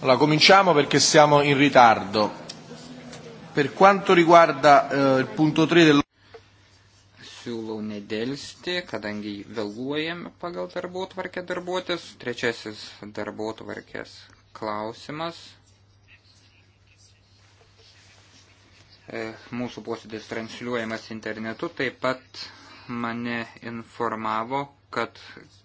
Allora, cominciamo perché siamo in ritardo. Per quanto riguarda eh, il punto 3 del... Siūlau nedėlsti, kadangi vėluojam pagal darbo tvarkę darbuotis. Trečiasis darbo tvarkės klausimas. E, mūsų posėdis transliuojamas internetu. Taip pat mane informavo, kad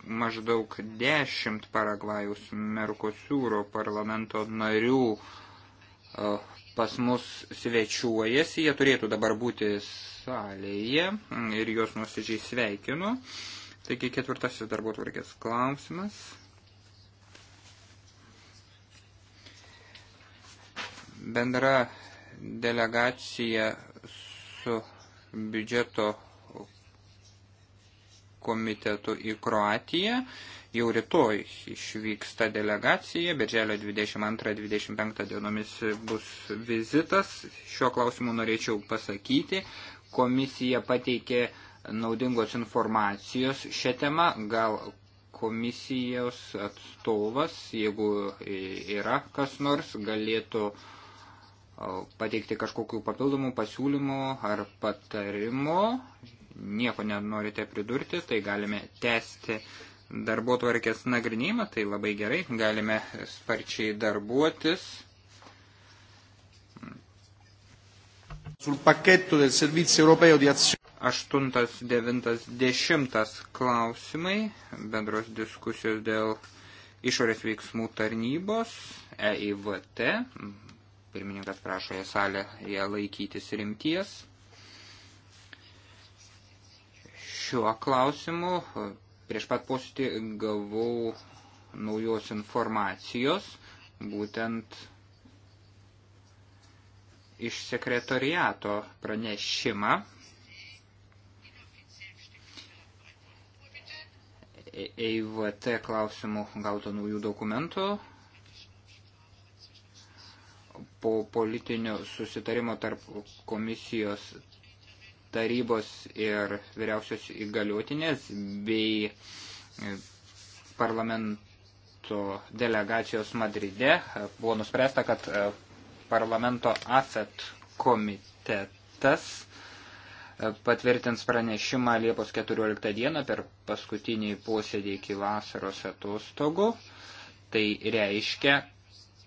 maždaug 10 Paragvajus Merkosiūro parlamento narių e, pas mus svečiuojasi, jie turėtų dabar būti salėje ir juos nusidžiai sveikinu. Taigi ketvirtasis darbo tvarkės klausimas. Bendra delegacija su biudžeto komitetu į Kroatiją. Jau rytoj išvyksta delegacija, birželio 22-25 dienomis bus vizitas. Šiuo klausimu norėčiau pasakyti, komisija pateikė naudingos informacijos šią temą, gal komisijos atstovas, jeigu yra kas nors, galėtų pateikti kažkokių papildomų pasiūlymų ar patarimų nieko nenorite pridurti, tai galime tęsti darbo tvarkės nagrinėjimą, tai labai gerai, galime sparčiai darbuotis. Sul pacchetto del servizio europeo di azione. 8, 9, 10 klausimai, bendros diskusijos dėl išorės veiksmų tarnybos, EIVT, pirmininkas prašo ją salę, ją laikytis rimties. šiuo klausimu. Prieš pat posėdį gavau naujos informacijos, būtent iš sekretoriato pranešimą. EIVT klausimų gauta naujų dokumentų. Po politinio susitarimo tarp komisijos tarybos ir vyriausios įgaliotinės bei e, parlamento delegacijos Madride e, buvo nuspręsta, kad e, parlamento AFET komitetas patvirtins pranešimą Liepos 14 dieną per paskutinį posėdį iki vasaros atostogų. Tai reiškia,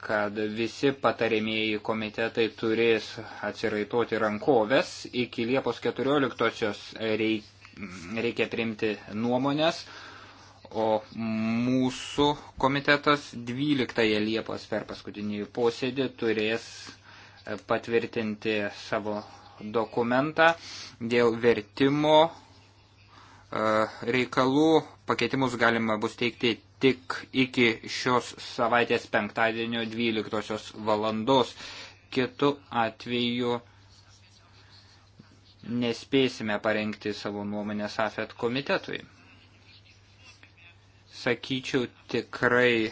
kad visi patarėmėjai komitetai turės atsiraitoti rankoves. Iki Liepos 14-osios reikia priimti nuomonės, o mūsų komitetas 12 Liepos per paskutinį posėdį turės patvirtinti savo dokumentą dėl vertimo e, reikalų. Pakeitimus galima bus teikti tik iki šios savaitės penktadienio 12 valandos. Kitu atveju nespėsime parengti savo nuomonės AFET komitetui. Sakyčiau, tikrai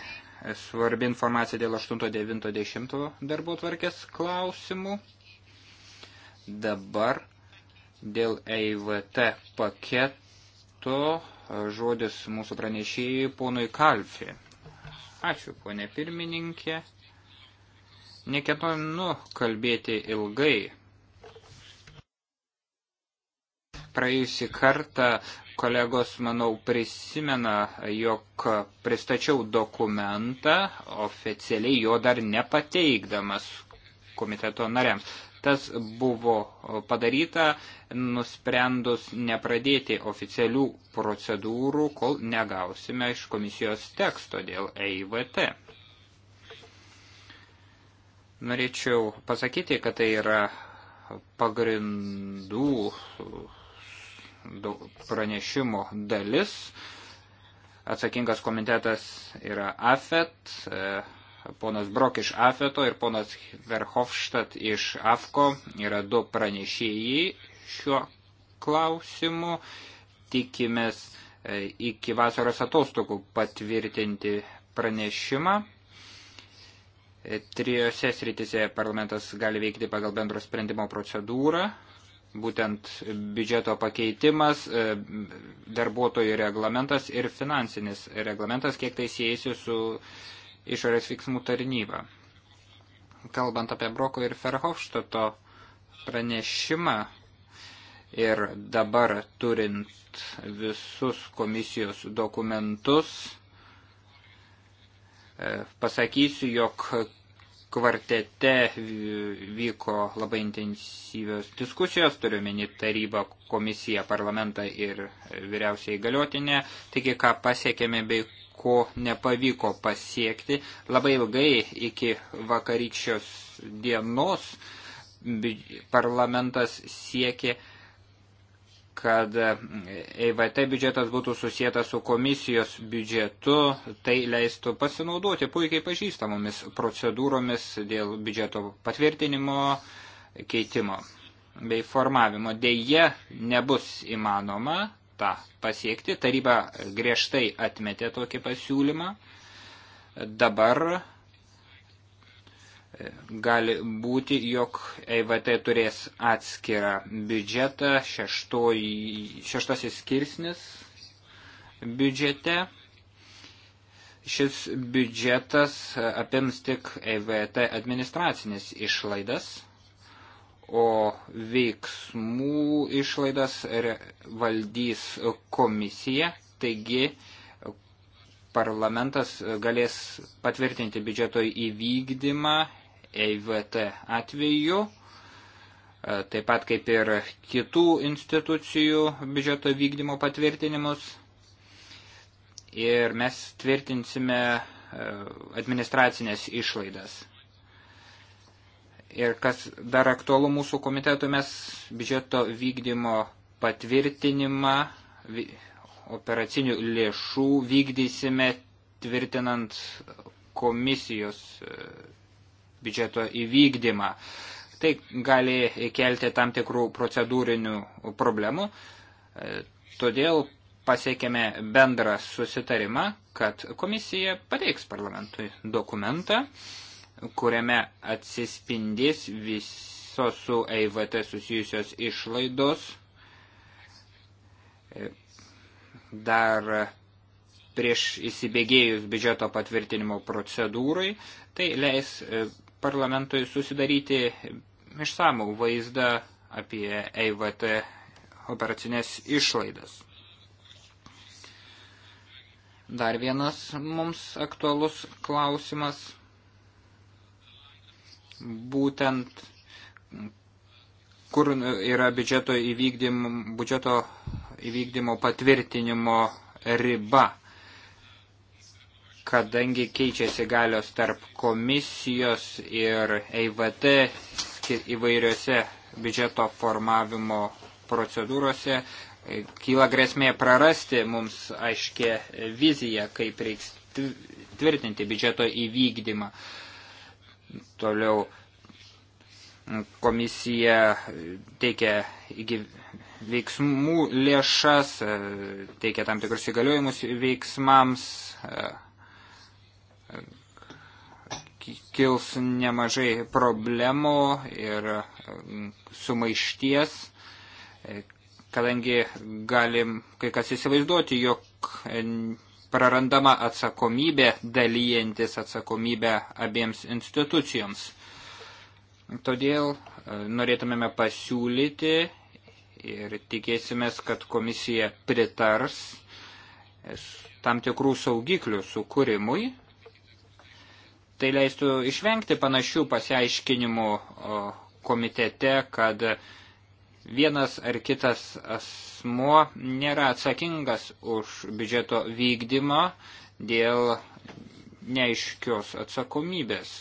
svarbi informacija dėl 8-9-10 darbo tvarkės klausimų. Dabar dėl EIVT paketo žodis mūsų pranešėjai ponui Kalfi. Ačiū, ponė pirmininkė. Neketonu kalbėti ilgai. Praėjusį kartą kolegos, manau, prisimena, jog pristačiau dokumentą, oficialiai jo dar nepateikdamas komiteto nariams. Tas buvo padaryta, nusprendus nepradėti oficialių procedūrų, kol negausime iš komisijos teksto dėl EIVT. Norėčiau pasakyti, kad tai yra pagrindų pranešimo dalis. Atsakingas komitetas yra AFET. E, ponas Brok iš Afeto ir ponas Verhofstadt iš Afko yra du pranešėjai šiuo klausimu. Tikimės e, iki vasaros atostogų patvirtinti pranešimą. E, trijose sritise parlamentas gali veikti pagal bendro sprendimo procedūrą. Būtent biudžeto pakeitimas, e, darbuotojų reglamentas ir finansinis reglamentas, kiek tai siejasi su uh, išorės veiksmų tarnybą. Kalbant apie Broko ir Ferhofštato pranešimą ir dabar turint visus komisijos dokumentus, e, pasakysiu, jog kvartete vyko labai intensyvios diskusijos, turiu meni tarybą, komisiją, parlamentą ir vyriausiai galiotinę, taigi ką pasiekėme bei ko nepavyko pasiekti. Labai ilgai iki vakarykščios dienos parlamentas siekė, kad EVT biudžetas būtų susijęs su komisijos biudžetu, tai leistų pasinaudoti puikiai pažįstamomis procedūromis dėl biudžeto patvirtinimo, keitimo bei formavimo. Deja, nebus įmanoma, tą pasiekti. Taryba griežtai atmetė tokį pasiūlymą. Dabar e, gali būti, jog EIVT turės atskirą biudžetą, šeštoj, šeštasis skirsnis biudžete. Šis biudžetas apims tik EIVT administracinės išlaidas o veiksmų išlaidas valdys komisija, taigi parlamentas galės patvirtinti biudžeto įvykdymą EIVT atveju, e, taip pat kaip ir kitų institucijų biudžeto vykdymo patvirtinimus. Ir mes tvirtinsime e, administracinės išlaidas. Ir kas dar aktualu mūsų komitetui, mes biudžeto vykdymo patvirtinimą operacinių lėšų vykdysime tvirtinant komisijos e, biudžeto įvykdymą. Tai gali kelti tam tikrų procedūrinių problemų, e, todėl pasiekėme bendrą susitarimą, kad komisija pateiks parlamentui dokumentą kuriame atsispindės visos su EIVT susijusios išlaidos. E, dar prieš įsibėgėjus biudžeto patvirtinimo procedūrai, tai leis e, parlamentui susidaryti išsamų vaizdą apie EIVT operacinės išlaidas. Dar vienas mums aktualus klausimas – būtent kur yra biudžeto įvykdymo, biudžeto įvykdymo patvirtinimo riba, kadangi keičiasi galios tarp komisijos ir EIVT įvairiose biudžeto formavimo procedūrose, kyla grėsmė prarasti mums aiškę viziją, kaip reiks tvirtinti biudžeto įvykdymą. Uh, Toliau komisija teikia veiksmų lėšas, e, teikia tam tikrus įgaliojimus veiksmams, e, kils nemažai problemų ir sumaišties, e, kadangi galim kai kas įsivaizduoti, jog prarandama atsakomybė, dalyjantis atsakomybę abiems institucijoms. Todėl e, norėtumėme pasiūlyti ir tikėsimės, kad komisija pritars tam tikrų saugiklių sukūrimui. Tai leistų išvengti panašių pasiaiškinimų komitete, kad vienas ar kitas asmuo nėra atsakingas už biudžeto vykdymą dėl neaiškios atsakomybės.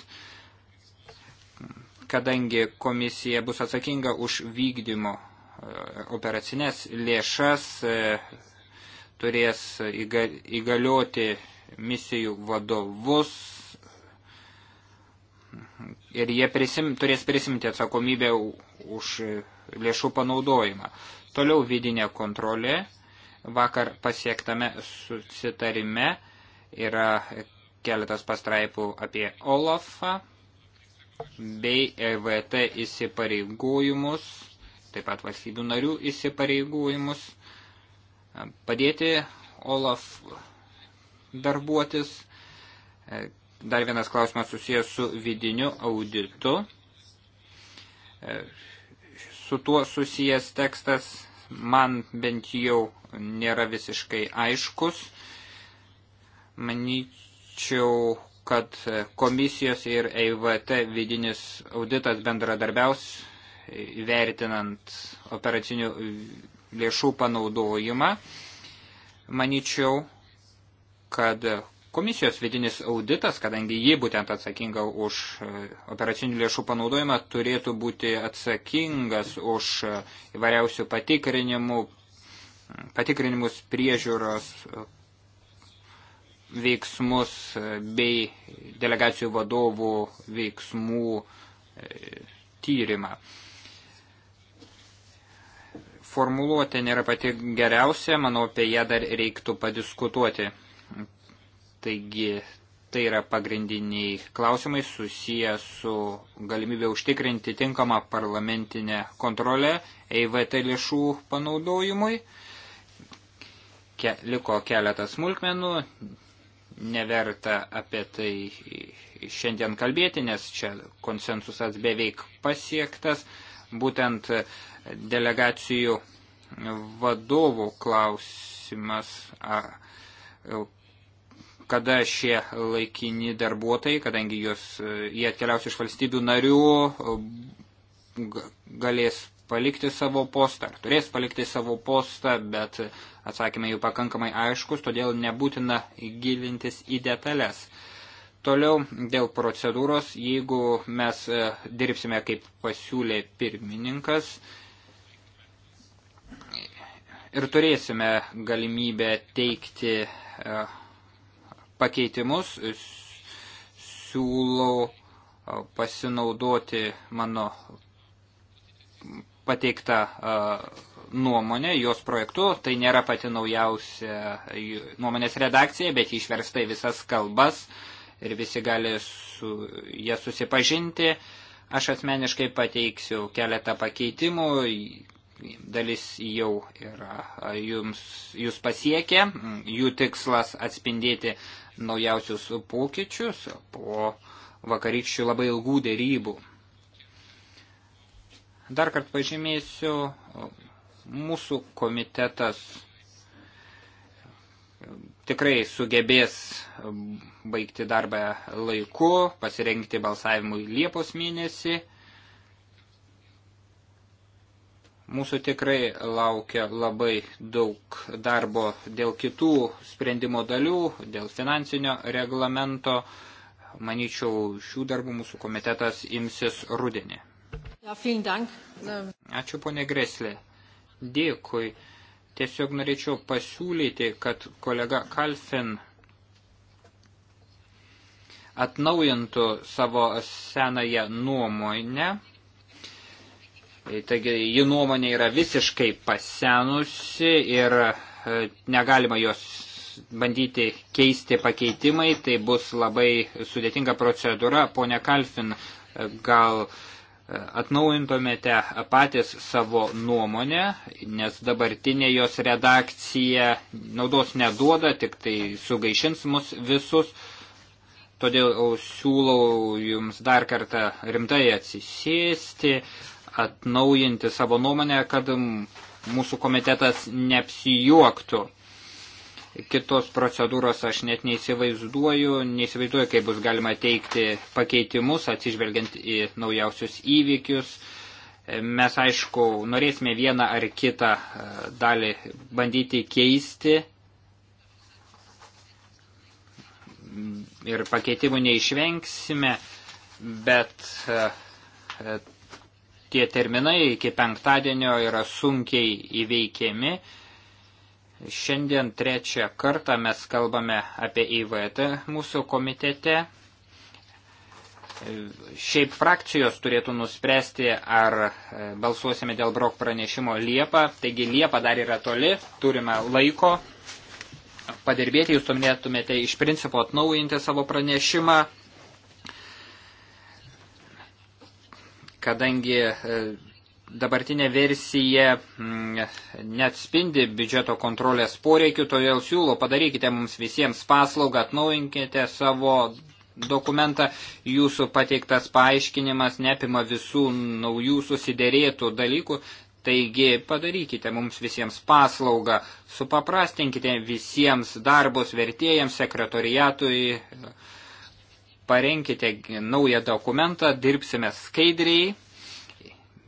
Kadangi komisija bus atsakinga už vykdymo e, operacinės lėšas, e, turės įgalioti misijų vadovus ir jie prisim, turės prisimti atsakomybę už lėšų panaudojimą. Toliau vidinė kontrolė. Vakar pasiektame susitarime yra keletas pastraipų apie Olafą bei EVT įsipareigojimus, taip pat valstybių narių įsipareigojimus, padėti Olaf darbuotis. Dar vienas klausimas susijęs su vidiniu auditu su tuo susijęs tekstas man bent jau nėra visiškai aiškus. Manyčiau, kad komisijos ir EIVT vidinis auditas bendradarbiaus vertinant operacinių lėšų panaudojimą. Manyčiau, kad Komisijos vidinis auditas, kadangi ji būtent atsakinga už e, operacinių lėšų panaudojimą, turėtų būti atsakingas už e, įvairiausių patikrinimų, patikrinimus priežiūros e, veiksmus bei delegacijų vadovų veiksmų tyrimą. Formuluotė nėra pati geriausia, manau, apie ją dar reiktų padiskutuoti. Taigi tai yra pagrindiniai klausimai susiję su galimybė užtikrinti tinkamą parlamentinę kontrolę EIVT lėšų panaudojimui. Ke, liko keletas smulkmenų, neverta apie tai šiandien kalbėti, nes čia konsensusas beveik pasiektas. Būtent delegacijų vadovų klausimas. A, kada šie laikini darbuotojai, kadangi juos, jie atkeliaus iš valstybių narių, galės palikti savo postą, ar turės palikti savo postą, bet atsakymai jau pakankamai aiškus, todėl nebūtina gilintis į detalės. Toliau dėl procedūros, jeigu mes e, dirbsime kaip pasiūlė pirmininkas, ir turėsime galimybę teikti e, pakeitimus siūlau pasinaudoti mano pateiktą nuomonę, jos projektu. Tai nėra pati naujausia nuomonės redakcija, bet išversta į visas kalbas ir visi gali su jie susipažinti. Aš asmeniškai pateiksiu keletą pakeitimų, dalis jau yra jums, jūs pasiekė, jų tikslas atspindėti naujausius pokyčius po vakarykščių labai ilgų dėrybų. Dar kart pažymėsiu, mūsų komitetas tikrai sugebės baigti darbą laiku, pasirengti balsavimui Liepos mėnesį. Mūsų tikrai laukia labai daug darbo dėl kitų sprendimo dalių, dėl finansinio reglamento. Manyčiau, šių darbų mūsų komitetas imsis rudenį. Ja, Ačiū, ponė Greslė. Dėkui. Tiesiog norėčiau pasiūlyti, kad kolega Kalfin atnaujintų savo senąją nuomonę Taigi ji nuomonė yra visiškai pasenusi ir e, negalima jos bandyti keisti pakeitimai, tai bus labai sudėtinga procedūra. Pone Kalfin, e, gal e, atnaujintumėte patys savo nuomonę, nes dabartinė jos redakcija naudos neduoda, tik tai sugaišins mus visus. Todėl siūlau jums dar kartą rimtai atsisėsti, atnaujinti savo nuomonę, kad mūsų komitetas neapsijuoktų. Kitos procedūros aš net neįsivaizduoju, neįsivaizduoju, kaip bus galima teikti pakeitimus, atsižvelgiant į naujausius įvykius. Mes, aišku, norėsime vieną ar kitą e, dalį bandyti keisti ir pakeitimų neišvengsime, bet e, e, tie terminai iki penktadienio yra sunkiai įveikiami. Šiandien trečią kartą mes kalbame apie IVT mūsų komitete. Šiaip frakcijos turėtų nuspręsti, ar e, balsuosime dėl brok pranešimo Liepą. Taigi Liepa dar yra toli, turime laiko padirbėti, jūs tuometumėte iš principo atnaujinti savo pranešimą. kadangi e, dabartinė versija mm, neatspindi biudžeto kontrolės poreikių, todėl siūlo padarykite mums visiems paslaugą, atnaujinkite savo dokumentą, jūsų pateiktas paaiškinimas neapima visų naujų susidėrėtų dalykų, taigi padarykite mums visiems paslaugą, supaprastinkite visiems darbus vertėjams, sekretoriatui, parenkite naują dokumentą, dirbsime skaidriai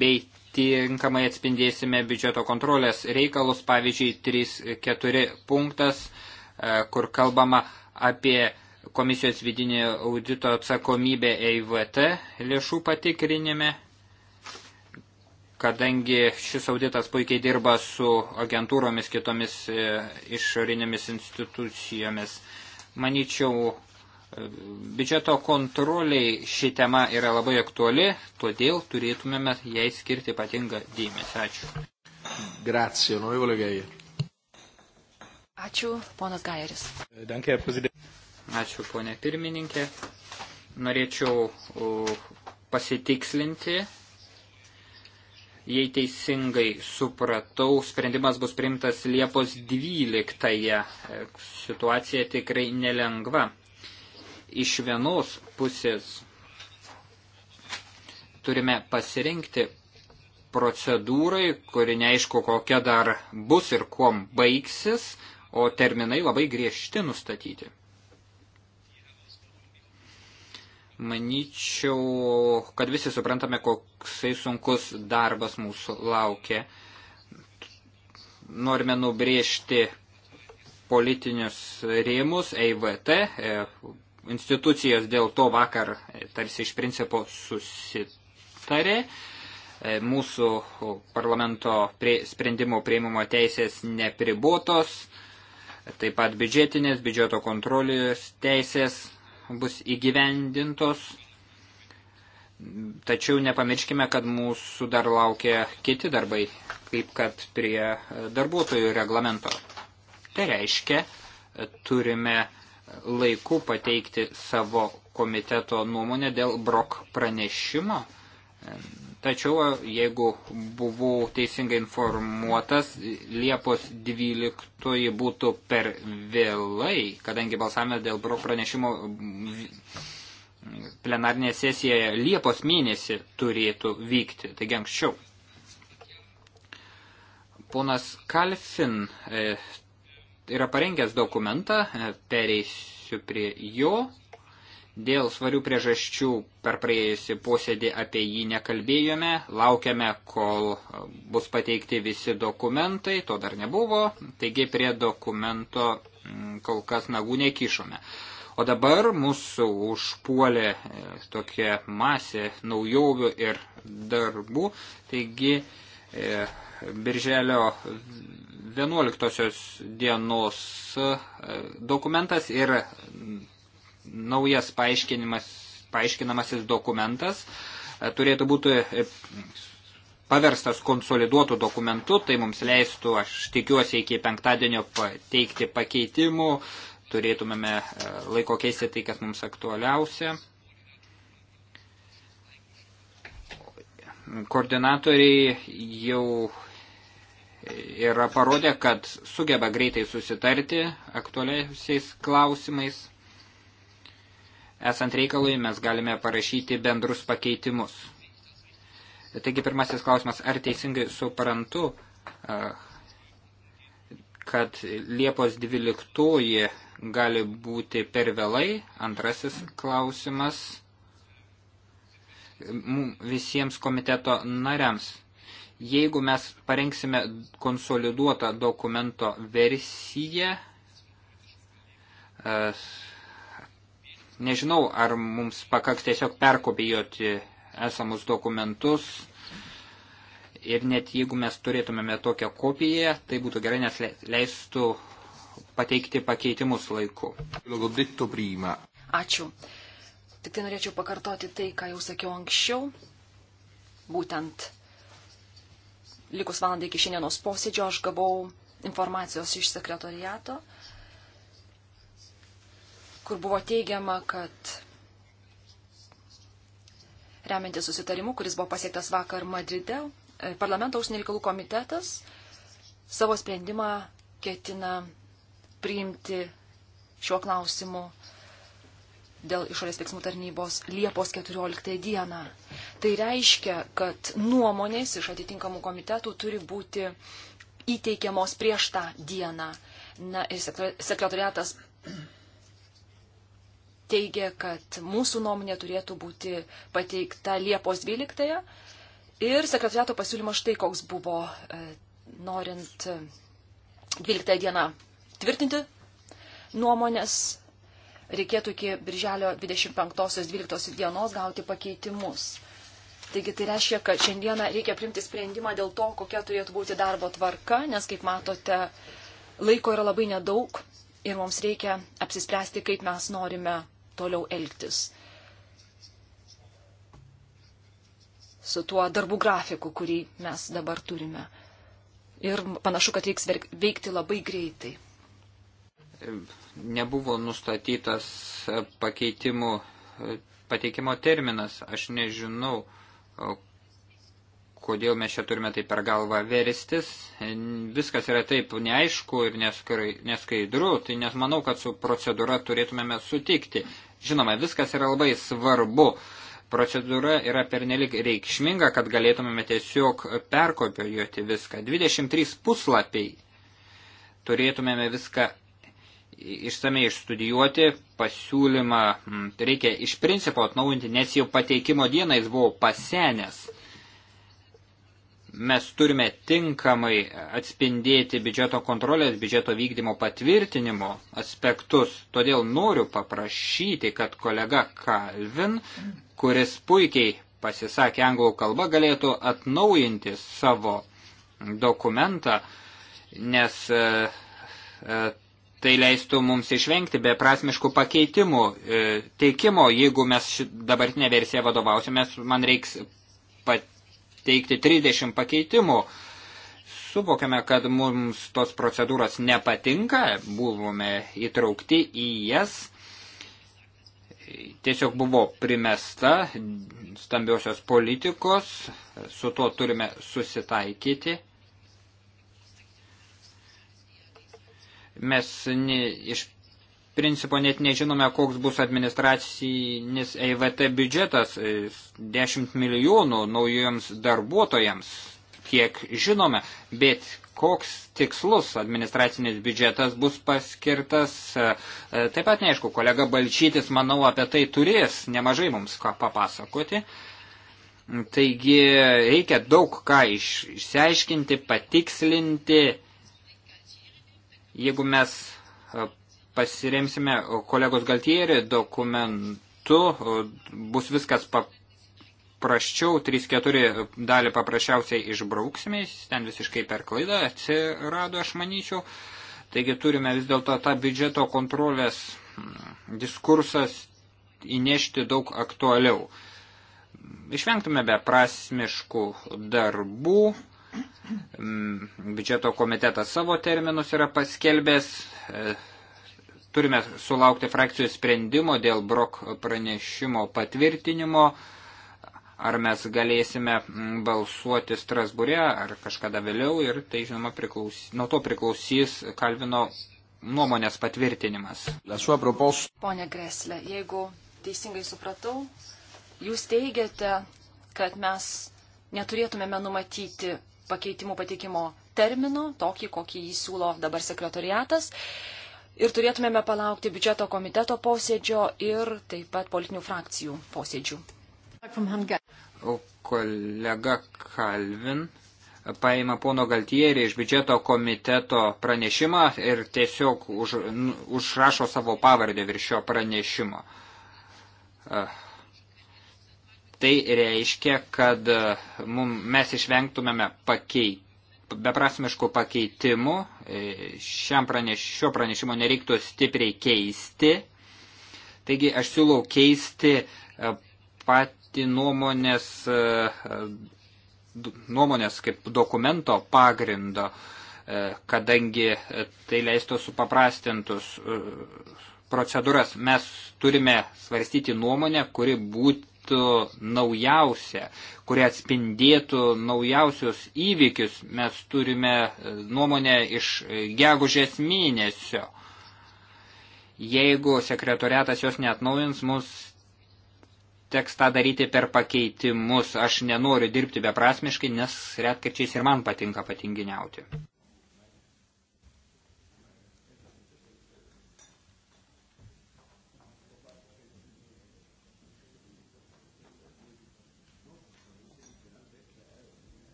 bei tinkamai atspindėsime biudžeto kontrolės reikalus, pavyzdžiui, 3-4 punktas, e, kur kalbama apie komisijos vidinį audito atsakomybę EIVT lėšų patikrinime, kadangi šis auditas puikiai dirba su agentūromis kitomis e, išorinėmis institucijomis. Manyčiau, Biudžeto kontroliai ši tema yra labai aktuali, todėl turėtumėme jai skirti ypatingą dėmesį. Ačiū. Grazie, onorevole Gaier. Ačiū, ponas Gairis. Dankė, prezidentė. Ačiū, ponė pirmininkė. Norėčiau pasitikslinti, jei teisingai supratau, sprendimas bus priimtas Liepos 12. -ąją. Situacija tikrai nelengva iš vienos pusės turime pasirinkti procedūrai, kuri neaišku kokia dar bus ir kuom baigsis, o terminai labai griežti nustatyti. Maničiau, kad visi suprantame, koksai sunkus darbas mūsų laukia. Norime nubrėžti politinius rėmus EIVT, e, institucijos dėl to vakar e, tarsi iš principo susitarė. E, mūsų parlamento prie, sprendimų prieimimo teisės nepribuotos, taip pat biudžetinės, biudžeto kontrolės teisės bus įgyvendintos. Tačiau nepamirškime, kad mūsų dar laukia kiti darbai, kaip kad prie e, darbuotojų reglamento. Tai reiškia, turime laiku pateikti savo komiteto nuomonę dėl brok pranešimo. Tačiau, jeigu buvau teisingai informuotas, Liepos 12 būtų per vėlai, kadangi balsavimas dėl brok pranešimo plenarnėje sesijoje Liepos mėnesį turėtų vykti, taigi anksčiau. Ponas Kalfin e, yra parengęs dokumentą, e, pereisiu prie jo. Dėl svarių priežasčių per praėjusi posėdį apie jį nekalbėjome, laukiame, kol e, bus pateikti visi dokumentai, to dar nebuvo, taigi prie dokumento mm, kol kas nagų nekišome. O dabar mūsų užpuolė e, tokia masė naujovių ir darbų, taigi birželio 11 dienos e, dokumentas ir naujas paaiškinimas, paaiškinamasis dokumentas e, turėtų būti e, paverstas konsoliduotų dokumentų, tai mums leistų, aš tikiuosi, iki penktadienio pateikti pakeitimų, turėtumėme laiko keisti tai, kas mums aktualiausia. Koordinatoriai jau yra parodė, kad sugeba greitai susitarti aktualiaisiais klausimais. Esant reikalui, mes galime parašyti bendrus pakeitimus. Taigi pirmasis klausimas, ar teisingai suprantu, kad Liepos 12 gali būti per vėlai. Antrasis klausimas visiems komiteto nariams Jeigu mes parengsime konsoliduotą dokumento versiją, e, nežinau, ar mums pakaks tiesiog perkopijuoti esamus dokumentus, ir net jeigu mes turėtumėme tokią kopiją, tai būtų gerai, nes leistų pateikti pakeitimus laiku. Ačiū. Tik tai norėčiau pakartoti tai, ką jau sakiau anksčiau. Būtent likus valandai iki šiandienos posėdžio aš gavau informacijos iš sekretoriato, kur buvo teigiama, kad remiantis susitarimu, kuris buvo pasiektas vakar Madride, e, parlamento užsienio reikalų komitetas savo sprendimą ketina priimti šiuo klausimu dėl išorės veiksmų tarnybos Liepos 14 dieną. Tai reiškia, kad nuomonės iš atitinkamų komitetų turi būti įteikiamos prieš tą dieną. Na ir sekretoriatas teigia, kad mūsų nuomonė turėtų būti pateikta Liepos 12. Ir sekretoriato pasiūlymas štai koks buvo, e, norint 12 dieną tvirtinti nuomonės reikėtų iki birželio 25-12 dienos gauti pakeitimus. Taigi tai reiškia, kad šiandieną reikia primti sprendimą dėl to, kokia turėtų būti darbo tvarka, nes, kaip matote, laiko yra labai nedaug ir mums reikia apsispręsti, kaip mes norime toliau elgtis su tuo darbų grafiku, kurį mes dabar turime. Ir panašu, kad reiks veikti labai greitai nebuvo nustatytas pakeitimų pateikimo terminas. Aš nežinau, kodėl mes čia turime taip per galvą veristis. Viskas yra taip neaišku ir neskaidru, tai nes manau, kad su procedūra turėtumėme sutikti. Žinoma, viskas yra labai svarbu. Procedūra yra pernelik reikšminga, kad galėtumėme tiesiog perkopijuoti viską. 23 puslapiai turėtumėme viską išsamei išstudijuoti pasiūlymą, tai reikia iš principo atnaujinti, nes jau pateikimo dieną jis buvo pasenęs. Mes turime tinkamai atspindėti biudžeto kontrolės, biudžeto vykdymo patvirtinimo aspektus. Todėl noriu paprašyti, kad kolega Kalvin, kuris puikiai pasisakė anglų kalbą, galėtų atnaujinti savo dokumentą, nes e, e, Tai leistų mums išvengti beprasmiškų pakeitimų e, teikimo. Jeigu mes dabartinę versiją vadovausimės, man reiks pateikti 30 pakeitimų. Suvokiame, kad mums tos procedūros nepatinka, buvome įtraukti į jas. Tiesiog buvo primesta stambiosios politikos, su tuo turime susitaikyti Mes ne, iš principo net nežinome, koks bus administracinis EIVT biudžetas 10 e, milijonų naujiems darbuotojams, kiek žinome, bet koks tikslus administracinis biudžetas bus paskirtas, e, e, taip pat neaišku, kolega Balčytis, manau, apie tai turės nemažai mums ką papasakoti. Taigi reikia daug ką iš, išsiaiškinti, patikslinti Jeigu mes e, pasiremsime kolegos Galtierį dokumentu, e, bus viskas paprasčiau, 3-4 dalį paprasčiausiai išbrauksime, ten visiškai per klaidą atsirado, aš manyčiau. Taigi turime vis dėlto tą biudžeto kontrolės diskursas įnešti daug aktualiau. Išvengtume beprasmiškų darbų, Mm, biudžeto komitetas savo terminus yra paskelbęs. E, turime sulaukti frakcijų sprendimo dėl brok pranešimo patvirtinimo. Ar mes galėsime mm, balsuoti Strasbūre ar kažkada vėliau ir tai, žinoma, priklausys, nuo to priklausys Kalvino nuomonės patvirtinimas. Pone Greslė, jeigu teisingai supratau, jūs teigiate, kad mes neturėtumėme numatyti pakeitimų pateikimo termino, tokį, kokį jį siūlo dabar sekretoriatas. Ir turėtumėme palaukti biudžeto komiteto posėdžio ir taip pat politinių frakcijų posėdžių. O kolega Kalvin paima pono Galtierį iš biudžeto komiteto pranešimą ir tiesiog už, užrašo savo pavardę virš šio pranešimo. Uh Tai reiškia, kad e, mum, mes išvengtumėme pakei, beprasmiškų pakeitimų, e, šiam praneš, šio pranešimo nereiktų stipriai keisti. Taigi aš siūlau keisti e, patį nuomonės, nuomonės kaip dokumento pagrindo, kadangi tai leisto supaprastintus procedūras. Mes turime svarstyti nuomonę, kuri būt, būtų naujausia, kurie atspindėtų naujausius įvykius. Mes turime e, nuomonę iš e, gegužės mėnesio. Jeigu sekretoriatas jos neatnaujins, mus teks tą daryti per pakeitimus. Aš nenoriu dirbti beprasmiškai, nes retkarčiais ir man patinka patinginiauti.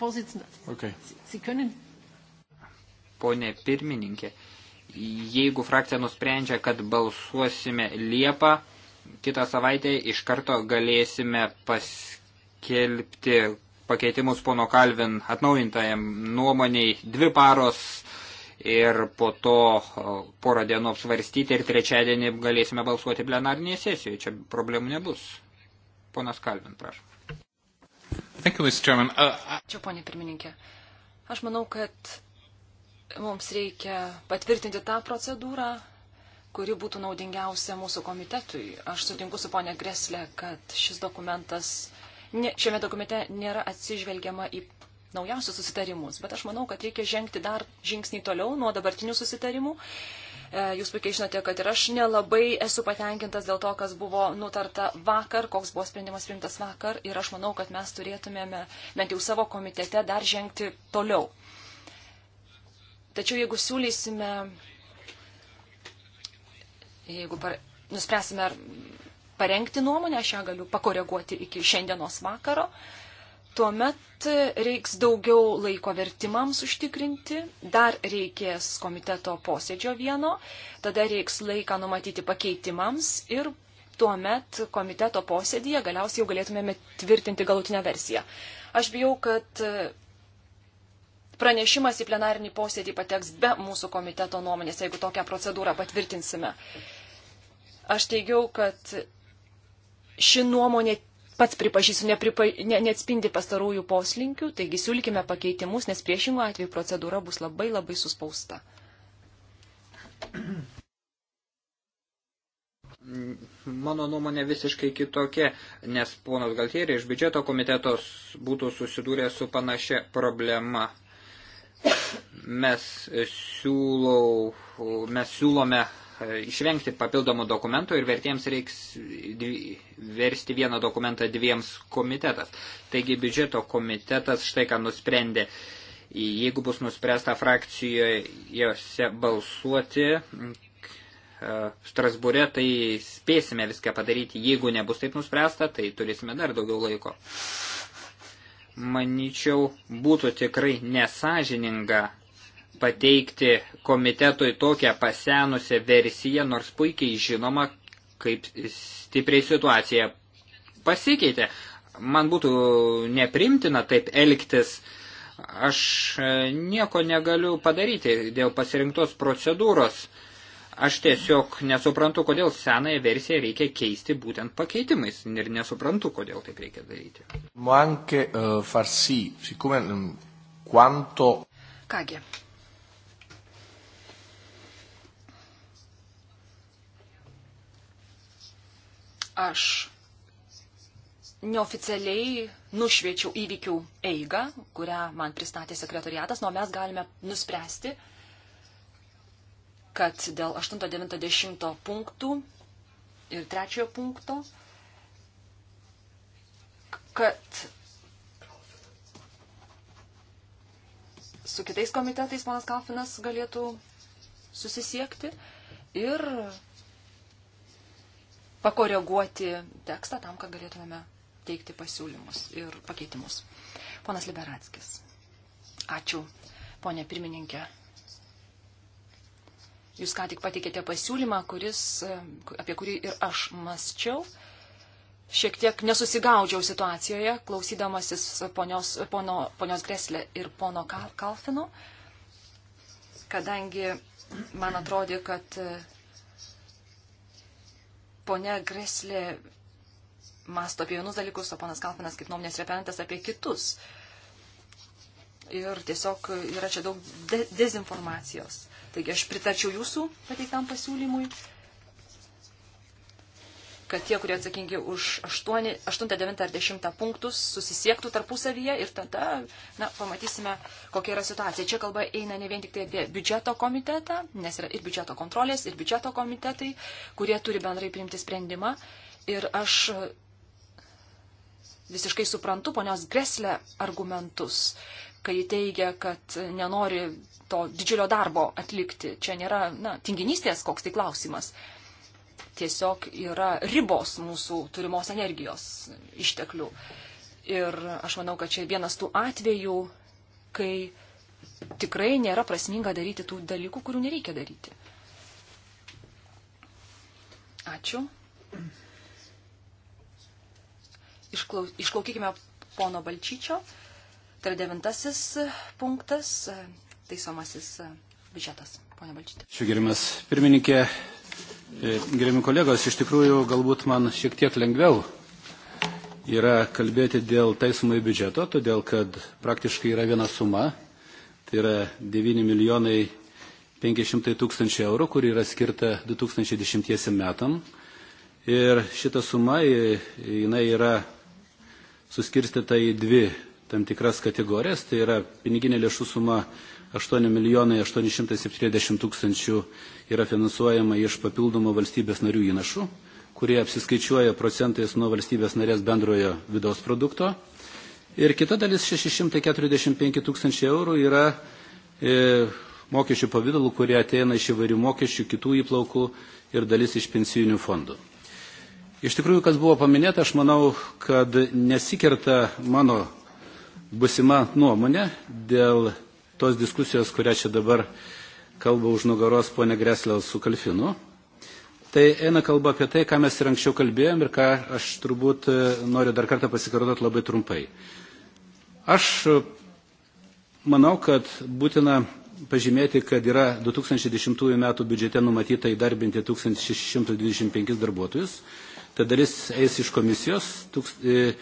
Okay. Pone pirmininkė, jeigu frakcija nusprendžia, kad balsuosime Liepą, kitą savaitę iš karto galėsime paskelbti pakeitimus pono Kalvin atnaujintajam nuomoniai dvi paros ir po to porą dienų apsvarstyti ir trečiadienį galėsime balsuoti plenarnėje sesijoje. Čia problemų nebus. Ponas Kalvin, prašau. You, uh, Ačiū, ponė pirmininkė. Aš manau, kad mums reikia patvirtinti tą procedūrą, kuri būtų naudingiausia mūsų komitetui. Aš sutinku su ponė Greslė, kad šis dokumentas, ne, šiame dokumente nėra atsižvelgiama į naujausius susitarimus, bet aš manau, kad reikia žengti dar žingsnį toliau nuo dabartinių susitarimų E, jūs puikiai žinote, kad ir aš nelabai esu patenkintas dėl to, kas buvo nutarta vakar, koks buvo sprendimas priimtas vakar ir aš manau, kad mes turėtumėme bent jau savo komitete dar žengti toliau. Tačiau jeigu siūlysime, jeigu par, nuspręsime, ar parengti nuomonę, aš ją galiu pakoreguoti iki šiandienos vakaro. Uh, Tuomet reiks daugiau laiko vertimams užtikrinti, dar reikės komiteto posėdžio vieno, tada reiks laiką numatyti pakeitimams ir tuomet komiteto posėdėje galiausiai jau galėtumėme tvirtinti galutinę versiją. Aš bijau, kad e, pranešimas į plenarinį posėdį pateks be mūsų komiteto nuomonės, jeigu tokią procedūrą patvirtinsime. Aš teigiau, kad ši nuomonė pats pripažįstu, nepripa, ne, neatspindi pastarųjų poslinkių, taigi siūlykime pakeitimus, nes priešingų atveju procedūra bus labai labai suspausta. Mano nuomonė visiškai kitokia, nes ponas Galtieri iš biudžeto komitetos būtų susidūrę su panašia problema. Mes, siūlau, mes siūlome išvengti papildomų dokumentų ir vertėjams reiks versti vieną dokumentą dviems komitetas. Taigi biudžeto komitetas štai ką nusprendė. Jeigu bus nuspręsta frakcijoje jose balsuoti e, Strasbūre, tai spėsime viską padaryti. Jeigu nebus taip nuspręsta, tai turėsime dar daugiau laiko. Maničiau, būtų tikrai nesažininga pateikti komitetui tokią pasenusią versiją, nors puikiai žinoma, kaip stipriai situacija pasikeitė. Man būtų neprimtina taip elgtis. Aš e, nieko negaliu padaryti dėl pasirinktos procedūros. Aš tiesiog nesuprantu, kodėl senąją versiją reikia keisti būtent pakeitimais ir nesuprantu, kodėl taip reikia daryti. Anche, uh, eh, farsi, siccome, um, quanto... Kągi, aš neoficialiai nušviečiau įvykių eigą, kurią man pristatė sekretariatas, nuo mes galime nuspręsti, kad dėl 8.90 punktų ir trečiojo punkto, kad su kitais komitetais ponas Kalfinas galėtų susisiekti ir pakoreguoti tekstą tam, kad galėtumėme teikti pasiūlymus ir pakeitimus. Ponas Liberatskis. Ačiū, ponė pirmininkė. Jūs ką tik pateikėte pasiūlymą, kuris, apie kurį ir aš masčiau. Šiek tiek nesusigaudžiau situacijoje, klausydamasis ponios, pono, ponios Greslė ir pono Kalfino, kadangi man atrodė, kad ponia Greslė masto apie vienus dalykus, o ponas Kalpinas kaip nuomonės referentas apie kitus. Ir tiesiog yra čia daug de dezinformacijos. Taigi aš pritarčiau jūsų pateiktam pasiūlymui kad tie, kurie atsakingi už 8, 8 9 ar 10 punktus, susisiektų tarpusavyje ir tada na, pamatysime, kokia yra situacija. Čia kalba eina ne vien tik tai apie biudžeto komitetą, nes yra ir biudžeto kontrolės, ir biudžeto komitetai, kurie turi bendrai priimti sprendimą. Ir aš visiškai suprantu ponios Greslė argumentus, kai teigia, kad nenori to didžiulio darbo atlikti. Čia nėra na, tinginystės koks tai klausimas tiesiog yra ribos mūsų turimos energijos išteklių. Ir aš manau, kad čia vienas tų atvejų, kai tikrai nėra prasminga daryti tų dalykų, kurių nereikia daryti. Ačiū. Išklau, išklaukykime pono Balčyčio. Tai yra devintasis punktas, taisomasis biudžetas. Pone Balčytė. Ačiū gerimas pirmininkė, E, Gerimi kolegos, iš tikrųjų galbūt man šiek tiek lengviau yra kalbėti dėl taisomai biudžeto, todėl kad praktiškai yra viena suma, tai yra 9 milijonai 500 tūkstančių eurų, kuri yra skirta 2010 metam. Ir šita suma, jinai yra suskirstyta į dvi tam tikras kategorijas, tai yra piniginė lėšų suma 8 milijonai 870 tūkstančių yra finansuojama iš papildomų valstybės narių įnašų, kurie apsiskaičiuoja procentais nuo valstybės narės bendrojo vidaus produkto. Ir kita dalis 645 tūkstančiai eurų yra e, mokesčių pavydalų, kurie ateina iš įvairių mokesčių, kitų įplaukų ir dalis iš pensijinių fondų. Iš tikrųjų, kas buvo paminėta, aš manau, kad nesikerta mano busima nuomonė dėl tos diskusijos, kurią čia dabar kalba už nugaros ponė Greslė su Kalfinu. Tai eina kalba apie tai, ką mes ir anksčiau kalbėjom ir ką aš turbūt e, noriu dar kartą pasikartot labai trumpai. Aš e, manau, kad būtina pažymėti, kad yra 2010 metų biudžete numatyta įdarbinti 1625 darbuotojus. Ta dalis eis iš komisijos 1114 e,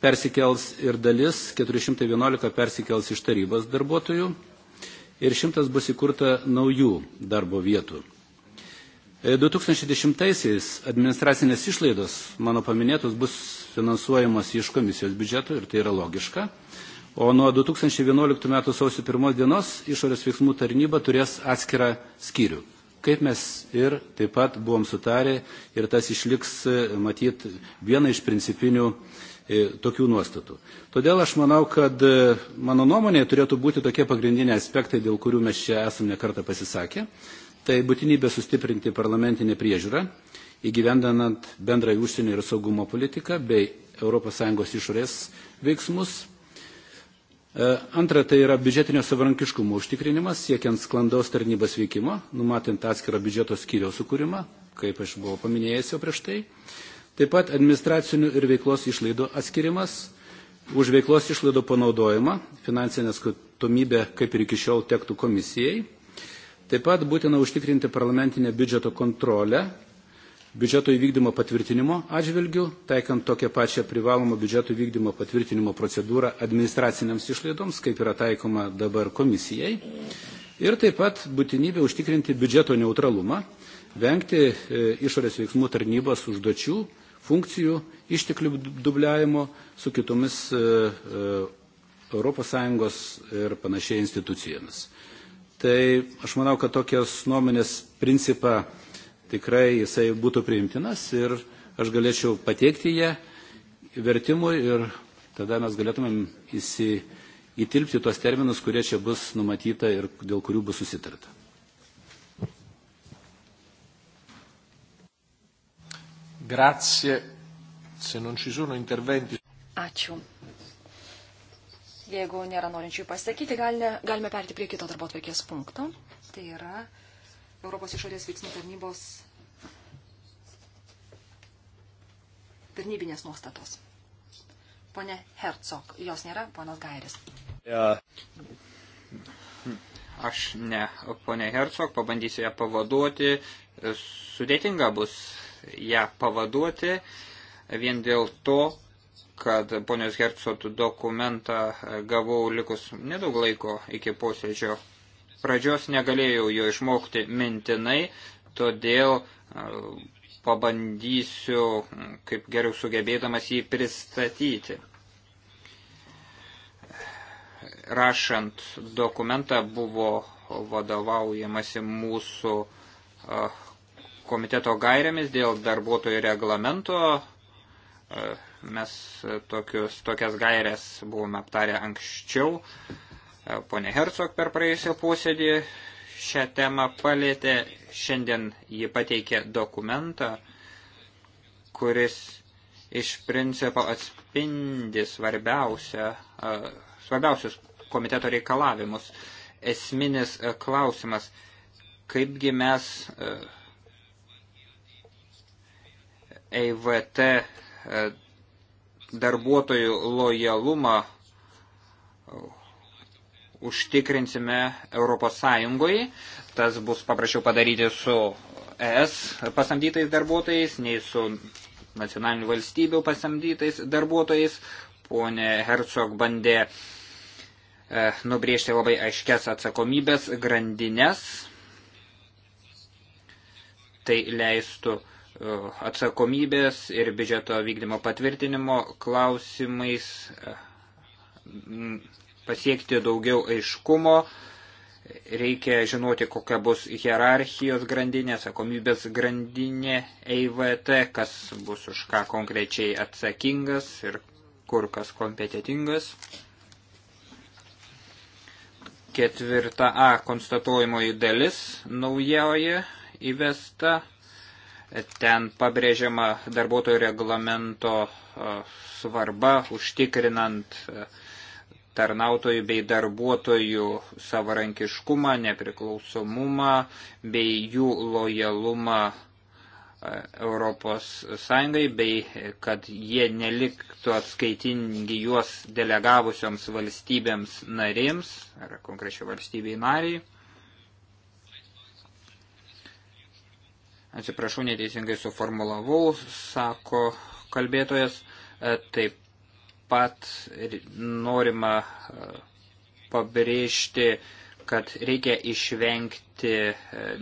persikels ir dalis 411 persikels iš tarybos darbuotojų ir 100 bus įkurta naujų darbo vietų. 2010-aisiais e, administracinės išlaidos, mano paminėtos, bus finansuojamos iš komisijos biudžeto ir tai yra logiška. O nuo 2011 m. sausio 1 dienos išorės veiksmų tarnyba turės atskirą skyrių. Kaip mes ir taip pat buvom sutarę ir tas išliks, e, matyt, viena iš principinių uh, E, tokių nuostatų. Todėl aš manau, kad e, mano nuomonėje turėtų būti tokie pagrindiniai aspektai, dėl kurių mes čia esam nekartą pasisakę. Tai būtinybė sustiprinti parlamentinę priežiūrą, įgyvendinant bendrąją užsienio ir saugumo politiką bei ES išorės veiksmus. E, antra, tai yra biudžetinio savarankiškumo užtikrinimas, siekiant sklandaus tarnybos veikimo, numatant atskirą biudžeto skyriaus sukūrimą, kaip aš buvau paminėjęs jau prieš tai. Taip pat administracinių ir veiklos išlaidų atskirimas už veiklos išlaidų panaudojimą, finansinė skutomybė kaip ir iki šiol tektų komisijai. Taip pat būtina užtikrinti parlamentinę biudžeto kontrolę biudžeto įvykdymo patvirtinimo atžvilgių, taikant tokią pačią privalomą biudžeto įvykdymo patvirtinimo procedūrą administraciniams išlaidoms, kaip yra taikoma dabar komisijai. Ir taip pat būtinybė užtikrinti biudžeto neutralumą, vengti e, išorės veiksmų tarnybos užduočių funkcijų išteklių dubliavimo su kitomis ES e, ir panašiai institucijomis. Tai aš manau, kad tokios nuomonės principą tikrai jisai būtų priimtinas ir aš galėčiau pateikti ją vertimui ir tada mes galėtumėm įsi, įtilpti tuos terminus, kurie čia bus numatyta ir dėl kurių bus susitarta. Grazie. Se non ci sono interventi. Ačiū. Jeigu nėra norinčių pasakyti, galime, galime perti prie kito darbo atveikės punkto. Tai yra Europos išorės veiksmų tarnybos tarnybinės nuostatos. Pone Hercog, jos nėra, ponas Gairis. Ja. Aš ne, ponė Hercog, pabandysiu ją pavaduoti. Sudėtinga bus ją pavaduoti vien dėl to, kad ponios Hercot dokumentą gavau likus nedaug laiko iki posėdžio pradžios, negalėjau jo išmokti mintinai, todėl pabandysiu, kaip geriau sugebėdamas jį pristatyti. Rašant dokumentą buvo vadovaujamasi mūsų komiteto gairėmis dėl darbuotojų reglamento. E, mes tokius, tokias gairės buvome aptarę anksčiau. E, Pone Hercog per praėjusią posėdį šią temą palėtė. Šiandien ji pateikė dokumentą, kuris iš principo atspindi svarbiausia, e, svarbiausius komiteto reikalavimus. Esminis klausimas, kaipgi mes EIVT e, darbuotojų lojalumą e, užtikrinsime Europos Sąjungoje. Tas bus paprasčiau padaryti su ES pasamdytais darbuotojais, nei su nacionalinių valstybių pasamdytais darbuotojais. Pone Hercog bandė e, nubriežti labai aiškias atsakomybės grandinės. Tai leistų e, atsakomybės ir biudžeto vykdymo patvirtinimo klausimais mm, pasiekti daugiau aiškumo. Reikia žinoti, kokia bus hierarchijos grandinė, atsakomybės grandinė EIVT, kas bus už ką konkrečiai atsakingas ir kur kas kompetitingas. Ketvirta A konstatuojamoji dalis naujoji įvesta Ten pabrėžiama darbuotojų reglamento svarba užtikrinant tarnautojų bei darbuotojų savarankiškumą, nepriklausomumą bei jų lojalumą Europos Sąjungai, bei kad jie neliktų atskaitingi juos delegavusioms valstybėms narėms, ar konkrečiai valstybei nariai. Atsiprašau, neteisingai suformulavau, sako kalbėtojas. E, taip pat norima e, pabrėžti, kad reikia išvengti e,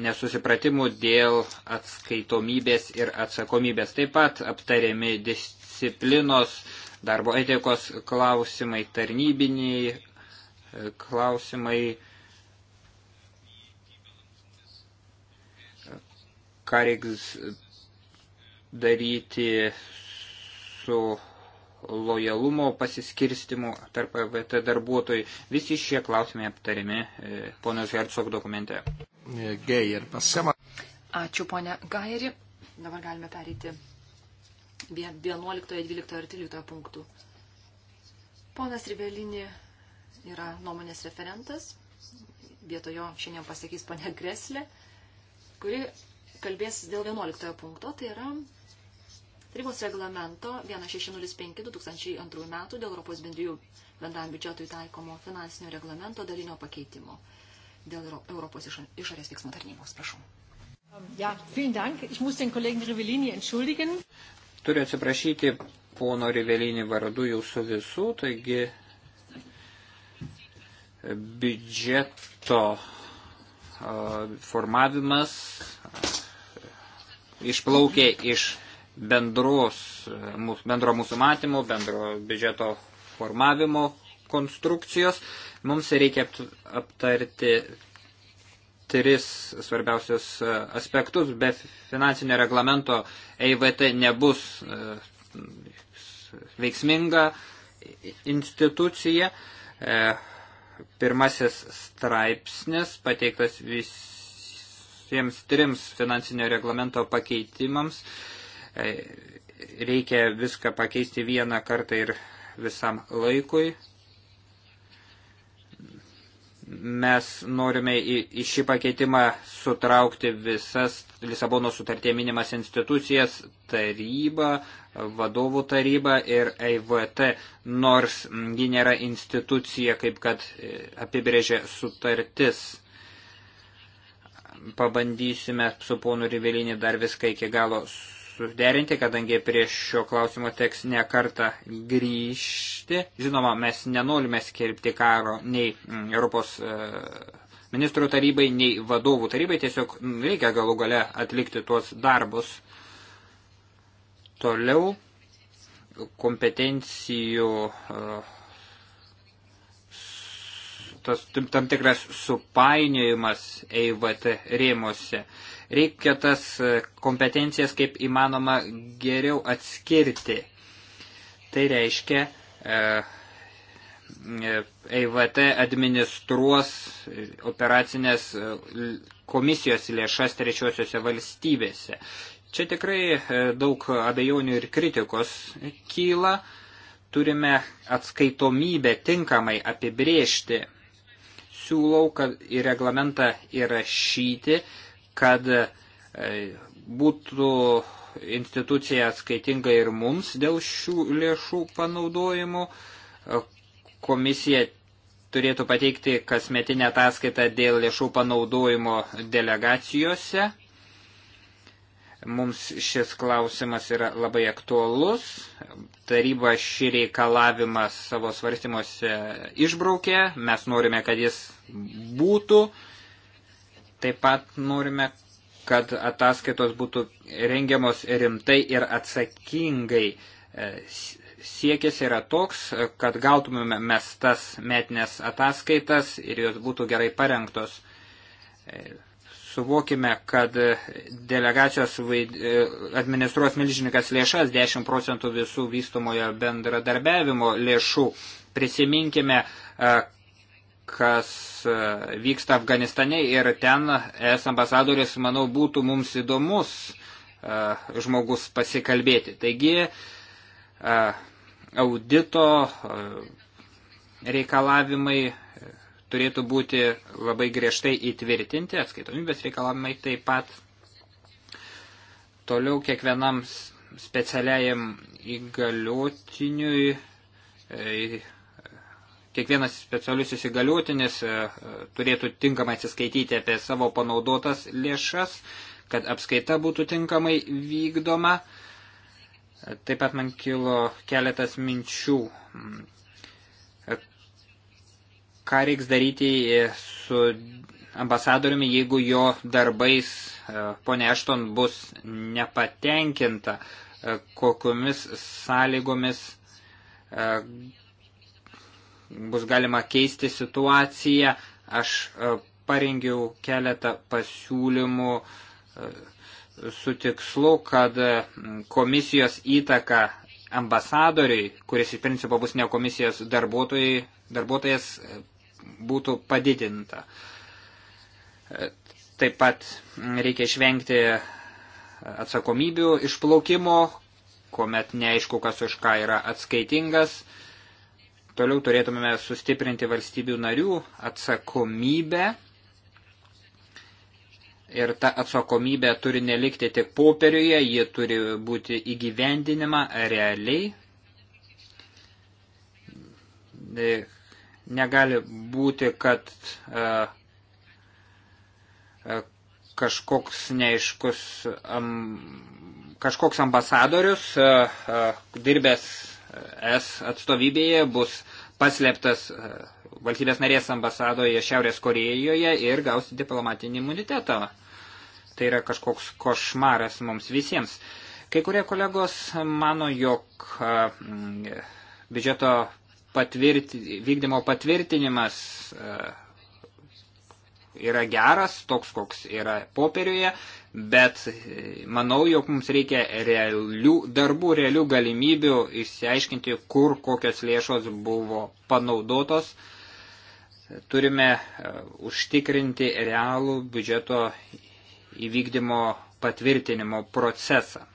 nesusipratimų dėl atskaitomybės ir atsakomybės. Taip pat aptariami disciplinos, darbo etikos klausimai, tarnybiniai klausimai, ką reiks daryti su lojalumo pasiskirstimu tarp e VT darbuotojų. Visi šie klausimai aptarimi e, ponios Hercog dokumente. Geier, pasiema. Ačiū, ponia Gairi. Dabar galime perėti 11, 12 ir 13 punktų. Ponas Rivelinė yra nuomonės referentas. Vietojo šiandien pasakys ponia Greslė, kuri kalbės dėl 11 punkto, tai yra tarybos reglamento 1605-2002 metų dėl Europos bendrijų bendram biudžetui taikomo finansinio reglamento dalinio pakeitimo dėl Europos išorės veiksmų tarnybos. Prašau. Ja, vielen Dank. Ich muss den Kollegen Rivellini entschuldigen. Turiu atsiprašyti pono Rivellini vardu jūsų visų, taigi biudžeto formavimas išplaukė iš bendros, bendro mūsų matymo, bendro biudžeto formavimo konstrukcijos. Mums reikia aptarti tris svarbiausius e, aspektus. Be finansinio reglamento EIVT nebus e, veiksminga institucija. E, pirmasis straipsnis pateiktas visi visiems trims finansinio reglamento pakeitimams. E, reikia viską pakeisti vieną kartą ir visam laikui. Mes norime į, į šį pakeitimą sutraukti visas Lisabono sutartė minimas institucijas, tarybą, vadovų tarybą ir EIVT, nors ji nėra institucija, kaip kad e, apibrėžė sutartis pabandysime su ponu Rivelinį dar viską iki galo suderinti, kadangi prie šio klausimo teks ne kartą grįžti. Žinoma, mes nenorime skelbti karo nei mm, Europos e, ministrų tarybai, nei vadovų tarybai, tiesiog mm, reikia galų gale atlikti tuos darbus. Toliau kompetencijų uh, tas, tam tikras supainiojimas EIVT rėmose. Reikia tas e, kompetencijas kaip įmanoma geriau atskirti. Tai reiškia, EIVT e, e administruos operacinės komisijos lėšas trečiosiuose valstybėse. Čia tikrai daug abejonių ir kritikos kyla turime atskaitomybę tinkamai apibriežti siūlau, kad į reglamentą įrašyti, kad e, būtų institucija atskaitinga ir mums dėl šių lėšų panaudojimų. E, komisija turėtų pateikti kasmetinę ataskaitą dėl lėšų panaudojimo delegacijose Mums šis klausimas yra labai aktuolus. Taryba šį reikalavimą savo svarstymuose išbraukė. Mes norime, kad jis būtų. Taip pat norime, kad ataskaitos būtų rengiamos rimtai ir atsakingai. E, siekis yra toks, kad gautumėme mes tas metinės ataskaitas ir jos būtų gerai parengtos. E, suvokime, kad delegacijos vaid, e, administruos milžininkas lėšas 10 procentų visų vystomojo bendradarbiavimo lėšų. Prisiminkime, e, kas e, vyksta Afganistane ir ten es ambasadoris, manau, būtų mums įdomus žmogus pasikalbėti. Taigi, audito reikalavimai turėtų būti labai griežtai įtvirtinti, atskaitomybės reikalavimai taip pat. Toliau kiekvienam specialiajam įgaliotiniui, e, kiekvienas specialius įsigaliotinis e, turėtų tinkamai atsiskaityti apie savo panaudotas lėšas, kad apskaita būtų tinkamai vykdoma. Taip pat man kilo keletas minčių ką reiks daryti su ambasadoriumi, jeigu jo darbais e, ponė Ešton bus nepatenkinta, e, kokiomis sąlygomis e, bus galima keisti situaciją. Aš parengiau keletą pasiūlymų su tikslu, kad komisijos įtaka ambasadoriui, kuris iš principo bus ne komisijos darbuotojas, būtų padidinta. Taip pat reikia išvengti atsakomybių išplaukimo, kuomet neaišku, kas už ką yra atskaitingas. Toliau turėtumėme sustiprinti valstybių narių atsakomybę. Ir ta atsakomybė turi nelikti tik popieriuje, ji turi būti įgyvendinima realiai. Negali būti, kad e, e, kažkoks neaiškus, kažkoks ambasadorius e, dirbęs S atstovybėje bus paslėptas valstybės narės ambasadoje Šiaurės Korejoje ir gausi diplomatinį imunitetą. Tai yra kažkoks košmaras mums visiems. Kai kurie kolegos mano, jog biudžeto patvirti, vykdymo patvirtinimas e, yra geras, toks koks yra popieriuje, bet e, manau, jog mums reikia realių darbų, realių galimybių išsiaiškinti, kur kokios lėšos buvo panaudotos. Turime e, užtikrinti realų biudžeto įvykdymo patvirtinimo procesą.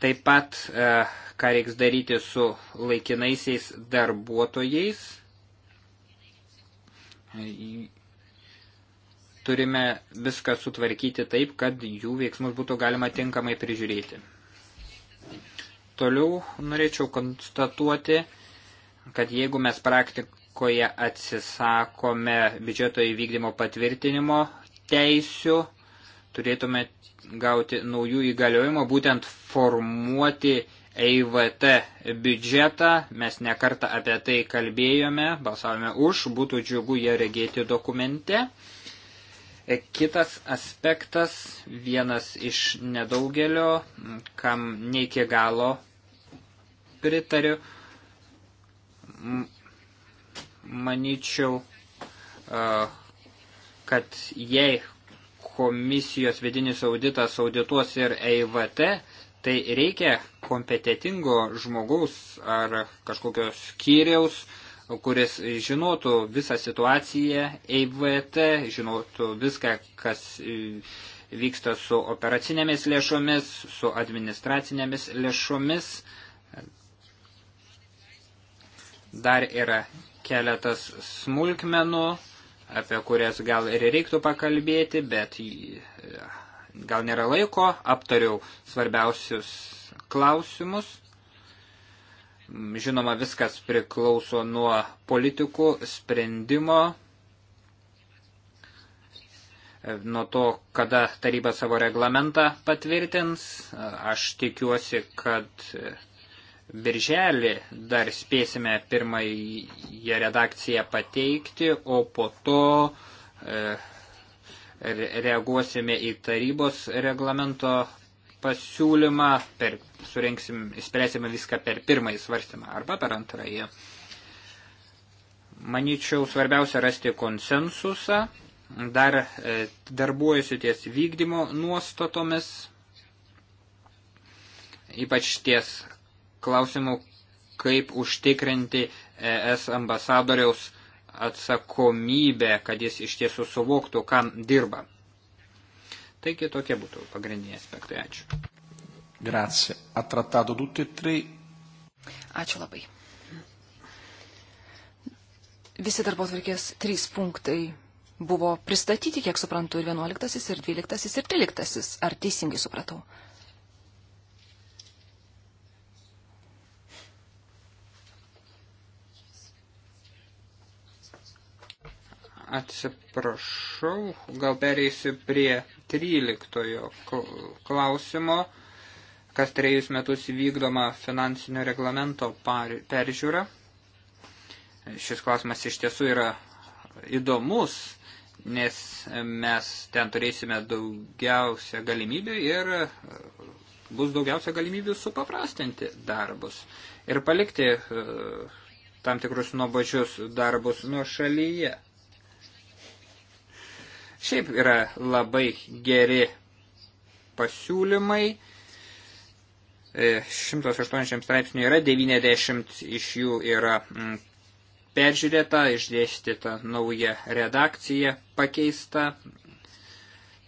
Taip pat uh, ką reiks daryti su laikinaisiais darbuotojais. Turime viską sutvarkyti taip, kad jų veiksmus būtų galima tinkamai prižiūrėti. Toliau norėčiau konstatuoti, kad jeigu mes praktikoje atsisakome biudžeto įvykdymo patvirtinimo teisių, turėtume gauti naujų įgaliojimų, būtent formuoti EIVT biudžetą, mes nekartą apie tai kalbėjome, balsavome už, būtų džiugu ją regėti dokumente. Kitas aspektas, vienas iš nedaugelio, kam ne iki galo pritariu, manyčiau, kad jei komisijos vidinis auditas audituos ir EIVT, tai reikia kompetitingo žmogaus ar kažkokio skyriaus, kuris žinotų visą situaciją EIVT, žinotų viską, kas e, vyksta su operacinėmis lėšomis, su administracinėmis lėšomis. Dar yra keletas smulkmenų, apie kurias gal ir reiktų pakalbėti, bet e, gal nėra laiko, aptariau svarbiausius klausimus. Žinoma, viskas priklauso nuo politikų sprendimo, nuo to, kada taryba savo reglamentą patvirtins. Aš tikiuosi, kad birželį dar spėsime pirmąją redakciją pateikti, o po to e, reaguosime į tarybos reglamento pasiūlymą, per, surenksim, spręsime viską per pirmąjį svarstymą arba per antrąjį. Maničiau, svarbiausia rasti konsensusą, dar e, darbuojusi ties vykdymo nuostatomis, ypač ties klausimų, kaip užtikrinti ES ambasadoriaus atsakomybę, kad jis iš tiesų suvoktų, kam dirba. Taigi tokie būtų pagrindiniai aspektai. Ačiū. Grazie. Ha trattato tutti e tre. Ačiū labai. Visi darbo atvarkės trys punktai buvo pristatyti, kiek suprantu, ir 11, ir 12, ir 13. Ar teisingai supratau? Atsiprašau, gal pereisiu prie 13 klausimo, kas trejus metus vykdoma finansinio reglamento peržiūra. Šis klausimas iš tiesų yra įdomus, nes mes ten turėsime daugiausia galimybių ir e, bus daugiausia galimybių supaprastinti darbus ir palikti e, tam tikrus nuobačius darbus nuo šalyje. Šiaip yra labai geri pasiūlymai. 180 e, straipsnių yra, 90 iš jų yra mm, peržiūrėta, išdėstyta nauja redakcija pakeista.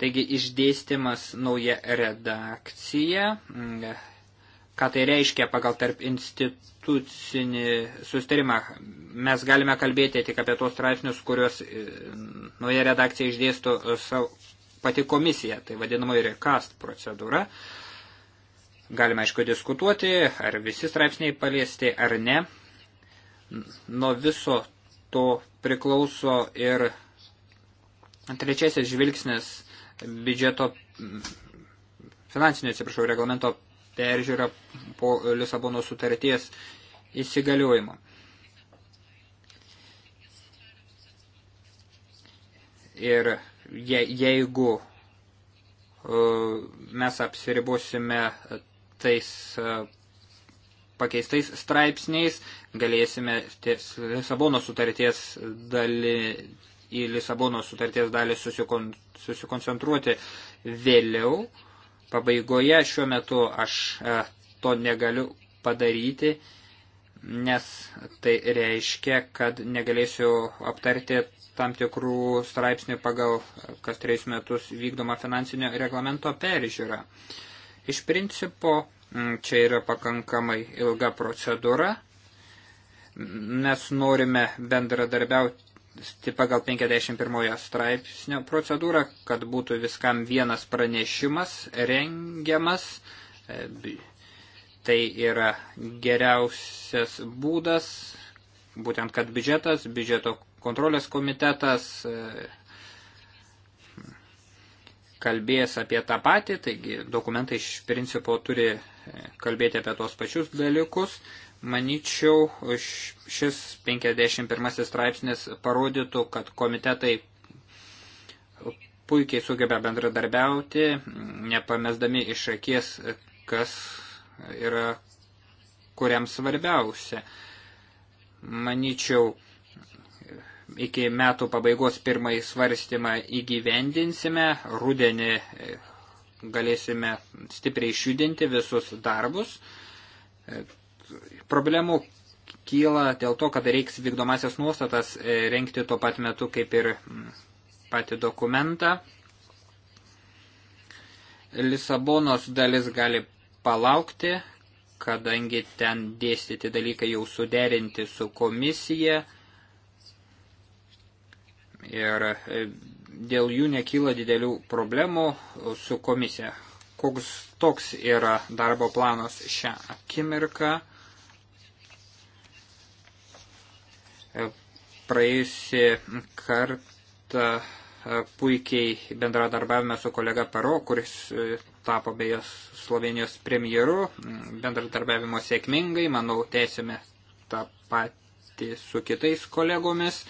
Taigi išdėstymas nauja redakcija mm, ką tai reiškia pagal tarp institucinį sustarimą. Mes galime kalbėti tik apie tos straipsnius, kuriuos e, nauja redakcija išdėsto e, savo pati komisija, tai vadinamoji recast procedūra. Galime, aišku, diskutuoti, ar visi straipsniai paliesti, ar ne. Nuo viso to priklauso ir trečiasis žvilgsnis biudžeto finansinio, atsiprašau, reglamento peržiūra po Lisabono sutarties įsigaliojimo. Ir je, jeigu e, mes apsiribosime tais e, pakeistais straipsniais, galėsime Lisabono sutarties dalį į Lisabono sutarties dalį susikon, susikoncentruoti vėliau pabaigoje šiuo metu aš e, to negaliu padaryti, nes tai reiškia, kad negalėsiu aptarti tam tikrų straipsnių pagal kas trejus metus vykdomą finansinio reglamento peržiūrą. Iš principo, čia yra pakankamai ilga procedūra. Mes norime bendradarbiauti pagal 51 straipsnio procedūrą, kad būtų viskam vienas pranešimas rengiamas. E, tai yra geriausias būdas, būtent kad biudžetas, biudžeto kontrolės komitetas e, kalbės apie tą patį, taigi dokumentai iš principo turi e, kalbėti apie tos pačius dalykus. Maničiau, šis 51 straipsnis parodytų, kad komitetai puikiai sugeba bendradarbiauti, nepamesdami iš akies, kas yra kuriam svarbiausia. Maničiau, iki metų pabaigos pirmąjį svarstymą įgyvendinsime, rudenį galėsime stipriai išjudinti visus darbus problemų kyla dėl to, kad reiks vykdomasias nuostatas e, renkti tuo pat metu kaip ir mm, patį dokumentą. Lisabonos dalis gali palaukti, kadangi ten dėstyti dalykai jau suderinti su komisija ir e, dėl jų nekyla didelių problemų su komisija. Koks toks yra darbo planas šią akimirką. Praėjusi kartą e, puikiai bendradarbiavime su kolega Pero, kuris e, tapo beje Slovenijos premjeru, mm, bendradarbiavimo sėkmingai, manau, tęsime tą patį su kitais kolegomis,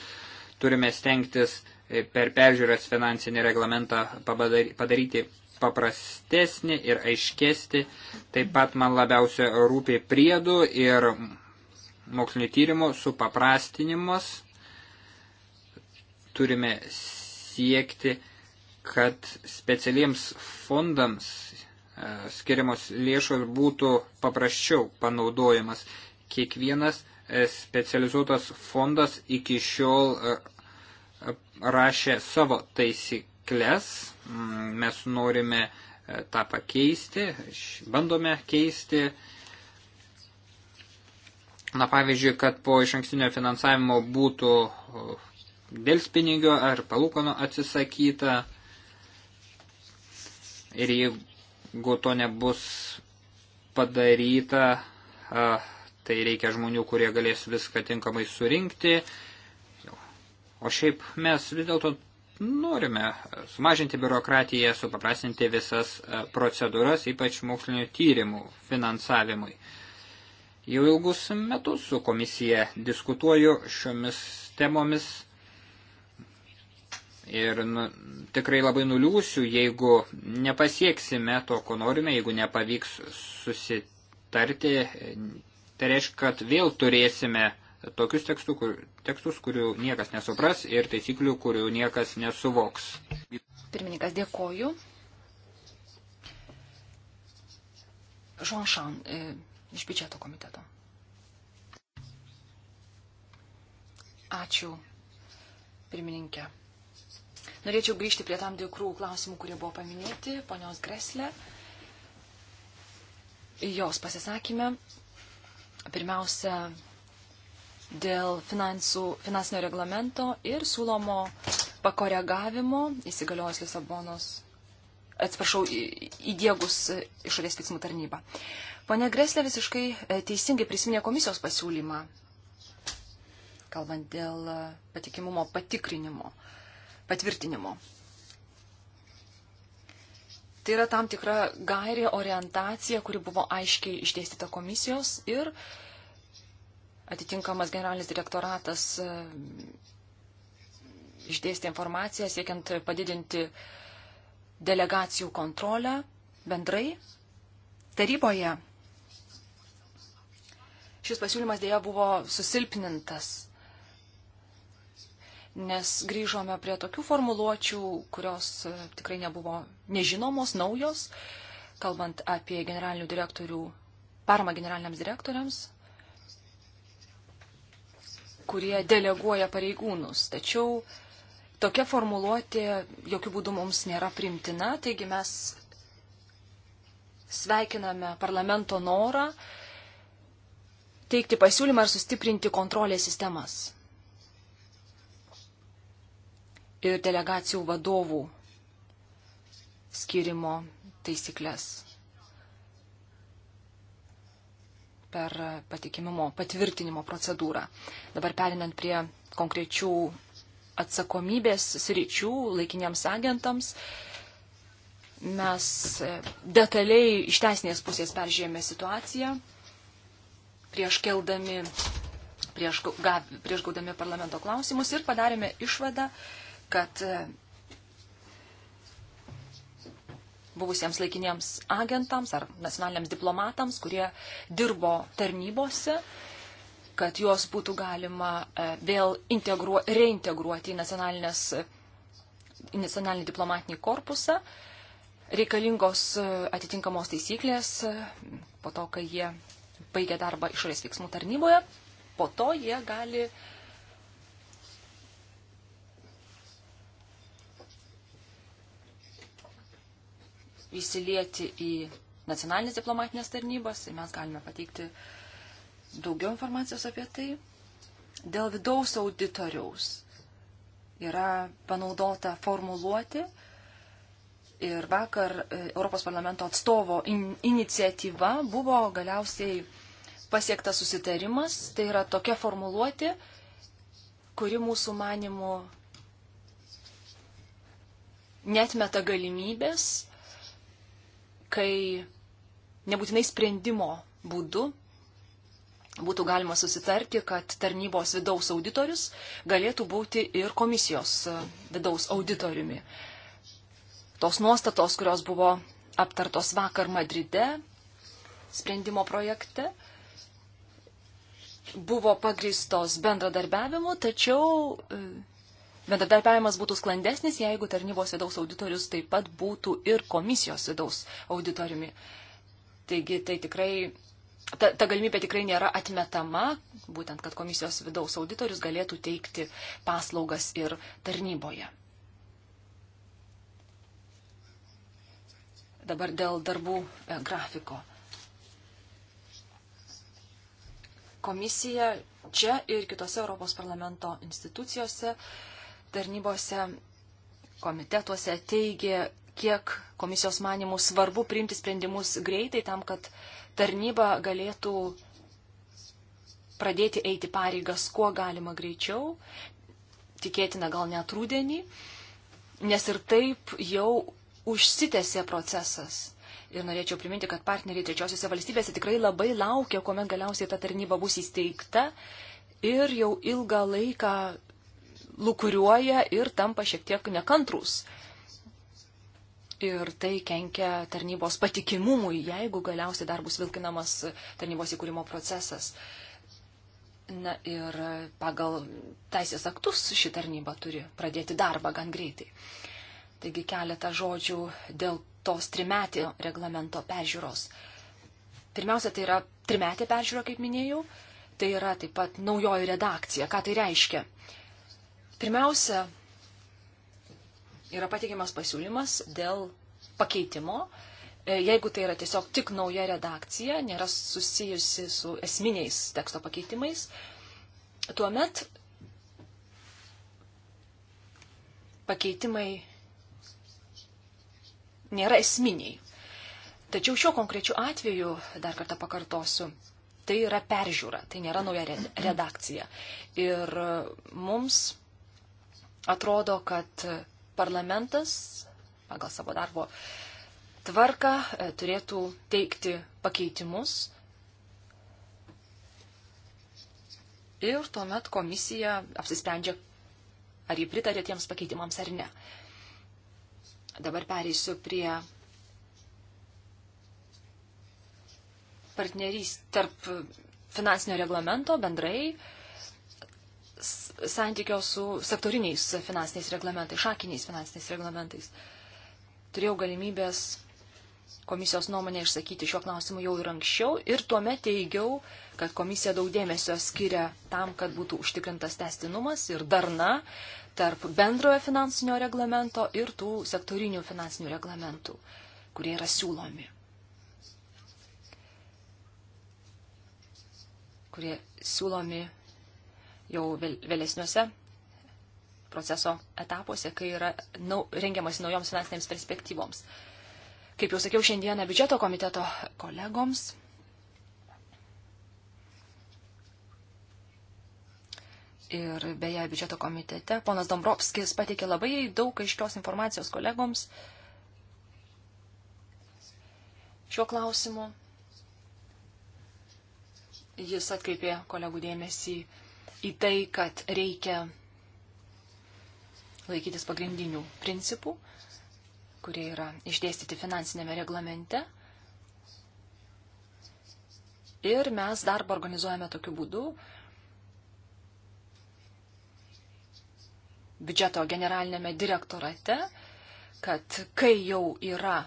turime stengtis e, per peržiūras finansinį reglamentą padaryti paprastesnį ir aiškesnį, taip pat man labiausia rūpi priedų ir mokslinio tyrimo supaprastinimas. Turime siekti, kad specialiems fondams e, skiriamos lėšos būtų paprasčiau panaudojamas. Kiekvienas e, specializuotas fondas iki šiol e, rašė savo taisyklės. Mm, mes norime tą pakeisti, bandome keisti Na pavyzdžiui, kad po iš ankstinio finansavimo būtų dėlspinigio ar palūkanų atsisakyta ir jeigu to nebus padaryta, tai reikia žmonių, kurie galės viską tinkamai surinkti. O šiaip mes vis dėlto norime sumažinti biurokratiją, supaprastinti visas procedūras, ypač mokslinio tyrimų finansavimui. Jau ilgus metus su komisija diskutuoju šiomis temomis ir nu, tikrai labai nuliūsiu, jeigu nepasieksime to, ko norime, jeigu nepavyks susitarti, tai reiškia, kad vėl turėsime tokius tekstų, kur, tekstus, kurių niekas nesupras ir taisyklių, kurių niekas nesuvoks. Pirmininkas, dėkoju. Žonšan, iš biudžeto komiteto. Ačiū, pirmininkė. Norėčiau grįžti prie tam tikrų klausimų, kurie buvo paminėti ponios Greslė. Jos pasisakymė. Pirmiausia, dėl finansų, finansinio reglamento ir siūlomo pakoregavimo įsigaliojus Lisabonos, atsiprašau, įdėgus išorės veiksmų tarnybą. Pone Greslė visiškai e, teisingai prisiminė komisijos pasiūlymą, kalbant dėl e, patikimumo patikrinimo, patvirtinimo. Tai yra tam tikra gairė orientacija, kuri buvo aiškiai išdėstyta komisijos ir atitinkamas generalinis direktoratas e, išdėstė informaciją siekiant padidinti delegacijų kontrolę bendrai. Taryboje šis pasiūlymas dėja buvo susilpnintas, nes grįžome prie tokių formuluočių, kurios e, tikrai nebuvo nežinomos, naujos, kalbant apie generalinių direktorių, parmą generaliniams direktoriams, kurie deleguoja pareigūnus. Tačiau tokia formuluotė jokių būdų mums nėra primtina, taigi mes sveikiname parlamento norą teikti pasiūlymą ir sustiprinti kontrolės sistemas ir delegacijų vadovų skirimo taisyklės per patikimumo patvirtinimo procedūrą. Dabar perinant prie konkrečių atsakomybės sričių laikiniams agentams, mes detaliai iš teisinės pusės peržėjome situaciją prieš keldami, prieš, gav, prieš gaudami parlamento klausimus ir padarėme išvadą, kad e, buvusiems laikiniems agentams ar nacionaliniams diplomatams, kurie dirbo tarnybose, kad juos būtų galima e, vėl integruo, reintegruoti į nacionalinį diplomatinį korpusą. Reikalingos e, atitinkamos taisyklės po to, kai jie baigę darbą išorės veiksmų tarnyboje, po to jie gali įsilieti į nacionalinės diplomatinės tarnybos ir mes galime pateikti daugiau informacijos apie tai. Dėl vidaus auditoriaus yra panaudota formuluoti, Ir vakar e, Europos parlamento atstovo in iniciatyva buvo galiausiai pasiektas susitarimas. Tai yra tokia formuluotė, kuri mūsų manimų netmeta galimybės, kai nebūtinai sprendimo būdu būtų galima susitarti, kad tarnybos vidaus auditorius galėtų būti ir komisijos e, vidaus auditoriumi tos nuostatos, kurios buvo aptartos vakar Madride sprendimo projekte, buvo pagristos bendradarbiavimu, tačiau e, bendradarbiavimas būtų sklandesnis, jeigu tarnybos vidaus auditorius taip pat būtų ir komisijos vidaus auditoriumi. Taigi tai tikrai ta, ta galimybė tikrai nėra atmetama, būtent kad komisijos vidaus auditorius galėtų teikti paslaugas ir tarnyboje. Dabar dėl darbų e, grafiko. Komisija čia ir kitose Europos parlamento institucijose, tarnybose, komitetuose teigė, kiek komisijos manimų svarbu priimti sprendimus greitai tam, kad tarnyba galėtų pradėti eiti pareigas kuo galima greičiau, tikėtina gal net rūdienį, nes ir taip jau užsitęsė procesas. Ir norėčiau priminti, kad partneriai trečiosiuose valstybėse tikrai labai laukia, kuomet galiausiai ta tarnyba bus įsteigta ir jau ilgą laiką lukuriuoja ir tampa šiek tiek nekantrus. Ir tai kenkia tarnybos patikimumui, jeigu galiausiai dar bus vilkinamas tarnybos įkūrimo procesas. Na ir pagal teisės aktus ši tarnyba turi pradėti darbą gan greitai. Taigi keletą žodžių dėl tos trimetio reglamento peržiūros. Pirmiausia, tai yra trimetė peržiūra, kaip minėjau, tai yra taip pat naujoji redakcija. Ką tai reiškia? Pirmiausia, yra pateikiamas pasiūlymas dėl pakeitimo, e, jeigu tai yra tiesiog tik nauja redakcija, nėra susijusi su esminiais teksto pakeitimais, tuomet pakeitimai nėra esminiai. Tačiau šiuo konkrečiu atveju, dar kartą pakartosiu, tai yra peržiūra, tai nėra nauja redakcija. Ir mums atrodo, kad parlamentas pagal savo darbo tvarką e, turėtų teikti pakeitimus ir tuomet komisija apsisprendžia, ar jį pritarė tiems pakeitimams ar ne. Dabar pereisiu prie partnerys tarp finansinio reglamento bendrai santykio su sektoriniais finansiniais reglamentais, šakiniais finansiniais reglamentais. Turėjau galimybės komisijos nuomonę išsakyti šiuo klausimu jau ir anksčiau ir tuomet teigiau, kad komisija daug dėmesio skiria tam, kad būtų užtikrintas testinumas ir darna tarp bendrojo finansinio reglamento ir tų sektorinių finansinių reglamentų, kurie yra siūlomi. kurie siūlomi jau vėlesniuose proceso etapuose, kai yra nau, rengiamasi naujoms finansinėms perspektyvoms kaip jau sakiau šiandieną biudžeto komiteto kolegoms. Ir beje, biudžeto komitete ponas Dombrovskis pateikė labai daug aiškios informacijos kolegoms šiuo klausimu. Jis atkreipė kolegų dėmesį į tai, kad reikia laikytis pagrindinių principų kurie yra išdėstyti finansinėme reglamente. Ir mes darbą organizuojame tokiu būdu. Biudžeto generalinėme direktorate, kad kai jau yra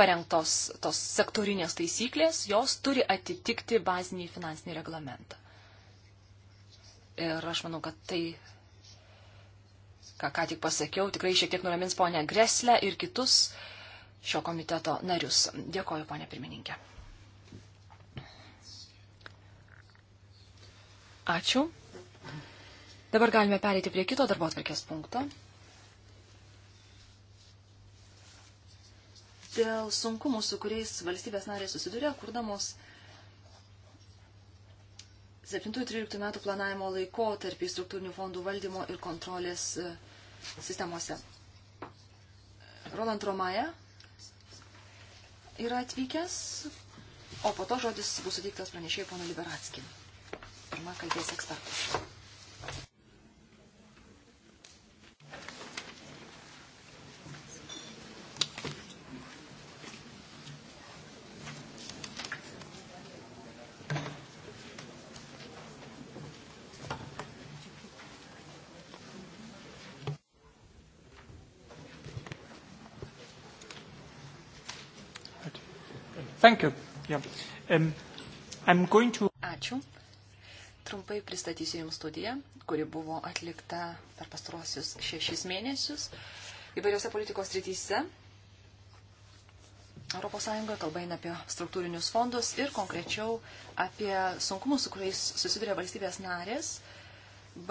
parengtos tos sektorinės taisyklės, jos turi atitikti bazinį finansinį reglamentą. Ir aš manau, kad tai ką ką tik pasakiau, tikrai šiek tiek nuramins ponę Greslę ir kitus šio komiteto narius. Dėkoju, ponė pirmininkė. Ačiū. Dabar galime pereiti prie kito darbo atvarkės punkto. Dėl sunkumų, su kuriais valstybės narės susiduria, kurdamos 7-13 metų planavimo laiko tarp struktūrinių fondų valdymo ir kontrolės e, sistemose. Roland Romaja yra atvykęs, o po to žodis bus suteiktas pranešėjai pono Liberatskį. Pirmą kalbės ekspertas. Thank you. Yeah. Um, I'm going to... Ačiū. Trumpai pristatysiu Jums studiją, kuri buvo atlikta per pastaruosius šešis mėnesius įvairiose politikos rytyse. ES kalba eina apie struktūrinius fondus ir konkrečiau apie sunkumus, su kuriais susiduria valstybės narės,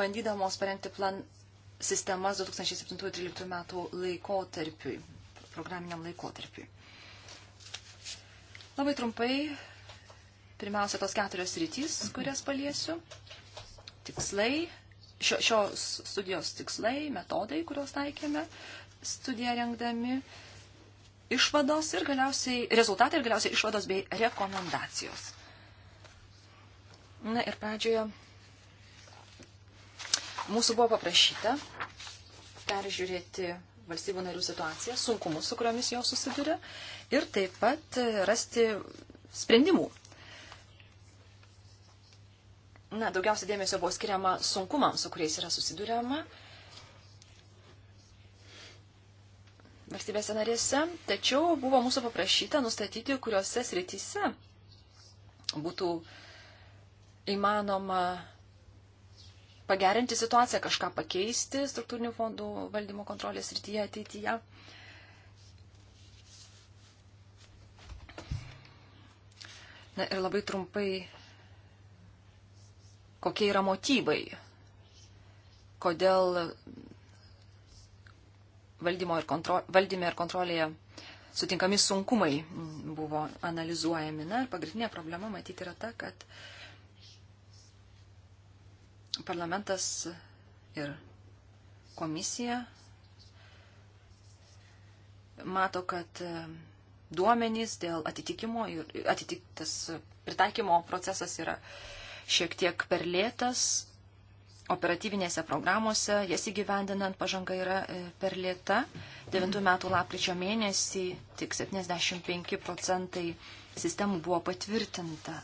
bandydamos parengti plan sistemas 2007-2013 metų laikotarpiui, programiniam laikotarpiui. Labai trumpai, pirmiausia, tos keturios rytys, kurias paliesiu. Tikslai, šio, šios studijos tikslai, metodai, kuriuos taikėme studiją rengdami, išvados ir galiausiai, rezultatai ir galiausiai išvados bei rekomendacijos. Na ir pradžioje mūsų buvo paprašyta peržiūrėti valstybių narių situaciją, sunkumus, su kuriomis jos susiduria ir taip pat e, rasti sprendimų. Na, daugiausia dėmesio buvo skiriama sunkumams, su kuriais yra susiduriama valstybėse narėse, tačiau buvo mūsų paprašyta nustatyti, kuriuose srityse būtų įmanoma pagerinti situaciją, kažką pakeisti struktūrinių fondų valdymo kontrolės rytyje ateityje. Na ir labai trumpai, kokie yra motyvai, kodėl valdymo ir kontro, valdyme ir kontrolėje sutinkami sunkumai buvo analizuojami. Na ir pagrindinė problema matyti yra ta, kad uh, parlamentas ir komisija mato, kad e, duomenys dėl atitikimo ir atitiktas pritaikymo procesas yra šiek tiek per lėtas. Operatyvinėse programuose jas įgyvendinant pažanga yra e, per lėta. 9 metų lapkričio mėnesį tik 75 procentai sistemų buvo patvirtinta.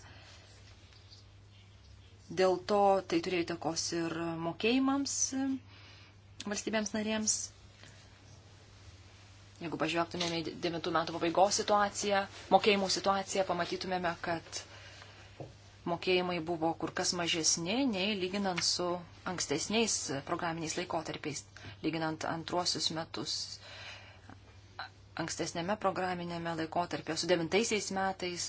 Dėl to tai turėjo įtakos ir mokėjimams valstybėms narėms. Jeigu pažvelgtumėme į 9 metų pabaigos situaciją, mokėjimų situaciją, pamatytumėme, kad mokėjimai buvo kur kas mažesni nei lyginant su ankstesniais programiniais laikotarpiais, lyginant antruosius metus ankstesnėme programinėme laikotarpė, su devintaisiais metais,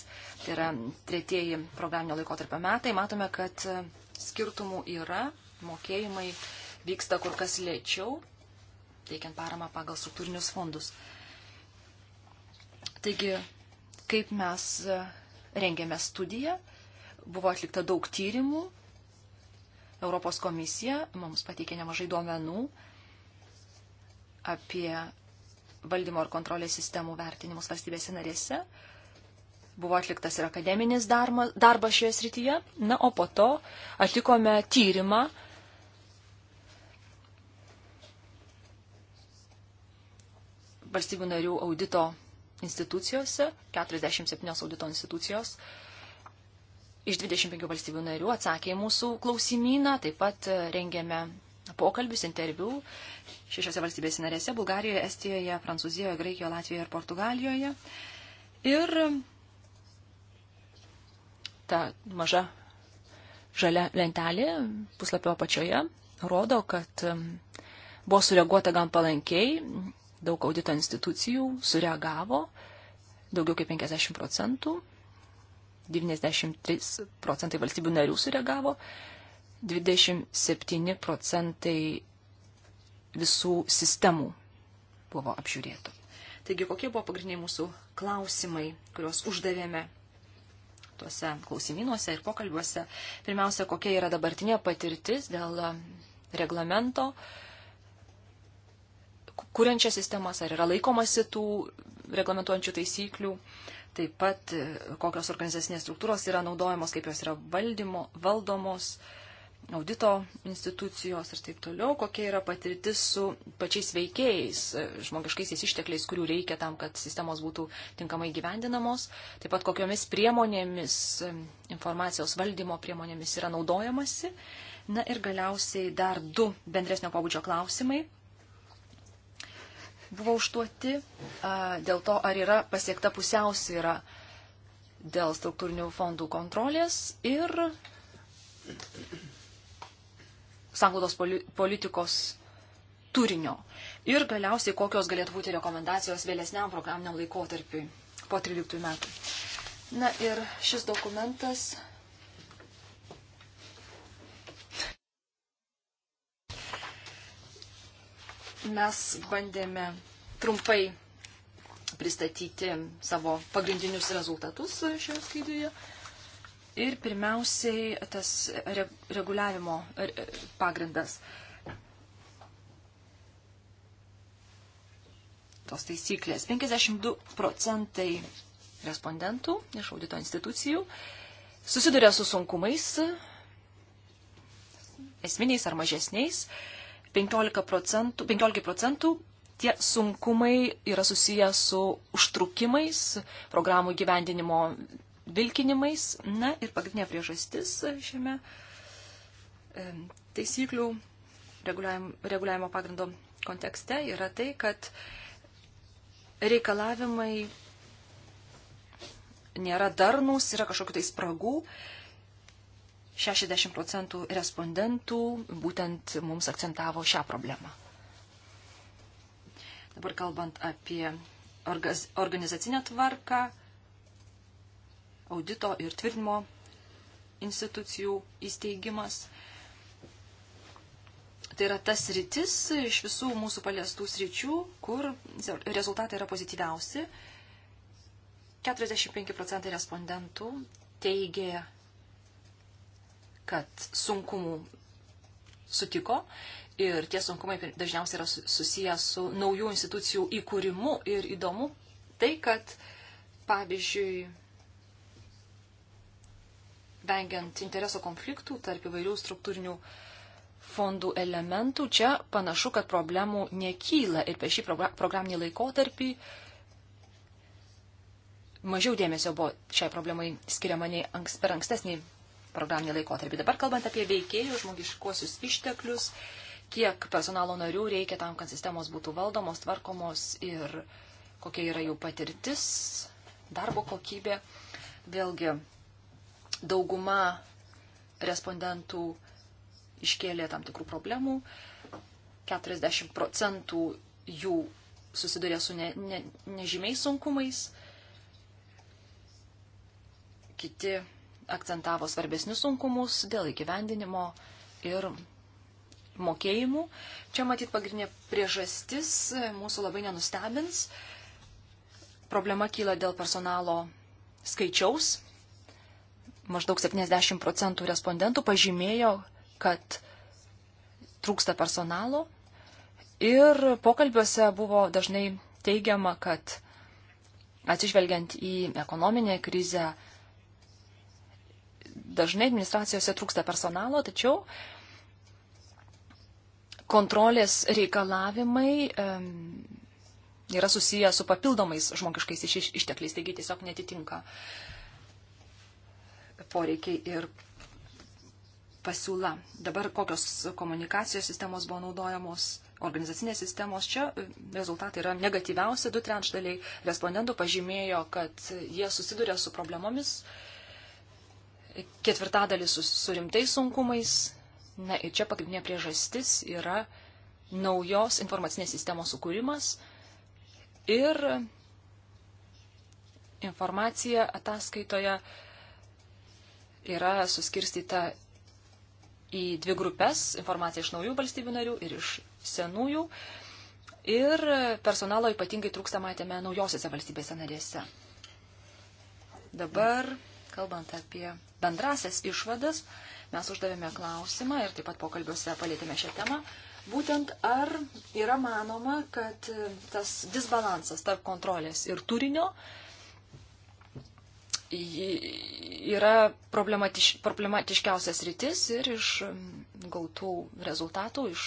tai yra tretieji programinio laikotarpio metai, matome, kad e, skirtumų yra, mokėjimai vyksta kur kas lėčiau, teikiant paramą pagal struktūrinius fondus. Taigi, kaip mes e, rengėme studiją, buvo atlikta daug tyrimų, Europos komisija mums pateikė nemažai duomenų apie valdymo ir kontrolės sistemų vertinimus valstybėse narėse. Buvo atliktas ir akademinis darbas darba šioje srityje. Na, o po to atlikome tyrimą. Valstybių narių audito institucijose, 47 audito institucijos, iš 25 valstybių narių atsakė į mūsų klausimyną, taip pat rengėme pokalbius, interviu šešiose valstybėse narėse - Bulgarijoje, Estijoje, Prancūzijoje, Graikijoje, Latvijoje ir Portugalijoje. Ir ta maža žalia lentelė puslapio apačioje rodo, kad um, buvo sureaguota gan palankiai, daug audito institucijų sureagavo, daugiau kaip 50 procentų, 93 procentai valstybių narių sureagavo, 27 procentai visų sistemų buvo apžiūrėtų. Taigi, kokie buvo pagrindiniai mūsų klausimai, kuriuos uždavėme tuose klausimynuose ir pokalbiuose. Pirmiausia, kokia yra dabartinė patirtis dėl um, reglamento, kuriančią sistemas, ar yra laikomasi tų reglamentuojančių taisyklių, taip pat e, kokios organizacinės struktūros yra naudojamos, kaip jos yra valdymo, valdomos, valdomos audito institucijos ir taip toliau, kokia yra patirtis su pačiais veikėjais, žmogiškaisiais ištekliais, kurių reikia tam, kad sistemos būtų tinkamai gyvendinamos, taip pat kokiomis priemonėmis, informacijos valdymo priemonėmis yra naudojamasi. Na ir galiausiai dar du bendresnio pabudžio klausimai buvo užduoti dėl to, ar yra pasiekta pusiausvyrą dėl struktūrinių fondų kontrolės ir sanglaudos politikos turinio ir galiausiai kokios galėtų būti rekomendacijos vėlesniam programiniam laikotarpiui po 13 metų. Na ir šis dokumentas. Mes bandėme trumpai pristatyti savo pagrindinius rezultatus šioje skaidrėje ir pirmiausiai tas reguliavimo e, e, pagrindas. Tos taisyklės. 52 procentai respondentų iš audito institucijų susiduria su sunkumais, esminiais ar mažesniais. 15 procentų, 15 procentų tie sunkumai yra susiję su užtrukimais, programų gyvendinimo vilkinimais. Na ir pagrindinė priežastis šiame e, taisyklių reguliavimo pagrindo kontekste yra tai, kad reikalavimai nėra darnus, yra kažkokiu tai spragų. 60 procentų respondentų būtent mums akcentavo šią problemą. Dabar kalbant apie organizacinę tvarką, audito ir tvirtinimo institucijų įsteigimas. Tai yra tas rytis iš visų mūsų paliestų sričių, kur rezultatai yra pozityviausi. 45 procentai respondentų teigė, kad sunkumų sutiko ir tie sunkumai dažniausiai yra susijęs su naujų institucijų įkūrimu ir įdomu tai, kad pavyzdžiui vengiant intereso konfliktų tarp įvairių struktūrinių fondų elementų, čia panašu, kad problemų nekyla ir per šį programinį laikotarpį mažiau dėmesio buvo šiai problemai skiriama nei anks, per ankstesnį programinį laikotarpį. Dabar kalbant apie veikėjų žmogiškuosius išteklius, kiek personalo narių reikia tam, kad sistemos būtų valdomos, tvarkomos ir kokia yra jų patirtis, darbo kokybė. Vėlgi, dauguma respondentų iškėlė tam tikrų problemų, 40 procentų jų susidurė su ne, ne, nežymiais sunkumais, kiti akcentavo svarbesnius sunkumus dėl įgyvendinimo ir mokėjimų. Čia matyt pagrindinė priežastis mūsų labai nenustebins. Problema kyla dėl personalo skaičiaus, maždaug 70 procentų respondentų pažymėjo, kad trūksta personalo. Ir pokalbiuose buvo dažnai teigiama, kad atsižvelgiant į ekonominę krizę, dažnai administracijose trūksta personalo, tačiau kontrolės reikalavimai yra susiję su papildomais žmogiškais ištekliais, taigi tiesiog netitinka uh, poreikiai ir pasiūla. Dabar kokios komunikacijos sistemos buvo naudojamos, organizacinės sistemos, čia rezultatai yra negatyviausi, du trečdaliai respondentų pažymėjo, kad jie susiduria su problemomis, ketvirtadalis su, su rimtais sunkumais. Na ir čia pagrindinė priežastis yra naujos informacinės sistemos sukūrimas ir informacija ataskaitoje yra suskirstyta į dvi grupės - informacija iš naujų valstybių narių ir iš senųjų. Ir personalo ypatingai trūksta matėme naujosiose valstybėse narėse. Dabar, kalbant apie bendrasias išvadas, mes uždavėme klausimą ir taip pat pokalbiuose palėtėme šią temą. Būtent ar yra manoma, kad tas disbalansas tarp kontrolės ir turinio uh, yra problematiš, problematiškiausias rytis ir iš mm, gautų rezultatų, iš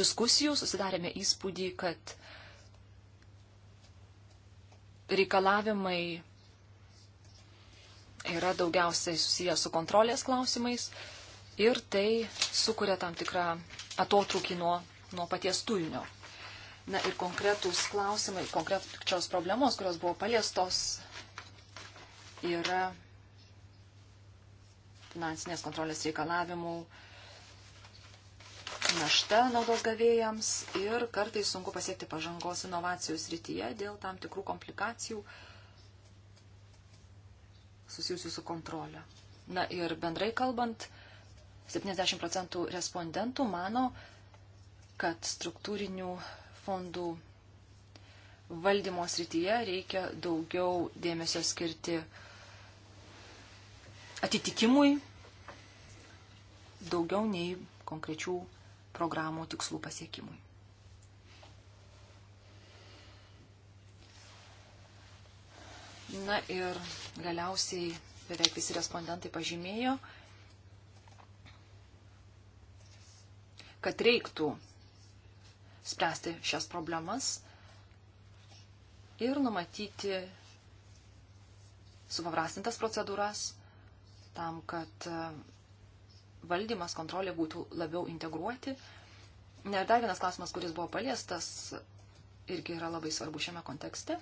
diskusijų susidarėme įspūdį, kad reikalavimai yra daugiausiai susijęs su kontrolės klausimais ir tai sukuria tam tikrą atotrukį nuo, nuo paties turinio. Na ir konkretūs klausimai, konkrečios problemos, kurios buvo paliestos yra finansinės kontrolės reikalavimų našta naudos gavėjams ir kartais sunku pasiekti pažangos inovacijų srityje dėl tam tikrų komplikacijų susijusių su kontrolė. Na ir bendrai kalbant, 70 procentų respondentų mano, kad struktūrinių fondų valdymo srityje reikia daugiau dėmesio skirti uh, atitikimui daugiau nei konkrečių programų tikslų pasiekimui. Na ir galiausiai beveik visi respondentai pažymėjo, kad reiktų spręsti šias problemas ir numatyti supaprastintas procedūras tam, kad e, valdymas, kontrolė būtų labiau integruoti. Ne dar vienas klausimas, kuris buvo paliestas, irgi yra labai svarbu šiame kontekste.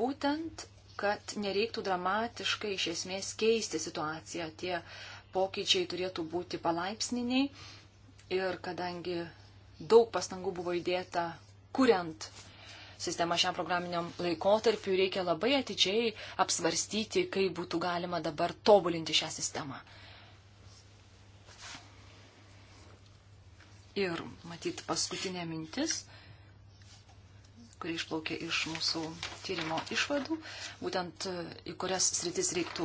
Būtent, kad nereiktų dramatiškai iš esmės keisti situaciją. Tie pokyčiai turėtų būti palaipsniniai ir kadangi daug pastangų buvo įdėta kuriant sistemą šiam programiniam laikotarpiu, reikia labai atidžiai apsvarstyti, kaip būtų galima dabar tobulinti šią sistemą. Ir matyt, paskutinė mintis, kuri išplaukė iš mūsų tyrimo išvadų, būtent e, į kurias sritis reiktų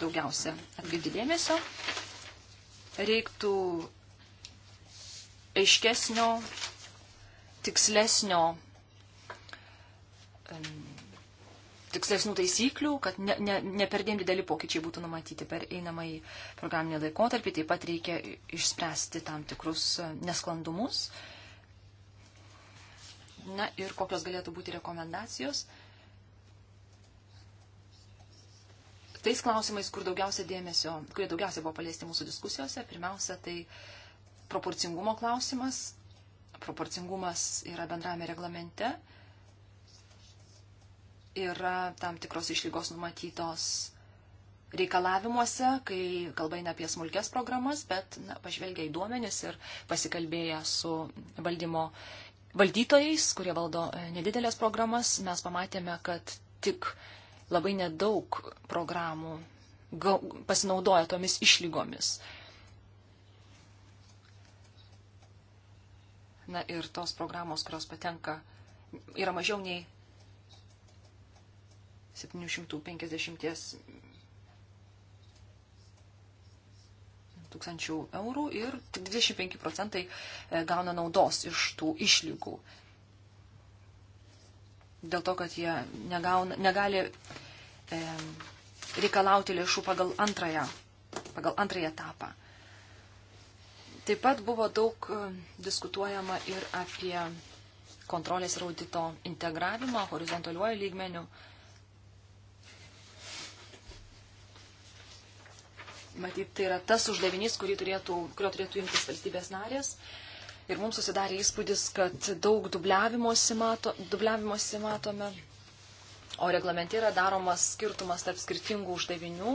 daugiausia atkreipti dėmesio, reiktų aiškesnio, tikslesnio tikslesnių taisyklių, kad ne, ne, ne per dėm dideli pokyčiai būtų numatyti per einamąjį programinį laikotarpį. Taip pat reikia išspręsti tam tikrus e, nesklandumus. Na ir kokios galėtų būti rekomendacijos. Tais klausimais, kur daugiausia dėmesio, kurie daugiausia buvo paliesti mūsų diskusijose, pirmiausia, tai proporcingumo klausimas. Proporcingumas yra bendrame reglamente yra tam tikros išlygos numatytos reikalavimuose, kai kalba eina apie smulkės programas, bet na, pažvelgia į duomenis ir pasikalbėję su valdymo valdytojais, kurie valdo e, nedidelės programas, mes pamatėme, kad tik labai nedaug programų pasinaudoja tomis išlygomis. Na ir tos programos, kurios patenka, yra mažiau nei 750 tūkstančių eurų ir tik 25 procentai e, gauna naudos iš tų išlygų. Dėl to, kad jie negauna, negali e, reikalauti lėšų pagal antrąją, pagal antrąją etapą. Taip pat buvo daug e, diskutuojama ir apie kontrolės ir audito integravimą horizontaliuoju lygmeniu. E, matyt, tai yra tas uždavinys, turėtų, kurio turėtų imtis valstybės narės. Ir mums susidarė įspūdis, kad daug dubliavimosi, mato, dubliavimosi matome, o reglamente yra daromas skirtumas tarp skirtingų uždavinių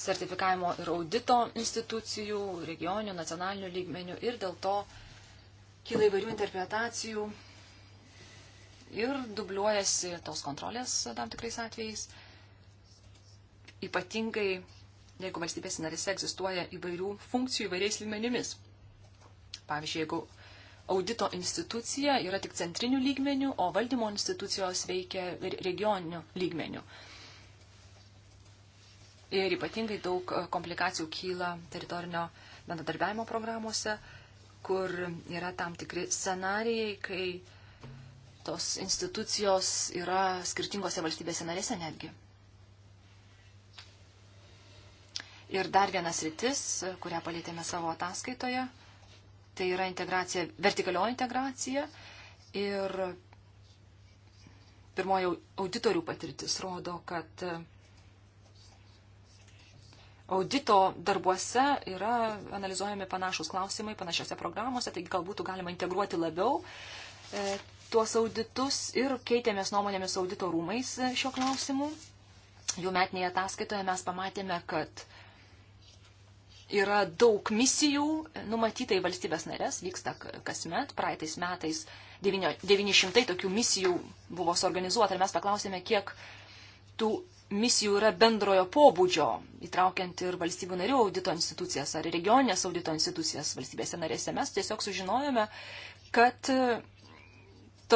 sertifikavimo ir audito institucijų, regioninių, nacionalinių lygmenių ir dėl to kyla įvairių interpretacijų ir dubliuojasi tos kontrolės tam tikrais atvejais ypatingai jeigu valstybės narise egzistuoja įvairių funkcijų įvairiais lygmenimis. Pavyzdžiui, jeigu audito institucija yra tik centrinių lygmenių, o valdymo institucijos veikia regioninių lygmenių. Ir ypatingai daug e, komplikacijų kyla teritorinio bendradarbiavimo programuose, kur yra tam tikri scenarijai, kai tos institucijos yra skirtingose valstybėse narėse netgi. Ir dar vienas rytis, kurią palėtėme savo ataskaitoje, tai yra integracija, vertikalioji integracija. Ir pirmoji auditorių patirtis rodo, kad e, audito darbuose yra analizuojami panašus klausimai panašiose programuose, taigi gal būtų galima integruoti labiau e, tuos auditus ir keitėmės nuomonėmis audito rūmais e, šiuo klausimu. Jų metinėje ataskaitoje mes pamatėme, kad yra daug misijų numatyta į valstybės narės, vyksta kasmet, praeitais metais 900 tokių misijų buvo suorganizuota ir mes paklausėme, kiek tų misijų yra bendrojo pobūdžio, įtraukiant ir valstybių narių audito institucijas ar regioninės audito institucijas valstybėse narėse. Mes tiesiog sužinojome, kad e,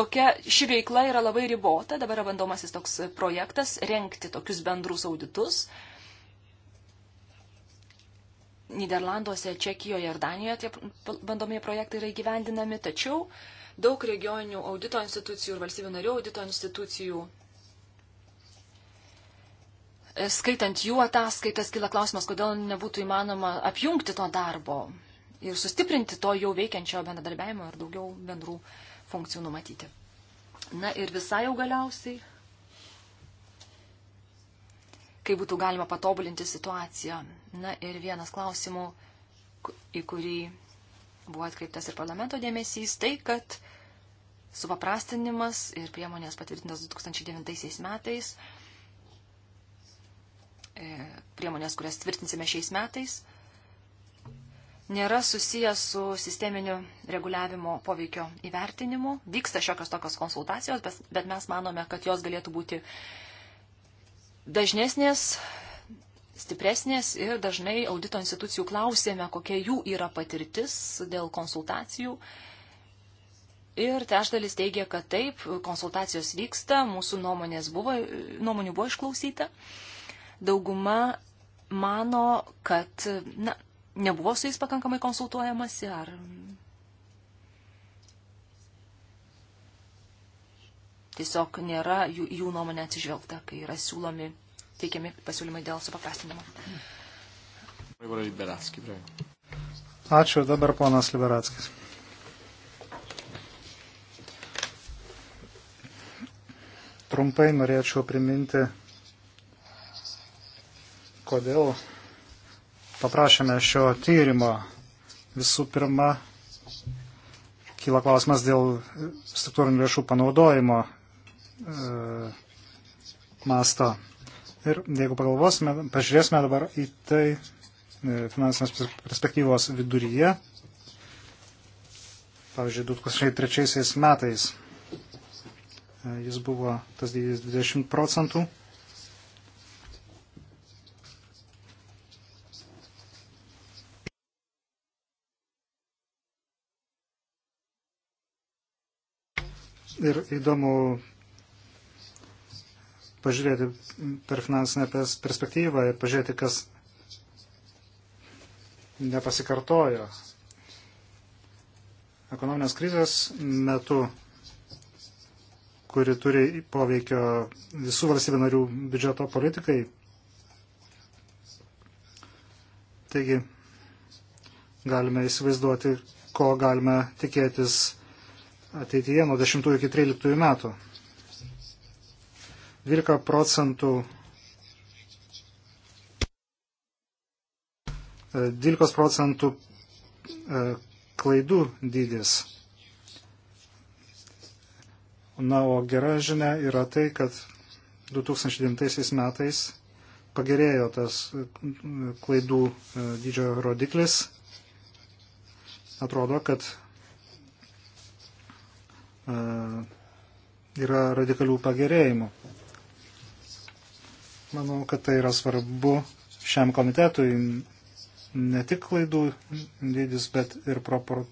tokia ši veikla yra labai ribota, dabar yra bandomasis toks projektas rengti tokius bendrus auditus. Uh, Niderlanduose, Čekijoje ir Danijoje tie bandomieji projektai yra įgyvendinami, tačiau daug regioninių audito institucijų ir valstybių narių audito institucijų. E, skaitant jų ataskaitas, kila klausimas, kodėl nebūtų įmanoma apjungti to darbo ir sustiprinti to jau veikiančio bendradarbiavimo ir daugiau bendrų funkcijų numatyti. Na ir visai jau galiausiai kaip būtų galima patobulinti situaciją. Na ir vienas klausimų, į kurį buvo atkreiptas ir parlamento dėmesys, tai kad supaprastinimas ir priemonės patvirtintas 2009 metais, e, priemonės, kurias tvirtinsime šiais metais, nėra susijęs su sisteminiu reguliavimo poveikio įvertinimu. Vyksta šiokios tokios konsultacijos, bet mes manome, kad jos galėtų būti dažnesnės, stipresnės ir dažnai audito institucijų klausėme, kokia jų yra patirtis dėl konsultacijų. Ir trešdalis teigia, kad taip, konsultacijos vyksta, mūsų buvo, nuomonių buvo išklausyta. Dauguma mano, kad na, nebuvo su jais pakankamai konsultuojamasi ar tiesiog nėra jų, jų nuomonė atsižvelgta, kai yra siūlomi, teikiami pasiūlymai dėl supaprastinimo. Ačiū, dabar ponas Liberatskis. Trumpai norėčiau priminti, kodėl paprašėme šio tyrimo. Visų pirma, kyla klausimas dėl struktūrinių lėšų panaudojimo E, mastą. Ir jeigu pagalvosime, pažiūrėsime dabar į tai e, finansinės perspektyvos viduryje, pavyzdžiui, 2003 metais e, jis buvo tas dydis 20 procentų. Ir įdomu pažiūrėti per finansinę perspektyvą ir pažiūrėti, kas nepasikartojo. Ekonominės krizės metu, kuri turi poveikio visų valstybių narių biudžeto politikai. Taigi, galime įsivaizduoti, ko galime tikėtis ateityje nuo 10 iki 13 metų. 12 procentų 12 e, procentų e, klaidų dydis. Na, o gera žinia yra tai, kad 2009 metais pagerėjo tas e, klaidų dydžio rodiklis. Atrodo, kad yra radikalių pagerėjimų. Manau, kad tai yra svarbu šiam komitetui ne tik klaidų dydis, bet ir propor...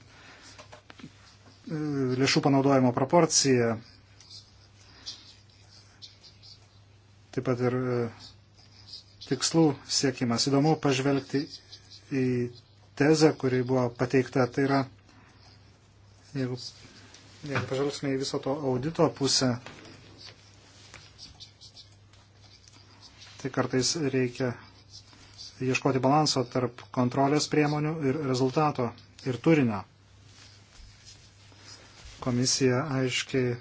lėšų panaudojimo proporcija. Taip pat ir e, tikslų siekimas. Įdomu pažvelgti į tezę, kuri buvo pateikta. Tai yra, jeigu, jeigu pažvelgsime į viso to audito pusę, tai kartais reikia ieškoti balanso tarp kontrolės priemonių ir rezultato ir turinio. Komisija aiškiai,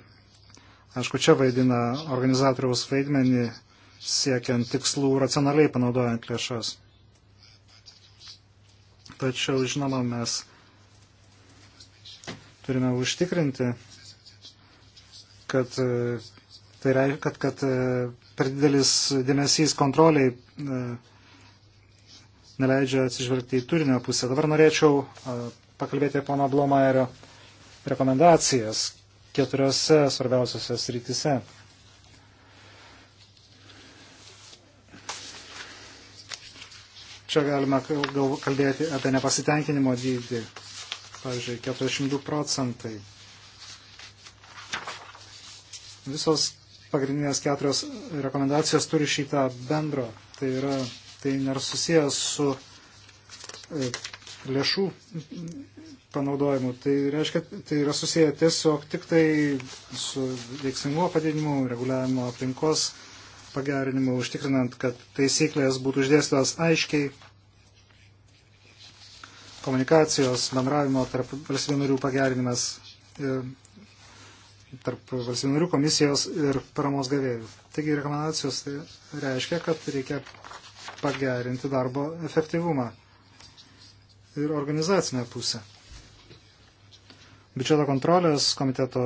aišku, čia vaidina organizatoriaus vaidmenį siekiant tikslų racionaliai panaudojant lėšas. Tačiau, žinoma, mes turime užtikrinti, kad, tai reiškia, kad, kad per didelis dėmesys kontroliai e, neleidžia atsižvelgti į turinio pusę. Dabar norėčiau e, pakalbėti apie pono Blomaerio rekomendacijas keturiose svarbiausiose srityse. Čia galima kalbėti apie nepasitenkinimo dydį. Pavyzdžiui, 42 procentai. Visos pagrindinės keturios rekomendacijos turi šitą bendro. Tai, yra, tai nėra susijęs su e, lėšų panaudojimu. Tai reiškia, tai yra susiję tiesiog tik tai su veiksmingumo padidinimu, reguliavimo aplinkos pagerinimu, užtikrinant, kad taisyklės būtų išdėstytos aiškiai, komunikacijos, bendravimo tarp valstybių narių pagerinimas, e, tarp valstybių narių komisijos ir paramos gavėjų. Taigi rekomendacijos tai reiškia, kad reikia pagerinti darbo efektyvumą ir organizacinę pusę. Biudžeto kontrolės komiteto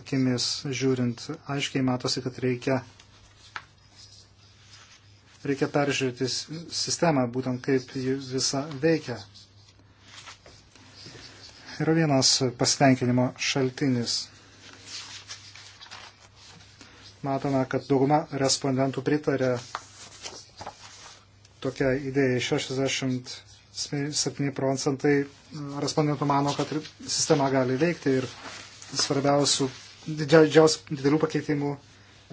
akimis žiūrint aiškiai matosi, kad reikia, reikia peržiūrėti sistemą, būtent kaip ji visa veikia yra vienas pasitenkinimo šaltinis. Matome, kad dauguma respondentų pritarė tokia idėja 67 procentai respondentų mano, kad sistema gali veikti ir svarbiausių didžiausių didelių pakeitimų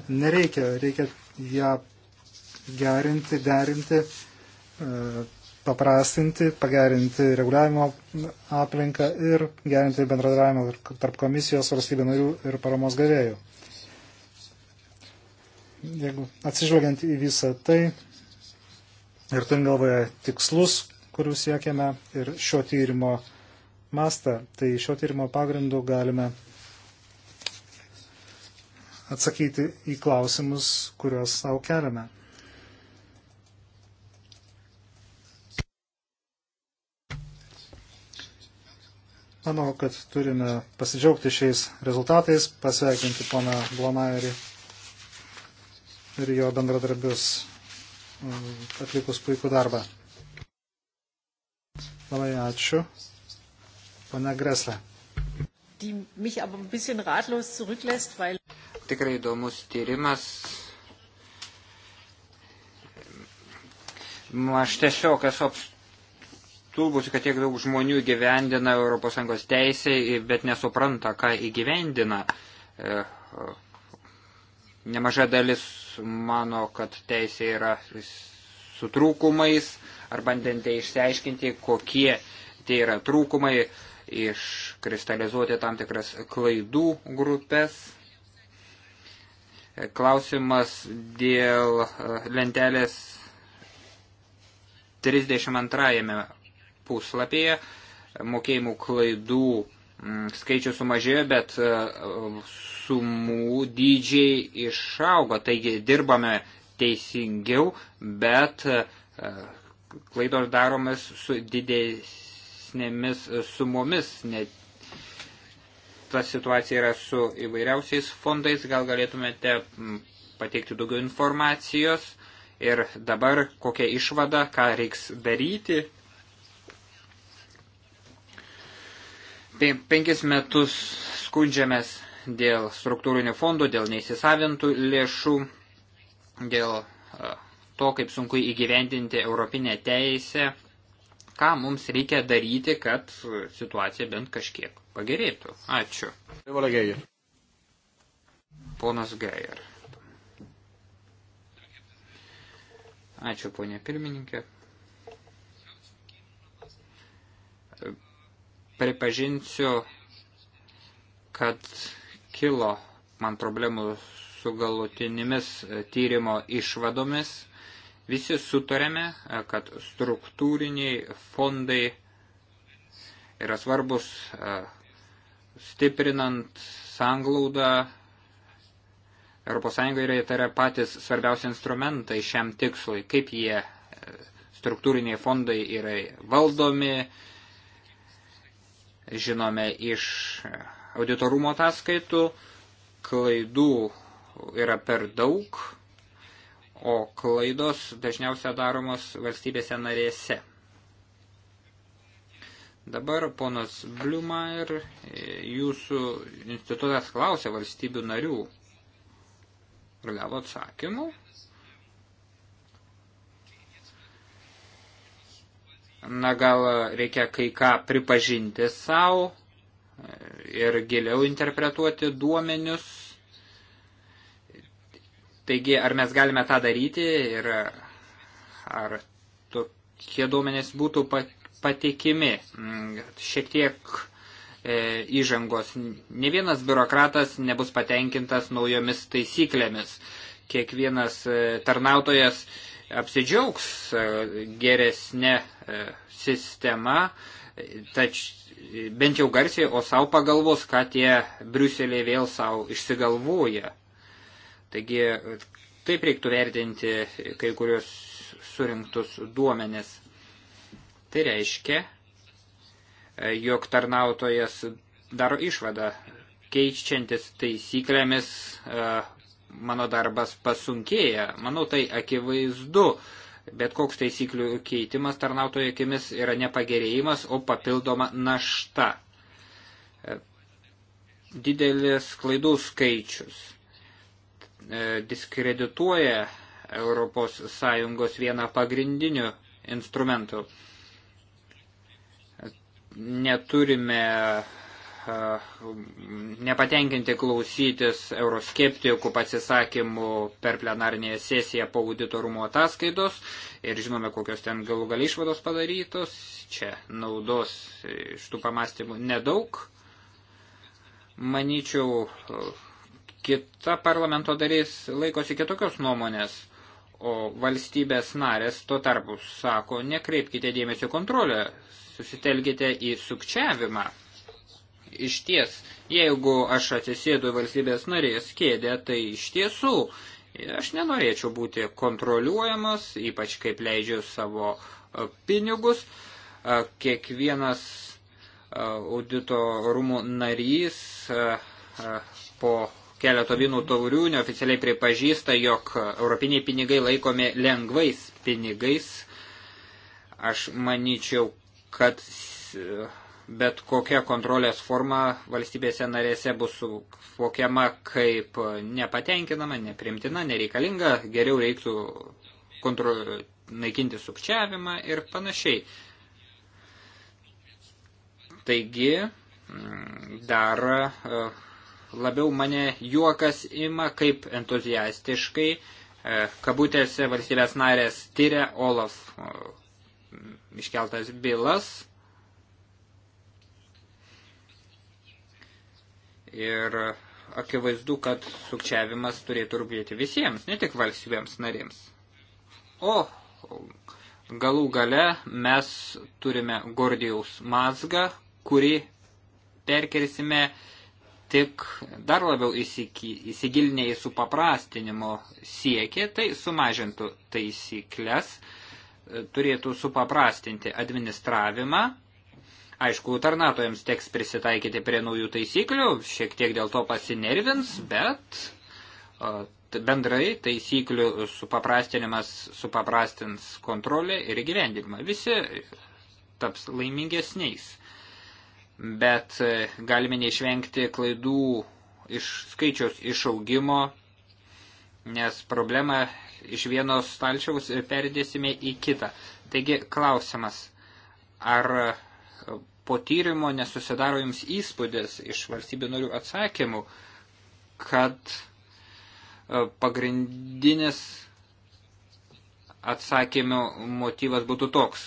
nereikia. Reikia ją gerinti, derinti, e, paprastinti, pagerinti reguliavimo aplinką ir gerinti bendradarbiavimą tarp komisijos, valstybė narių ir paramos gavėjų. Jeigu atsižvelgiant į visą tai ir turint galvoje tikslus, kurių siekiame ir šio tyrimo mastą, tai šio tyrimo pagrindu galime atsakyti į klausimus, kuriuos savo keliame. Manau, kad turime pasidžiaugti šiais rezultatais, pasveikinti poną Blomairį ir jo bendradarbius mm, atlikus puikų darbą. Labai ačiū. Pane Greslė. Tikrai įdomus tyrimas. Mm, aš tiesiog esu apstu nustulbusi, kad tiek daug žmonių gyvendina ES teisę, bet nesupranta, ką įgyvendina. E, nemaža dalis mano, kad teisė yra su trūkumais, ar bandantė tai išsiaiškinti, kokie tie yra trūkumai, iškristalizuoti tam tikras klaidų grupės. E, klausimas dėl e, lentelės 32 puslapyje. Mokėjimų klaidų mm, skaičius sumažėjo, bet e, sumų dydžiai išaugo. Taigi dirbame teisingiau, bet e, klaidos daromas su didesnėmis sumomis. Net ta situacija yra su įvairiausiais fondais. Gal galėtumėte pateikti daugiau informacijos ir dabar kokią išvadą, ką reiks daryti, Tai penkis metus skundžiamės dėl struktūrinių fondų, dėl neįsisavintų lėšų, dėl e, to, kaip sunku įgyvendinti europinę teisę, ką mums reikia daryti, kad situacija bent kažkiek pagerėtų. Ačiū. Ponas Geier. Ačiū, ponė pirmininkė. pripažinsiu, kad kilo man problemų su galutinimis e, tyrimo išvadomis. Visi sutarėme, e, kad struktūriniai fondai yra svarbus e, stiprinant sanglaudą. ES yra įtarę patys svarbiausi instrumentai šiam tikslui, kaip jie struktūriniai fondai yra valdomi, žinome iš auditorumo ataskaitų, klaidų yra per daug, o klaidos dažniausia daromos valstybėse narėse. Dabar ponas Bliumair, jūsų institutas klausė valstybių narių ir gavo atsakymų, na gal e, reikia kai ką pripažinti savo e, ir giliau interpretuoti duomenius. Taigi, ar mes galime tą daryti ir e, ar tokie duomenys būtų patikimi. Mm, šiek tiek įžangos. Ne vienas biurokratas nebus patenkintas naujomis taisyklėmis. Kiekvienas tarnautojas apsidžiaugs e, geresnė e, sistema, tač, bent jau garsiai, o savo pagalvos, ką tie Briuseliai vėl savo išsigalvoja. Taigi taip reiktų vertinti kai kurios surinktus duomenis. Tai reiškia, e, jog tarnautojas daro išvadą, keičiantis taisyklėmis mano darbas pasunkėja. Manau, tai akivaizdu. Bet koks taisyklių keitimas tarnautojo akimis yra ne pagerėjimas, o papildoma našta. Didelis klaidų skaičius e, diskredituoja ES vieną pagrindinių instrumentų. Neturime E, nepatenkinti klausytis euroskeptikų pasisakymų per plenarinėje sesiją po auditorumo ataskaitos ir žinome, kokios ten galų gal išvados padarytos. Čia naudos iš tų pamastymų nedaug. Manyčiau, kita parlamento darys laikosi kitokios nuomonės. O valstybės narės tuo tarpu sako, nekreipkite dėmesio kontrolę, susitelkite į sukčiavimą iš ties, jeigu aš atsisėdu valstybės narės kėdę, tai iš tiesų aš nenorėčiau būti kontroliuojamas, ypač kaip leidžiu savo e, pinigus. E, kiekvienas e, audito rūmų narys po keleto vynų taurių neoficialiai pripažįsta, jog europiniai pinigai laikomi lengvais pinigais. Aš manyčiau, kad bet kokia kontrolės forma valstybėse narėse bus suvokiama kaip nepatenkinama, neprimtina, nereikalinga, geriau reiktų kontro... naikinti sukčiavimą ir panašiai. Taigi, mm, dar e, labiau mane juokas ima, kaip entuziastiškai, e, kabutėse valstybės narės tyria Olaf e, iškeltas bylas, ir akivaizdu, kad sukčiavimas turėtų rūpėti visiems, ne tik valstybėms narėms. O galų gale mes turime Gordijaus mazgą, kurį perkersime tik dar labiau įsigilinę į supaprastinimo siekį, tai sumažintų taisyklės, turėtų supaprastinti administravimą Aišku, tarnautojams teks prisitaikyti prie naujų taisyklių, šiek tiek dėl to pasinervins, bet o, bendrai taisyklių supaprastinimas supaprastins kontrolę ir gyvendimą. Visi taps laimingesniais. Bet e, galime neišvengti klaidų iš skaičiaus išaugimo, nes problemą iš vienos stalčiaus perdėsime į kitą. Taigi klausimas, ar po tyrimo nesusidaro jums įspūdis iš valstybių norių atsakymų, kad e, pagrindinis atsakymų motyvas būtų toks.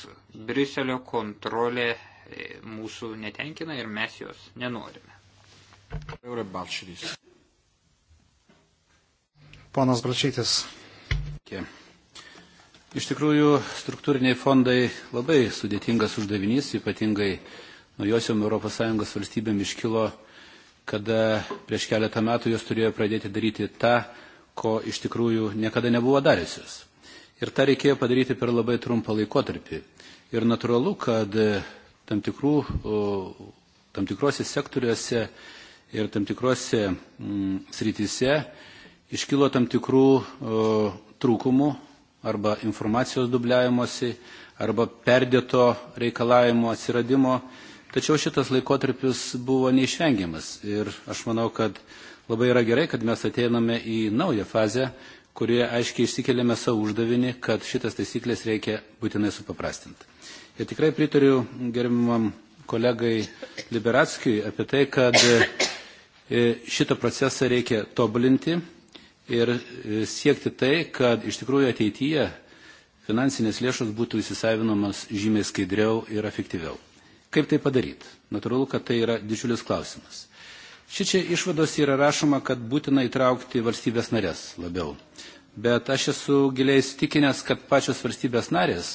Briuselio kontrolė e, mūsų netenkina ir mes jos nenorime. Ponas Balčytis. Kie. Iš tikrųjų, struktūriniai fondai labai sudėtingas uždavinys, ypatingai naujosiom ES valstybėm iškilo, kada prieš keletą metų jos turėjo pradėti daryti tą, ko iš tikrųjų niekada nebuvo dariusios. Ir tą reikėjo padaryti per labai trumpą laikotarpį. Ir natūralu, kad tam, tikrų, tam tikrose sektoriuose ir tam tikrose mm, srityse iškilo tam tikrų o, trūkumų arba informacijos dubliavimosi, arba perdėto reikalavimo atsiradimo. Tačiau šitas laikotarpis buvo neišvengiamas ir aš manau, kad labai yra gerai, kad mes ateiname į naują fazę, kurie aiškiai išsikeliame savo uždavinį, kad šitas taisyklės reikia būtinai supaprastinti. Ir tikrai pritariu gerbimam kolegai Liberatskijui apie tai, kad e, šitą procesą reikia tobulinti ir e, siekti tai, kad iš tikrųjų ateityje finansinės lėšos būtų įsisavinamas žymiai skaidriau ir efektyviau. Kaip tai padaryti? Natūralu, kad tai yra didžiulis klausimas. Šičia išvados yra rašoma, kad būtina įtraukti valstybės narės labiau. Bet aš esu giliai įsitikinęs, kad pačios valstybės narės,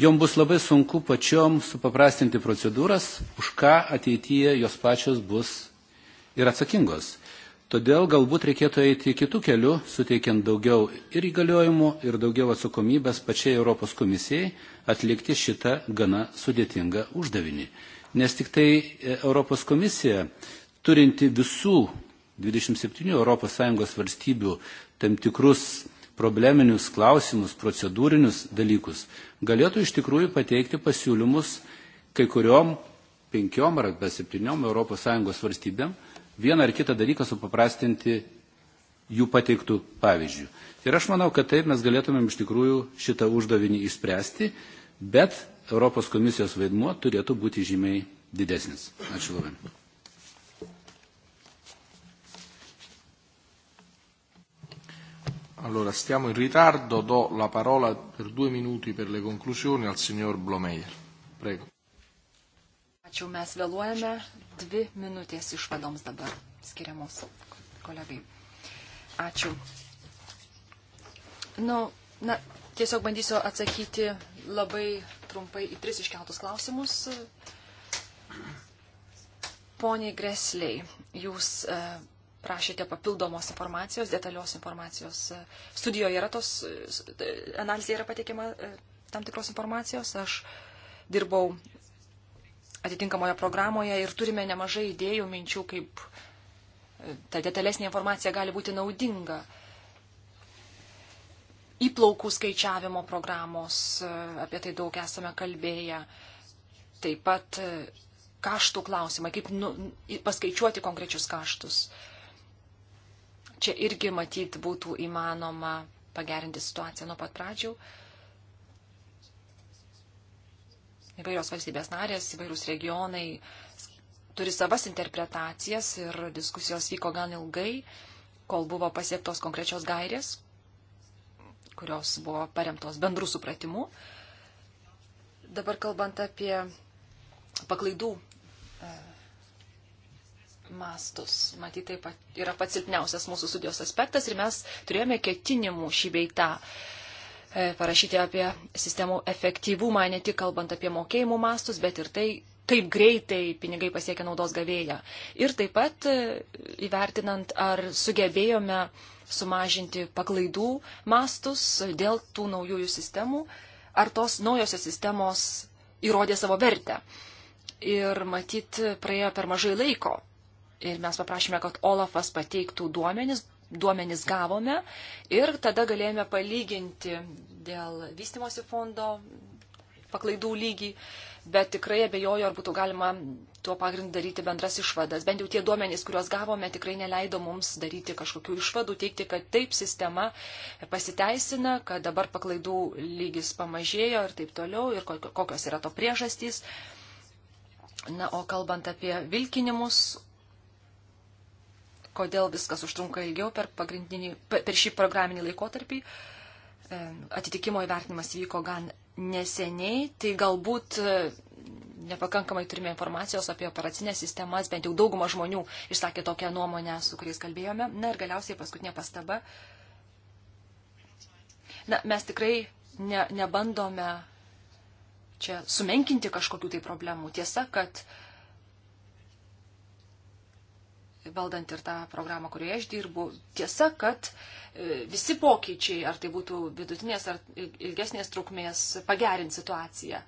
jom bus labai sunku pačiom supaprastinti procedūras, už ką ateityje jos pačios bus ir atsakingos. Todėl galbūt reikėtų eiti kitų kelių, suteikiant daugiau ir įgaliojimų, ir daugiau atsakomybės pačiai Europos komisijai atlikti šitą gana sudėtingą uždavinį. Nes tik tai e, Europos komisija, turinti visų 27 ES valstybių tam tikrus probleminius klausimus, procedūrinius dalykus, galėtų iš tikrųjų pateikti pasiūlymus kai kuriom penkiom ar septyniom ES valstybėm, vieną ar kitą dalyką supaprastinti jų pateiktų pavyzdžių. Ir aš manau, kad taip mes galėtumėm iš tikrųjų šitą uždavinį išspręsti, bet Europos komisijos vaidmuo turėtų būti žymiai didesnis. Ačiū labai. Allora, stiamo in ritardo, do la parola per due minuti per le conclusioni al signor Blomeyer. Prego. Tačiau mes vėluojame dvi minutės išvadoms dabar skiriamos kolegai. Ačiū. Nu, na, tiesiog bandysiu atsakyti labai trumpai į tris iškeltus klausimus. Poniai Gresliai, jūs e, prašėte papildomos informacijos, detalios informacijos. E, studijoje yra tos, e, analizė yra pateikiama tam tikros informacijos. Aš dirbau atitinkamoje programoje ir turime nemažai idėjų, minčių, kaip e, ta detalesnė informacija gali būti naudinga. Įplaukų skaičiavimo programos, e, apie tai daug esame kalbėję. Taip pat e, kaštų klausimai, kaip nu, paskaičiuoti konkrečius kaštus. Čia irgi matyt būtų įmanoma pagerinti situaciją nuo pat pradžių. Uh, Įvairios valstybės narės, įvairūs regionai turi savas interpretacijas ir diskusijos vyko gan ilgai, kol buvo pasiektos konkrečios gairės, kurios buvo paremtos bendrų supratimu. Dabar kalbant apie paklaidų e, mastus. Matyt, taip pat yra pats silpniausias mūsų studijos aspektas ir mes turėjome ketinimų šį beitą E, parašyti apie sistemų efektyvumą, ne tik kalbant apie mokėjimų mastus, bet ir tai, kaip greitai pinigai pasiekia naudos gavėją. Ir taip pat e, įvertinant, ar sugebėjome sumažinti paklaidų mastus dėl tų naujųjų sistemų, ar tos naujosios sistemos įrodė savo vertę. Ir matyt, praėjo per mažai laiko. Ir mes paprašėme, kad Olafas pateiktų duomenis, duomenys gavome ir tada galėjome palyginti dėl vystimosi fondo paklaidų lygį, bet tikrai abejoju, ar būtų galima tuo pagrindu daryti bendras išvadas. Bent jau tie duomenys, kuriuos gavome, tikrai neleido mums daryti kažkokių išvadų, teikti, kad taip sistema pasiteisina, kad dabar paklaidų lygis pamažėjo ir taip toliau, ir kokios yra to priežastys. Na, o kalbant apie vilkinimus, kodėl viskas užtrunka ilgiau per, per šį programinį laikotarpį. E, atitikimo įvertinimas vyko gan neseniai, tai galbūt e, nepakankamai turime informacijos apie operacinės sistemas, bent jau dauguma žmonių išsakė tokią nuomonę, su kuriais kalbėjome. Na ir galiausiai paskutinė pastaba. Na, mes tikrai ne, nebandome čia sumenkinti kažkokių tai problemų. Tiesa, kad uh, valdant ir tą programą, kurioje aš dirbu. Tiesa, kad e, visi pokyčiai, ar tai būtų vidutinės ar ilgesnės trukmės, pagerint situaciją.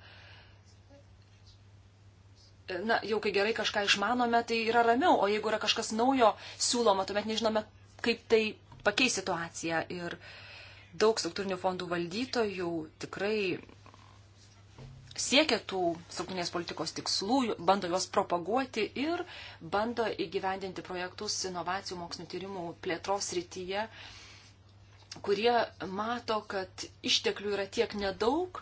Na, jau kai gerai kažką išmanome, tai yra ramiau, o jeigu yra kažkas naujo siūloma, tuomet nežinome, kaip tai pakeis situaciją. Ir daug struktūrinių fondų valdytojų tikrai siekia tų sauguminės politikos tikslų, bando juos propaguoti ir bando įgyvendinti projektus inovacijų mokslinio tyrimų plėtros rytyje, kurie mato, kad išteklių yra tiek nedaug,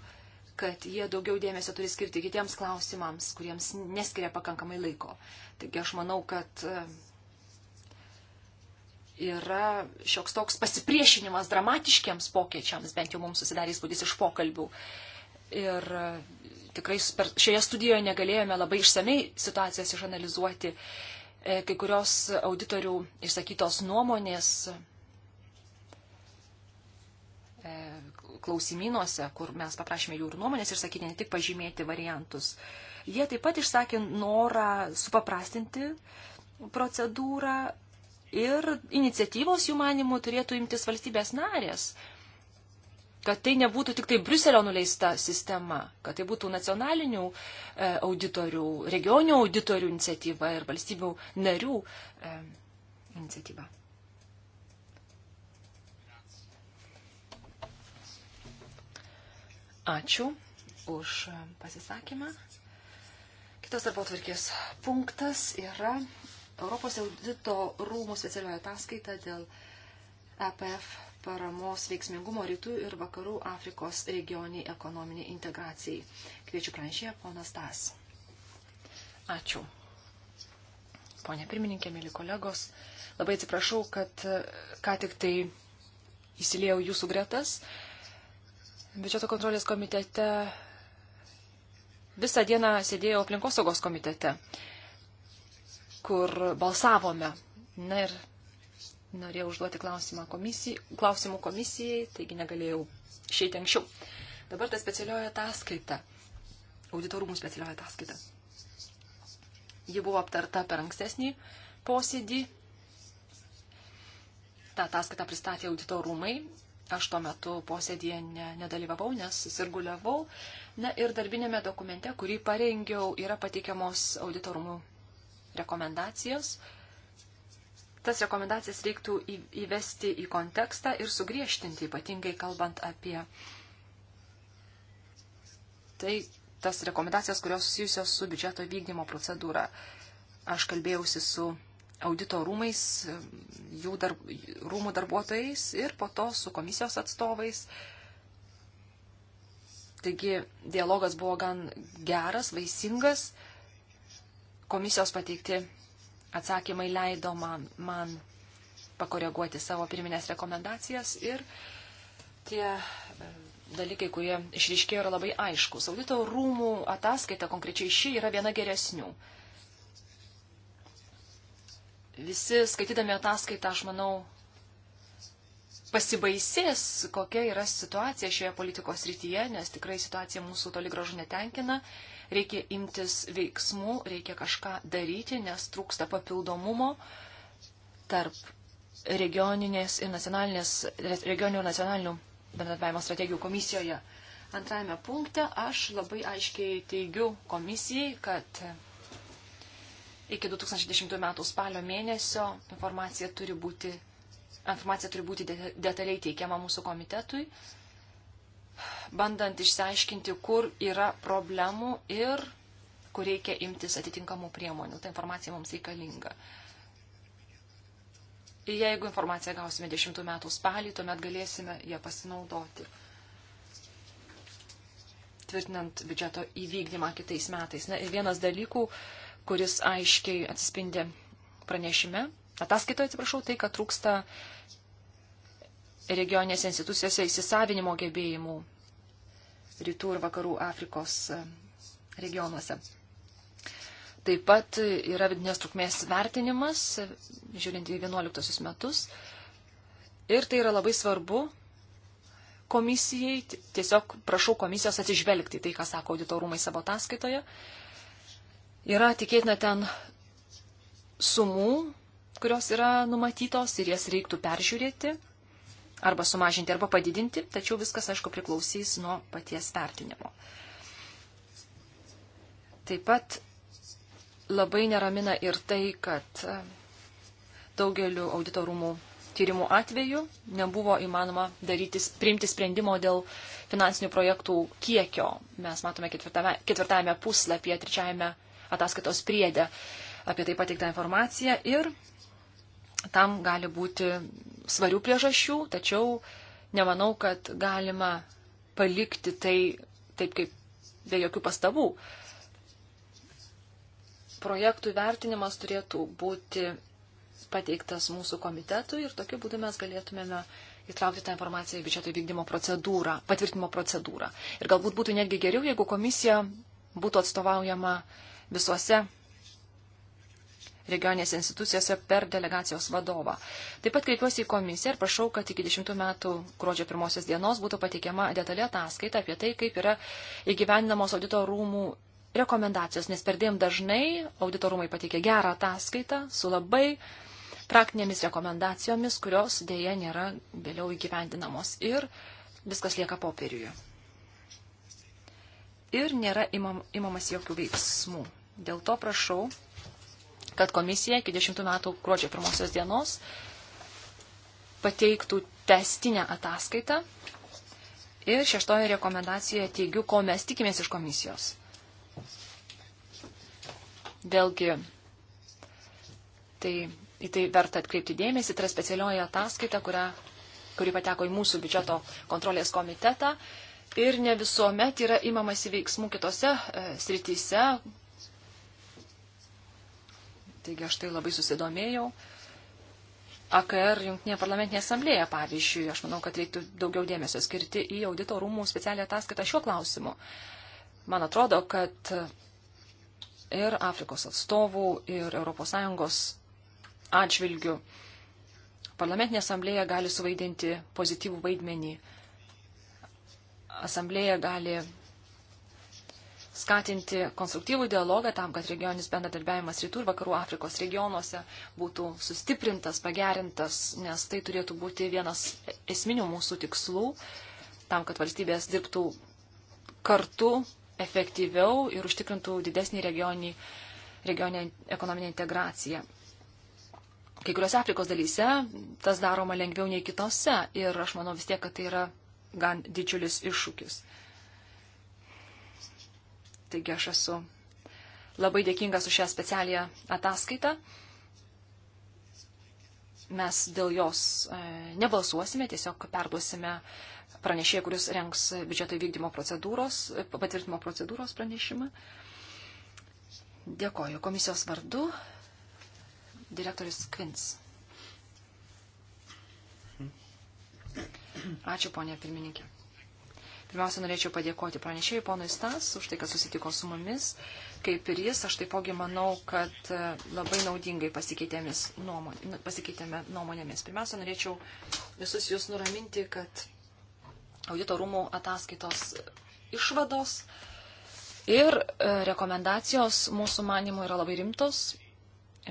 kad jie daugiau dėmesio turi skirti kitiems klausimams, kuriems neskiria pakankamai laiko. Taigi aš manau, kad e, yra šioks toks pasipriešinimas dramatiškiams pokėčiams, bent jau mums susidarė įspūdis iš pokalbių. Ir tikrai per, šioje studijoje negalėjome labai išsamei situacijas išanalizuoti. E, kai kurios auditorių išsakytos nuomonės e, klausimynuose, kur mes paprašėme jų ir nuomonės išsakyti, ne tik pažymėti variantus. Jie taip pat išsakė norą supaprastinti procedūrą ir iniciatyvos jų manimų turėtų imtis valstybės narės kad tai nebūtų tik tai Bruselio nuleista sistema, kad tai būtų nacionalinių e, auditorių, regionių auditorių iniciatyva ir valstybių narių e, iniciatyva. Ačiū už pasisakymą. Kitas darbo tvarkės punktas yra Europos audito rūmų specialioje ataskaita dėl EPF paramos veiksmingumo rytų ir vakarų Afrikos regioniai ekonominiai integracijai. Kviečiu pranešėją ponas Tas. Ačiū. Pone pirmininkė, mėly kolegos, labai atsiprašau, kad e, ką tik tai įsilėjau jūsų gretas. Biudžeto kontrolės komitete visą dieną sėdėjau aplinkosaugos komitete, kur balsavome. Na ir norėjau užduoti komisijai, klausimų komisijai, taigi negalėjau išeiti anksčiau. Dabar ta specialioja ataskaita, auditorumų specialioja ataskaita. Ji buvo aptarta per ankstesnį posėdį. Ta ataskaita pristatė auditorumai. Aš tuo metu posėdėje ne, nedalyvavau, nes sirguliavau. Na ir darbinėme dokumente, kurį parengiau, yra pateikiamos auditorumų rekomendacijos tas rekomendacijas reiktų įvesti į kontekstą ir sugriežtinti, ypatingai kalbant apie tai, tas rekomendacijas, kurios susijusios su biudžeto vykdymo procedūra. Aš kalbėjausi su audito rūmais, jų darb, rūmų darbuotojais ir po to su komisijos atstovais. Taigi dialogas buvo gan geras, vaisingas. Komisijos pateikti atsakymai leido man, man pakoreguoti savo pirminės rekomendacijas ir tie e, dalykai, kurie išryškėjo, yra labai aiškus. Audito rūmų ataskaita, konkrečiai ši, yra viena geresnių. Visi skaitydami ataskaitą, aš manau, pasibaisės, kokia yra situacija šioje politikos rytyje, nes tikrai situacija mūsų toli gražu netenkina reikia imtis veiksmų, reikia kažką daryti, nes trūksta papildomumo tarp regioninės ir nacionalinės, regioninių ir nacionalinių bendradarbiavimo strategijų komisijoje. Antrajame punkte aš labai aiškiai teigiu komisijai, kad iki 2010 metų spalio mėnesio informacija turi būti, informacija turi būti detaliai teikiama mūsų komitetui bandant išsiaiškinti, kur yra problemų ir kur reikia imtis atitinkamų priemonių. Ta informacija mums reikalinga. Ir jeigu informaciją gausime 10 metų spalį, tuomet galėsime ją pasinaudoti. Tvirtinant biudžeto įvykdymą kitais metais. Na ir vienas dalykų, kuris aiškiai atsispindi pranešime, ataskaitoje atsiprašau, tai, kad trūksta regioninėse institucijose įsisavinimo gebėjimų rytų ir vakarų Afrikos e, regionuose. Taip pat yra vidinės trukmės vertinimas, e, žiūrint į 11 metus. Ir tai yra labai svarbu komisijai. Tiesiog prašau komisijos atsižvelgti tai, ką sako auditorumai savo ataskaitoje. Yra tikėtina ten sumų, kurios yra numatytos ir jas reiktų peržiūrėti arba sumažinti, arba padidinti, tačiau viskas, aišku, priklausys nuo paties vertinimo. Taip pat labai neramina ir tai, kad daugeliu auditorumų tyrimų atveju nebuvo įmanoma daryti, priimti sprendimo dėl finansinių projektų kiekio. Mes matome ketvirtame, ketvirtame puslapyje, trečiajame ataskaitos priedė apie tai pateiktą informaciją ir Tam gali būti svarių priežasčių, tačiau nemanau, kad galima palikti tai taip kaip be jokių pastabų. Projektų vertinimas turėtų būti pateiktas mūsų komitetui ir tokiu būdu mes galėtumėme įtraukti tą informaciją į biudžeto vykdymo procedūrą, patvirtinimo procedūrą. Ir galbūt būtų netgi geriau, jeigu komisija būtų atstovaujama visuose regioninėse institucijose per delegacijos vadovą. Taip pat kreipiuosi į komisiją ir prašau, kad iki 10 metų gruodžio 1 dienos būtų pateikiama detalė ataskaita apie tai, kaip yra įgyvendinamos audito rūmų rekomendacijos, nes perdėm dažnai auditorumai pateikia gerą ataskaitą su labai praktinėmis rekomendacijomis, kurios dėja nėra vėliau įgyvendinamos ir viskas lieka popieriuje. Ir nėra imam, imamas jokių veiksmų. Dėl to prašau kad komisija iki 10 metų gruodžio 1 dienos pateiktų testinę ataskaitą. Ir šeštoje rekomendacijoje teigiu, ko mes tikimės iš komisijos. Vėlgi, tai į tai verta atkreipti dėmesį, tai yra specialioji ataskaita, kurią, kuri pateko į mūsų biudžeto kontrolės komitetą. Ir ne visuomet yra imamasi veiksmų kitose e, srityse, Taigi aš tai labai susidomėjau. AKR Junktinėje parlamentinėje asamblėje, pavyzdžiui, aš manau, kad reiktų daugiau dėmesio skirti į audito rūmų specialią ataskaitą šiuo klausimu. Man atrodo, kad ir Afrikos atstovų, ir ES atžvilgių parlamentinė asamblėje gali suvaidinti pozityvų vaidmenį. Asamblėje gali skatinti konstruktyvų dialogą tam, kad regioninis bendradarbiavimas rytų ir vakarų Afrikos regionuose būtų sustiprintas, pagerintas, nes tai turėtų būti vienas esminių mūsų tikslų, tam, kad valstybės dirbtų kartu efektyviau ir užtikrintų didesnį regioninį, regioninę ekonominę integraciją. Kai kuriuose Afrikos dalyse tas daroma lengviau nei kitose ir aš manau vis tiek, kad tai yra gan didžiulis iššūkis. Taigi aš esu labai dėkingas už šią specialią ataskaitą. Mes dėl jos e, nebalsuosime, tiesiog perduosime pranešėją, kuris rengs biudžeto įvykdymo procedūros, patvirtimo procedūros pranešimą. Dėkoju komisijos vardu. Direktorius Kvins. Mhm. Ačiū, ponė pirmininkė. Pirmiausia, norėčiau padėkoti pranešėjai ponui Stas už tai, kad susitiko su mumis. Kaip ir jis, aš taipogi manau, kad e, labai naudingai nuomonė, nu, pasikeitėme nuomonėmis. Pirmiausia, norėčiau visus jūs nuraminti, kad audito rūmų ataskaitos išvados ir e, rekomendacijos mūsų manimų yra labai rimtos.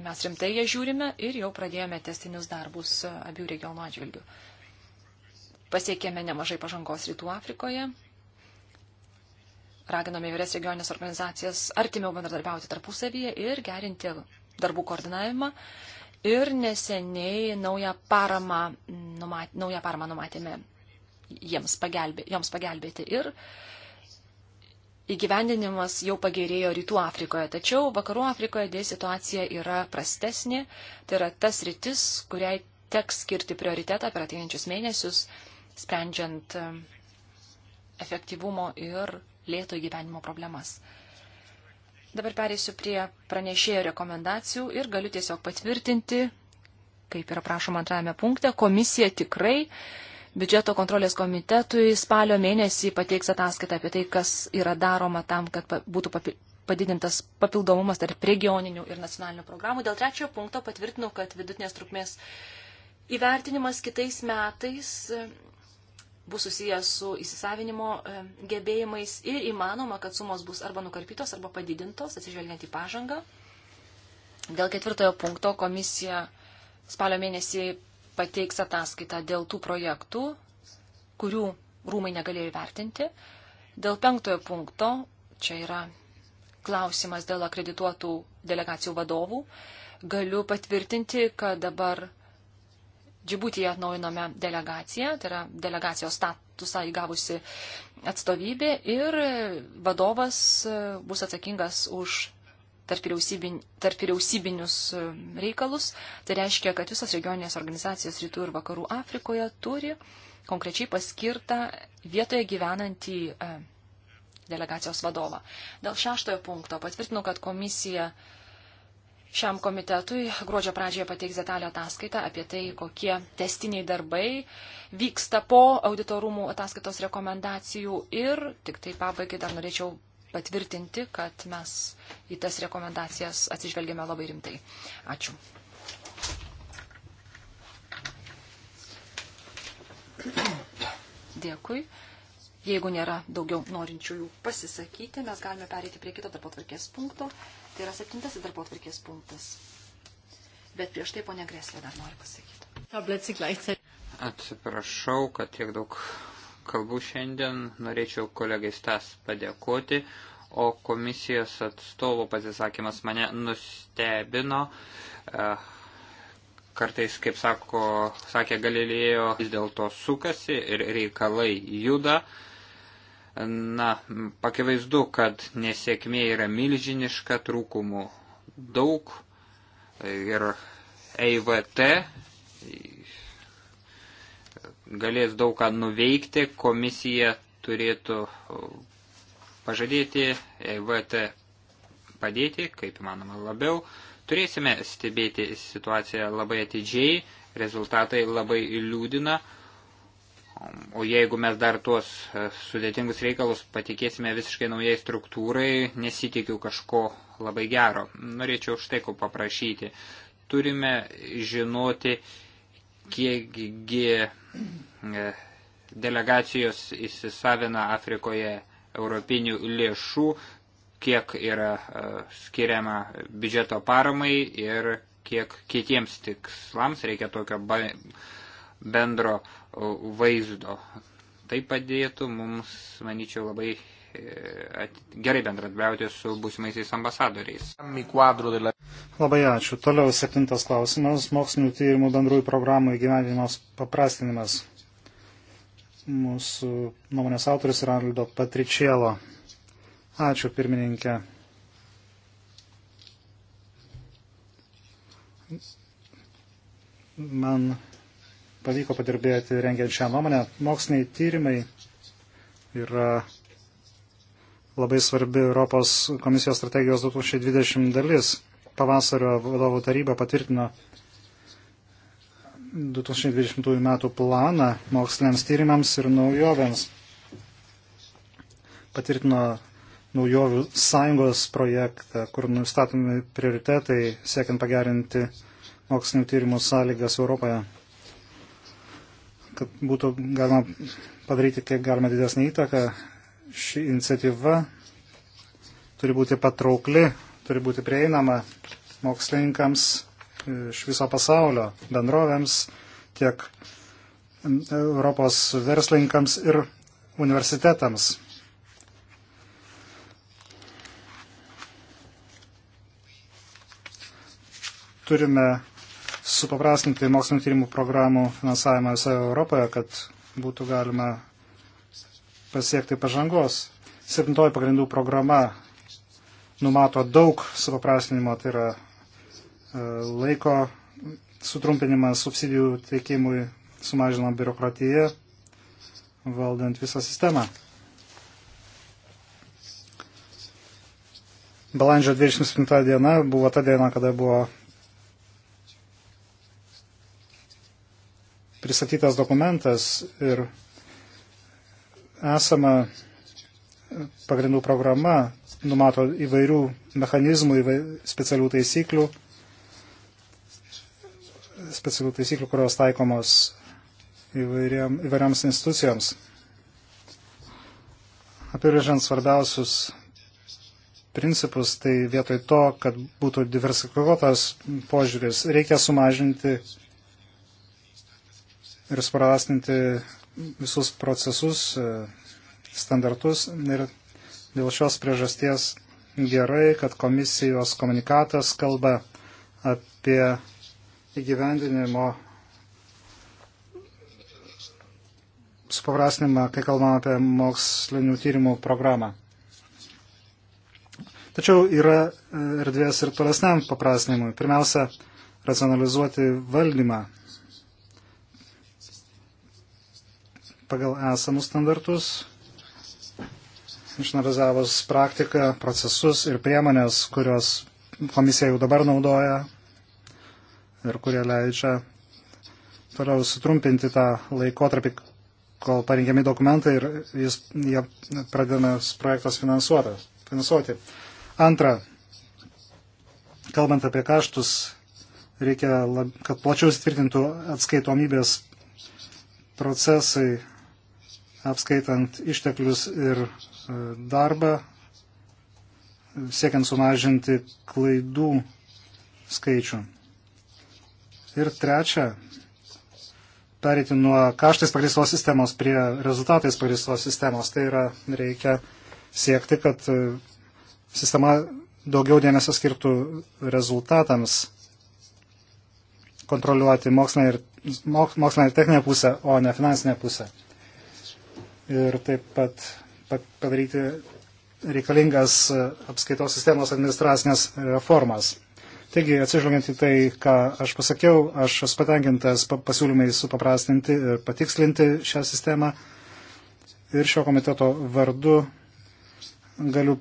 Mes rimtai ją žiūrime ir jau pradėjome testinius darbus e, abiejų regionų atžvilgių. Pasiekėme nemažai pažangos Rytų Afrikoje. Raginome įvairias regioninės organizacijas artimiau bendradarbiauti tarpusavyje ir gerinti darbų koordinavimą. Ir neseniai naują paramą, numat, naują paramą numatėme jiems pagelbė, joms pagelbėti. Ir įgyvendinimas jau pagerėjo Rytų Afrikoje, tačiau Vakarų Afrikoje dėl situacija yra prastesnė. Tai yra tas rytis, kuriai teks skirti prioritetą per ateinančius mėnesius, sprendžiant efektyvumo ir lėto įgyvenimo problemas. Dabar pereisiu prie pranešėjo rekomendacijų ir galiu tiesiog patvirtinti, kaip yra prašoma antrajame punkte, komisija tikrai biudžeto kontrolės komitetui spalio mėnesį pateiks ataskaitą apie tai, kas yra daroma tam, kad būtų padidintas papildomumas tarp regioninių ir nacionalinių programų. Dėl trečiojo punkto patvirtinu, kad vidutinės trukmės įvertinimas kitais metais bus susijęs su įsisavinimo e, gebėjimais ir įmanoma, kad sumos bus arba nukarpytos, arba padidintos, atsižvelgiant į pažangą. Dėl ketvirtojo punkto komisija spalio mėnesį pateiks ataskaitą dėl tų projektų, kurių rūmai negalėjo įvertinti. Dėl penktojo punkto, čia yra klausimas dėl akredituotų delegacijų vadovų, galiu patvirtinti, kad dabar Džibutyje atnaujinome delegaciją, tai yra delegacijos statusą įgavusi atstovybė ir vadovas e, bus atsakingas už tarp, vyriausybin, tarp vyriausybinius e, reikalus. Tai reiškia, kad visos regioninės organizacijos rytų ir vakarų Afrikoje turi konkrečiai paskirtą vietoje gyvenantį e, delegacijos vadovą. Dėl šeštojo punkto patvirtinu, kad komisija uh, šiam komitetui. Gruodžio pradžioje pateiks detalę ataskaitą apie tai, kokie testiniai darbai vyksta po auditorumų ataskaitos rekomendacijų. Ir tik tai pabaigai dar norėčiau patvirtinti, kad mes į tas rekomendacijas atsižvelgėme labai rimtai. Ačiū. Dėkui. Jeigu nėra daugiau norinčiųjų pasisakyti, mes galime pereiti prie kito darbo tvarkės punkto. Tai yra septintasis darbo atvarkės punktas. Bet prieš tai ponia Greslė dar nori pasakyti. Atsiprašau, kad tiek daug kalbų šiandien. Norėčiau kolegai Stas padėkoti, o komisijos atstovų pasisakymas mane nustebino. Uh, kartais, kaip sako, sakė Galilėjo, vis dėlto sukasi ir reikalai juda. Uh, Na, pakivaizdu, kad nesėkmė yra milžiniška, trūkumų daug ir EIVT galės daug ką nuveikti, komisija turėtų pažadėti EIVT padėti, kaip įmanoma labiau. Turėsime stebėti situaciją labai atidžiai, rezultatai labai liūdina, O jeigu mes dar tuos e, sudėtingus reikalus patikėsime visiškai naujai struktūrai, nesitikiu kažko labai gero. Norėčiau štai ko paprašyti. Turime žinoti, kiekgi e, delegacijos įsisavina Afrikoje europinių lėšų, kiek yra e, skiriama biudžeto paramai ir kiek kitiems tikslams reikia tokio bendro vaizdo. Tai padėtų mums, manyčiau, labai e, gerai bendradarbiauti su būsimaisiais ambasadoriais. Labai ačiū. Toliau septintas klausimas. Mokslinių tyrimų bendrųjų programų įgyvendinimas paprastinimas. Mūsų nuomonės autoris yra Arlido Patričielo. Ačiū, pirmininkė. Man pavyko padirbėti rengiant šią nuomonę. Moksliniai tyrimai yra labai svarbi Europos komisijos strategijos 2020 dalis. Pavasario vadovų taryba patvirtino 2020 m. planą moksliniams tyrimams ir naujovėms. Patvirtino naujovių sąjungos projektą, kur nustatomi prioritetai siekiant pagerinti mokslinių tyrimų sąlygas Europoje kad būtų galima padaryti kiek galima didesnį įtaką. Ši iniciatyva turi būti patraukli, turi būti prieinama mokslininkams iš viso pasaulio, bendrovėms, tiek Europos verslininkams ir universitetams. Turime supaprastinti mokslinio tyrimų programų finansavimą visoje Europoje, kad būtų galima pasiekti pažangos. Septintoji pagrindų programa numato daug supaprastinimo, tai yra e, laiko sutrumpinimas subsidijų teikimui, sumažinama biurokratija, valdant visą sistemą. Balandžio 27 diena buvo ta diena, kada buvo pristatytas dokumentas ir esama pagrindų programa numato įvairių mechanizmų, įvair, specialių taisyklių, specialių taisyklių, kurios taikomos įvairiam, įvairiams institucijoms. Apibrėžiant svarbiausius principus, tai vietoj to, kad būtų diversifikuotas požiūris, reikia sumažinti ir suprastinti visus procesus, e, standartus. Ir dėl šios priežasties gerai, kad komisijos komunikatas kalba apie įgyvendinimo supaprastinimą, kai kalbam apie mokslinių tyrimų programą. Tačiau yra e, erdvės ir tolesniam paprastinimui. Pirmiausia, racionalizuoti valdymą pagal esamus standartus, išanalizavus praktiką, procesus ir priemonės, kurios komisija jau dabar naudoja ir kurie leidžia toliau sutrumpinti tą laikotarpį, kol parengiami dokumentai ir jis, jie pradedamas projektas finansuoti. Antra, kalbant apie kaštus, reikia, kad plačiau stvirtintų atskaitomybės procesai apskaitant išteklius ir e, darbą, siekiant sumažinti klaidų skaičių. Ir trečia, pereiti nuo kaštais pagristos sistemos prie rezultatais pagristos sistemos. Tai yra, reikia siekti, kad e, sistema daugiau dėmesio skirtų rezultatams kontroliuoti mokslinę ir, mokslinę ir techninę pusę, o ne finansinę pusę ir taip pat padaryti reikalingas e, apskaitos sistemos administracinės reformas. Taigi, atsižvelgiant į tai, ką aš pasakiau, aš esu patenkintas pasiūlymai supaprastinti ir patikslinti šią sistemą. Ir šio komiteto vardu galiu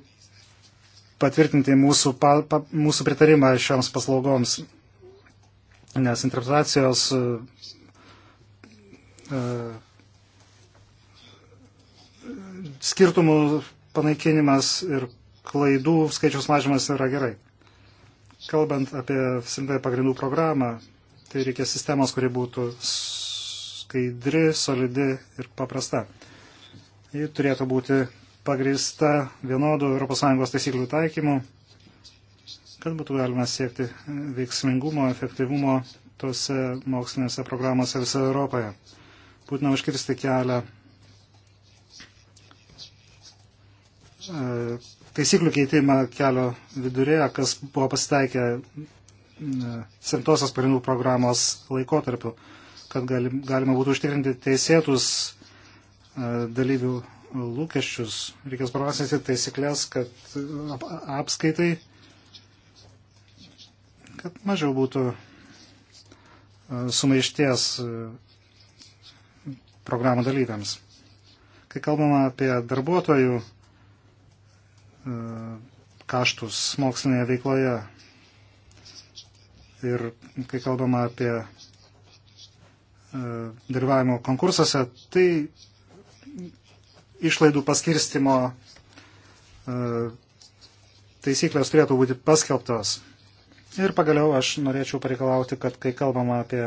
patvirtinti mūsų, pa, pa, mūsų pritarimą šioms paslaugoms, nes interpretacijos uh, skirtumų panaikinimas ir klaidų skaičiaus mažymas yra gerai. Kalbant apie simtai pagrindų programą, tai reikia sistemos, kuri būtų skaidri, solidi ir paprasta. Ji turėtų būti pagrįsta vienodų ES taisyklių taikymu, kad būtų galima siekti veiksmingumo, efektyvumo tose mokslinėse programose visoje Europoje. Būtina užkirsti kelią E, taisyklių keitimą kelio vidurėje, kas buvo pasitaikę e, simtosios pagrindų programos laikotarpiu, kad galima būtų užtikrinti teisėtus e, dalyvių lūkesčius. Reikės pravasinti taisyklės, kad apskaitai, kad mažiau būtų sumaišties programų dalyviams. Kai kalbama apie darbuotojų E, kaštus mokslinėje veikloje. Ir kai kalbama apie e, dalyvavimo konkursuose, tai išlaidų paskirstimo e, taisyklės turėtų būti paskelbtos. Ir pagaliau aš norėčiau pareikalauti, kad kai kalbama apie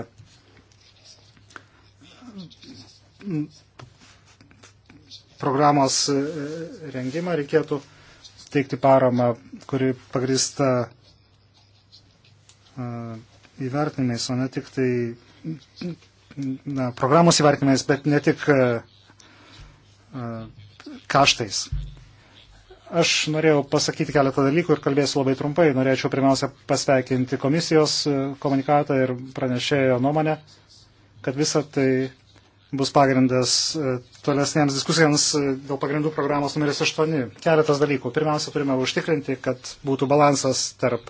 programos rengimą, reikėtų uh, teikti paramą, kuri pagrista įvertinimais, o ne tik tai na, programos įvertinimais, bet ne tik kaštais. Aš norėjau pasakyti keletą dalykų ir kalbėsiu labai trumpai. Norėčiau pirmiausia pasveikinti komisijos komunikatą ir pranešėjo nuomonę, kad visa tai bus pagrindas e, tolesnėms diskusijams e, dėl pagrindų programos numeris 8. Keletas dalykų. Pirmiausia, turime užtikrinti, kad būtų balansas tarp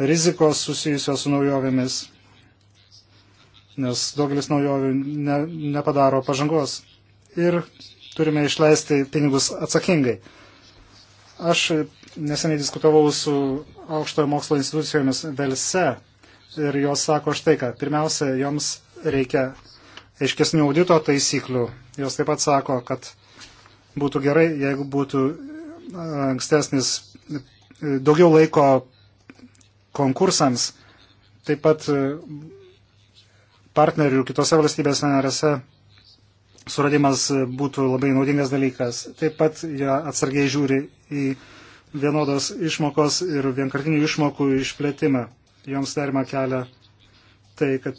rizikos susijusios su naujovėmis, nes daugelis naujovių ne, nepadaro pažangos ir turime išleisti pinigus atsakingai. Aš neseniai diskutavau su aukštojo mokslo institucijomis Velse ir jos sako štai ką. Pirmiausia, joms reikia aiškesnių audito taisyklių. Jos taip pat sako, kad būtų gerai, jeigu būtų e, ankstesnis e, daugiau laiko konkursams, taip pat e, partnerių kitose valstybėse narėse suradimas būtų labai naudingas dalykas. Taip pat jie atsargiai žiūri į vienodos išmokos ir vienkartinių išmokų išplėtimą. Joms derima kelia tai, kad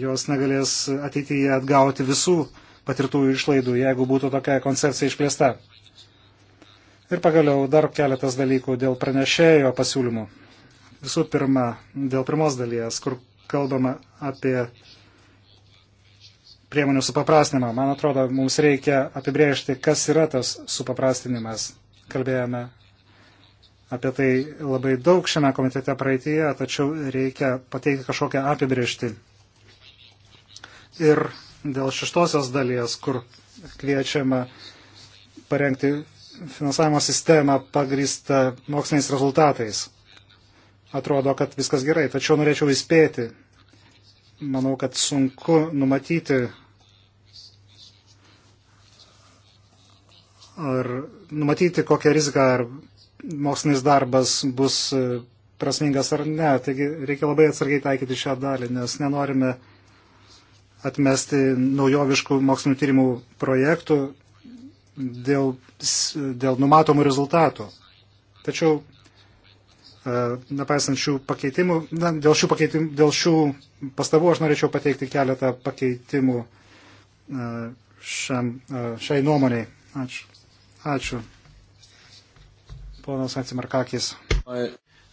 jos negalės ateityje atgauti visų patirtų išlaidų, jeigu būtų tokia koncepcija išplėsta. Ir pagaliau dar keletas dalykų dėl pranešėjo pasiūlymų. Visų pirma, dėl pirmos dalies, kur kalbama apie priemonių supaprastinimą. Man atrodo, mums reikia apibrėžti, kas yra tas supaprastinimas. Kalbėjome apie tai labai daug šiame komitete praeitėje, tačiau reikia pateikti kažkokią apibrėžtį ir dėl šeštosios dalies, kur kviečiama parengti finansavimo sistemą pagrįstą moksliniais rezultatais. Atrodo, kad viskas gerai, tačiau norėčiau įspėti. Manau, kad sunku numatyti, ar numatyti, kokią riziką ar mokslinis darbas bus e, prasmingas ar ne. Taigi reikia labai atsargiai taikyti šią dalį, nes nenorime uh, atmesti naujoviškų mokslinių tyrimų projektų dėl, dėl numatomų rezultatų. Tačiau, e, nepaisant šių pakeitimų, na, dėl, šių pakeitimų, dėl šių pastabų aš norėčiau pateikti keletą pakeitimų e, šiam, e, šiai nuomoniai. Ačiū. Ačiū. Ponas Atsimarkakis.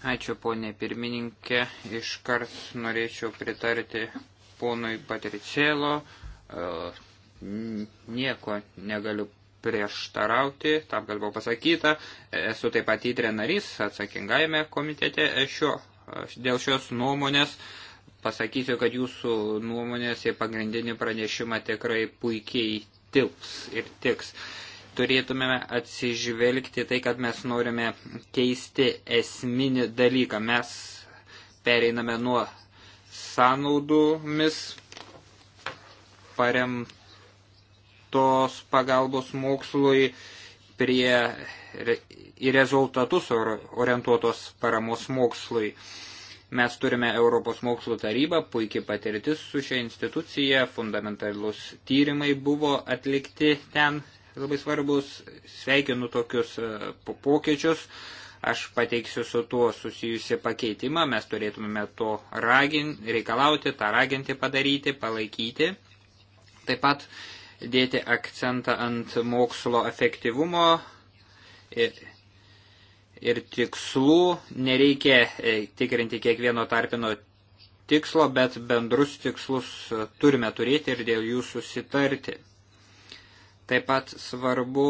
Ačiū, ponė pirmininkė. Iškart norėčiau pritarti ponui Patricėlo, e, nieko negaliu prieštarauti, tam gal buvo pasakyta, esu taip pat įtrė narys atsakingaime komitete šio, dėl šios nuomonės. Pasakysiu, kad jūsų nuomonės į pagrindinį pranešimą tikrai puikiai tilps ir tiks. Turėtumėme atsižvelgti tai, kad mes norime keisti esminį dalyką. Mes pereiname nuo sąnaudomis paremtos pagalbos mokslui prie į rezultatus orientuotos paramos mokslui. Mes turime Europos mokslo tarybą, puikiai patirtis su šia institucija, fundamentalus tyrimai buvo atlikti ten labai svarbus, sveikinu tokius e, pokyčius. Po Aš pateiksiu su tuo susijusi pakeitimą, mes turėtume to ragin, reikalauti, tą raginti padaryti, palaikyti. Taip pat dėti akcentą ant mokslo efektyvumo ir, ir tikslų. Nereikia e, tikrinti kiekvieno tarpino tikslo, bet bendrus tikslus e, turime turėti ir dėl jų susitarti. Taip pat svarbu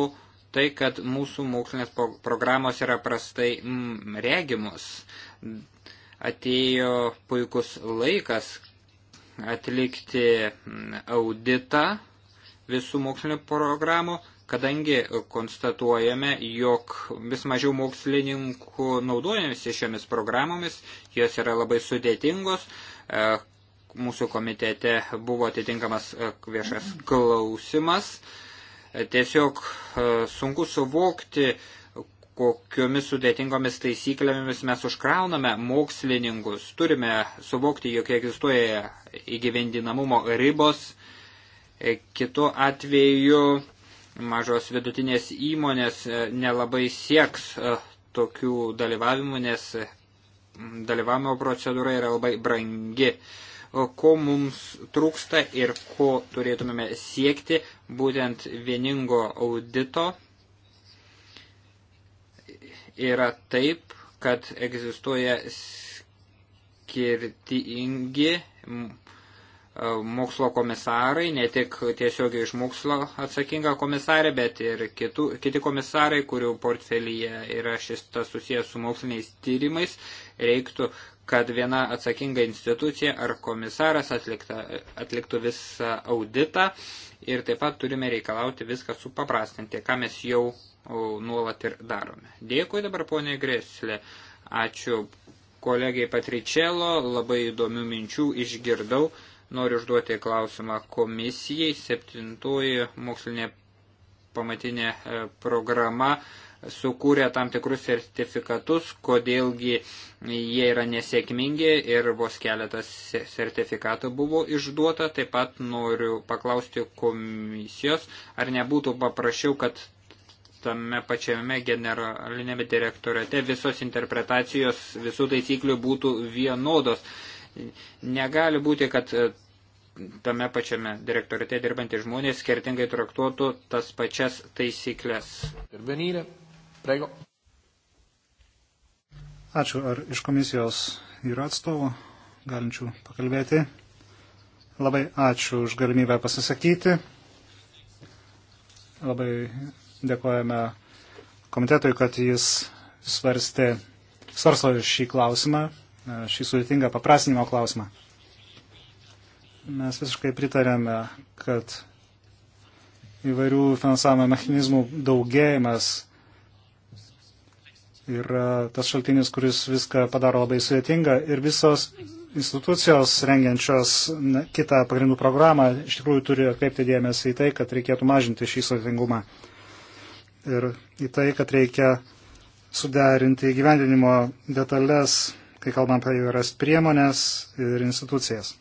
tai, kad mūsų mokslinės programos yra prastai mm, regimus. Atėjo puikus laikas atlikti mm, auditą visų mokslinio programų, kadangi konstatuojame, jog vis mažiau mokslininkų naudojamasi šiomis programomis, jos yra labai sudėtingos. E, mūsų komitete buvo atitinkamas e, viešas klausimas. Mm -hmm Tiesiog e, sunku suvokti, kokiomis sudėtingomis taisyklėmis mes užkrauname mokslininkus. Turime suvokti, jog egzistuoja įgyvendinamumo ribos. E, kitu atveju mažos vidutinės įmonės e, nelabai sieks tokių dalyvavimų, nes dalyvavimo procedūra yra labai brangi ko mums trūksta ir ko turėtumėme siekti būtent vieningo audito. Yra taip, kad egzistuoja skirtingi mokslo komisarai, ne tik tiesiogiai iš mokslo atsakinga komisarė, bet ir kitų, kiti komisarai, kurių portfelyje yra šis tas susijęs su moksliniais tyrimais, reiktų kad viena atsakinga institucija ar komisaras atlikta, atliktų visą auditą ir taip pat turime reikalauti viską supaprastinti, ką mes jau nuolat ir darome. Dėkui dabar ponė Greslė, ačiū kolegiai Patričelo, labai įdomių minčių išgirdau, noriu užduoti klausimą komisijai, septintoji mokslinė pamatinė e, programa sukūrė tam tikrus sertifikatus, kodėlgi jie yra nesėkmingi ir vos keletas sertifikatų buvo išduota. Taip pat noriu paklausti komisijos, ar nebūtų paprašiau, kad tame pačiame generalinėme direktorate visos interpretacijos, visų taisyklių būtų vienodos. Negali būti, kad e, tame pačiame direktorate dirbantys žmonės skirtingai traktuotų tas pačias taisyklės. Intervenyrė. Prego. Ačiū. Ar iš komisijos yra atstovų galinčių pakalbėti? Labai ačiū už galimybę pasisakyti. Labai dėkojame komitetui, kad jis svarstė, svarsto šį klausimą, šį sudėtingą paprasinimo klausimą. Mes visiškai pritarėme, kad įvairių finansavimo mechanizmų daugėjimas yra tas šaltinis, kuris viską padaro labai sudėtinga ir visos institucijos rengiančios kitą pagrindų programą iš tikrųjų turi atkreipti dėmesį į tai, kad reikėtų mažinti šį sudėtingumą ir į tai, kad reikia suderinti gyvendinimo detalės, kai kalbam apie įvairias priemonės ir institucijas.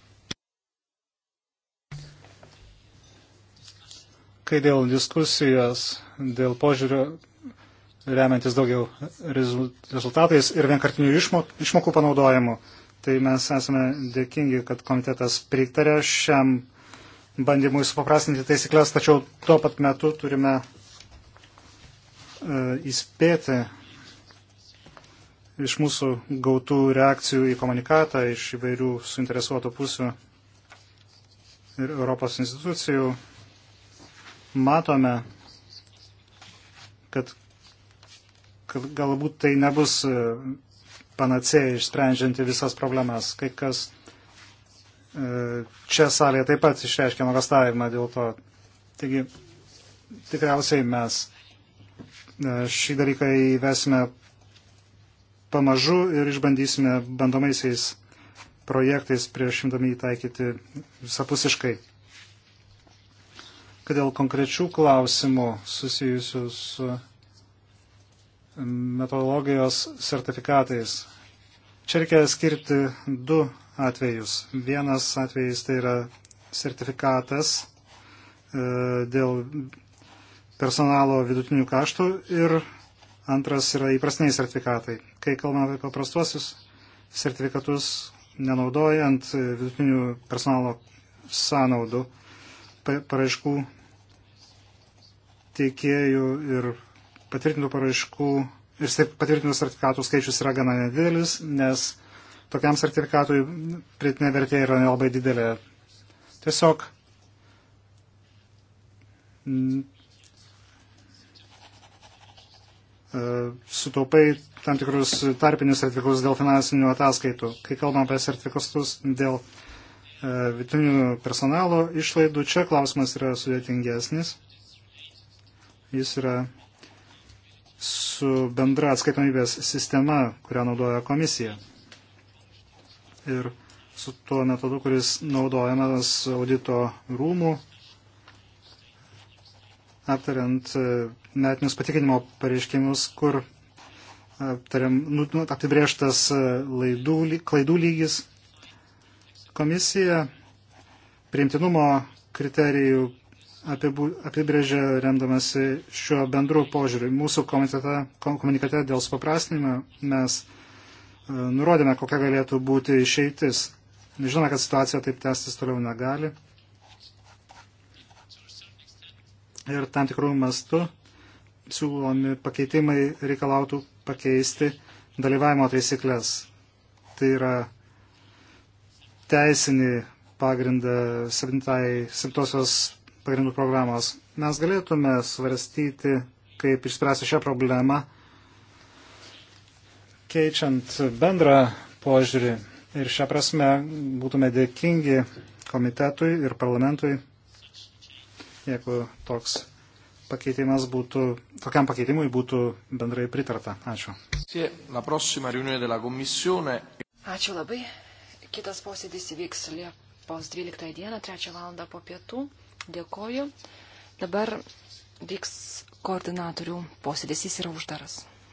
Kai dėl diskusijos, dėl požiūrio remiantis daugiau rezultatais ir vienkartinių išmokų panaudojimu. Tai mes esame dėkingi, kad komitetas pritarė šiam bandymui supaprastinti taisyklės, tačiau tuo pat metu turime e, įspėti iš mūsų gautų reakcijų į komunikatą iš įvairių suinteresuotų pusių ir Europos institucijų matome, kad kad galbūt tai nebus e, panacėja išsprendžianti visas problemas. Kai kas e, čia salėje taip pat išreiškė nuogastavimą dėl to. Taigi tikriausiai mes e, šį dalyką įvesime pamažu ir išbandysime bandomaisiais projektais prieš šimdami įtaikyti visapusiškai. Kad dėl konkrečių klausimų susijusių su metodologijos sertifikatais. Čia reikia skirti du atvejus. Vienas atvejis tai yra sertifikatas e, dėl personalo vidutinių kaštų ir antras yra įprastiniai sertifikatai. Kai kalbame apie paprastuosius sertifikatus, nenaudojant e, vidutinių personalo sąnaudų paraiškų teikėjų ir patvirtintų paraiškų ir patvirtintų sertifikatų skaičius yra gana nedidelis, nes tokiam sertifikatui pritinė vertė yra nelabai didelė. Tiesiog mm, e, sutaupai tam tikrus tarpinius sertifikus dėl finansinių ataskaitų. Kai kalbam apie sertifikatus dėl e, vidutinių personalo išlaidų, čia klausimas yra sudėtingesnis. Jis yra su bendra atskaitomybės sistema, kurią naudoja komisija. Ir su tuo metodu, kuris naudojamas audito rūmų, aptariant e, metinius patikinimo pareiškimus, kur e, aptariam, nu, nu apibrieštas e, laidų, klaidų lygis. Komisija priimtinumo kriterijų apibrėžia remdamasi šiuo bendru požiūriu. Mūsų komunikate dėl supaprastinimo mes e, nurodėme, kokia galėtų būti išeitis. Žinome, kad situacija taip tęstis toliau negali. Ir tam tikrų mastų siūlomi pakeitimai reikalautų pakeisti dalyvavimo taisyklės. Tai yra teisinį pagrindą 7-osios pagrindų programos. Mes galėtume svarstyti, kaip išspręsti šią problemą, keičiant bendrą požiūrį. Ir šią prasme būtume dėkingi komitetui ir parlamentui, jeigu toks pakeitimas būtų, tokiam pakeitimui būtų bendrai pritarta. Ačiū. Ačiū labai. Kitas posėdis įvyks Liepos 12 dieną, 3 val. po pietų. Dėkoju. Dabar vyks koordinatorių posėdės, jis yra uždaras.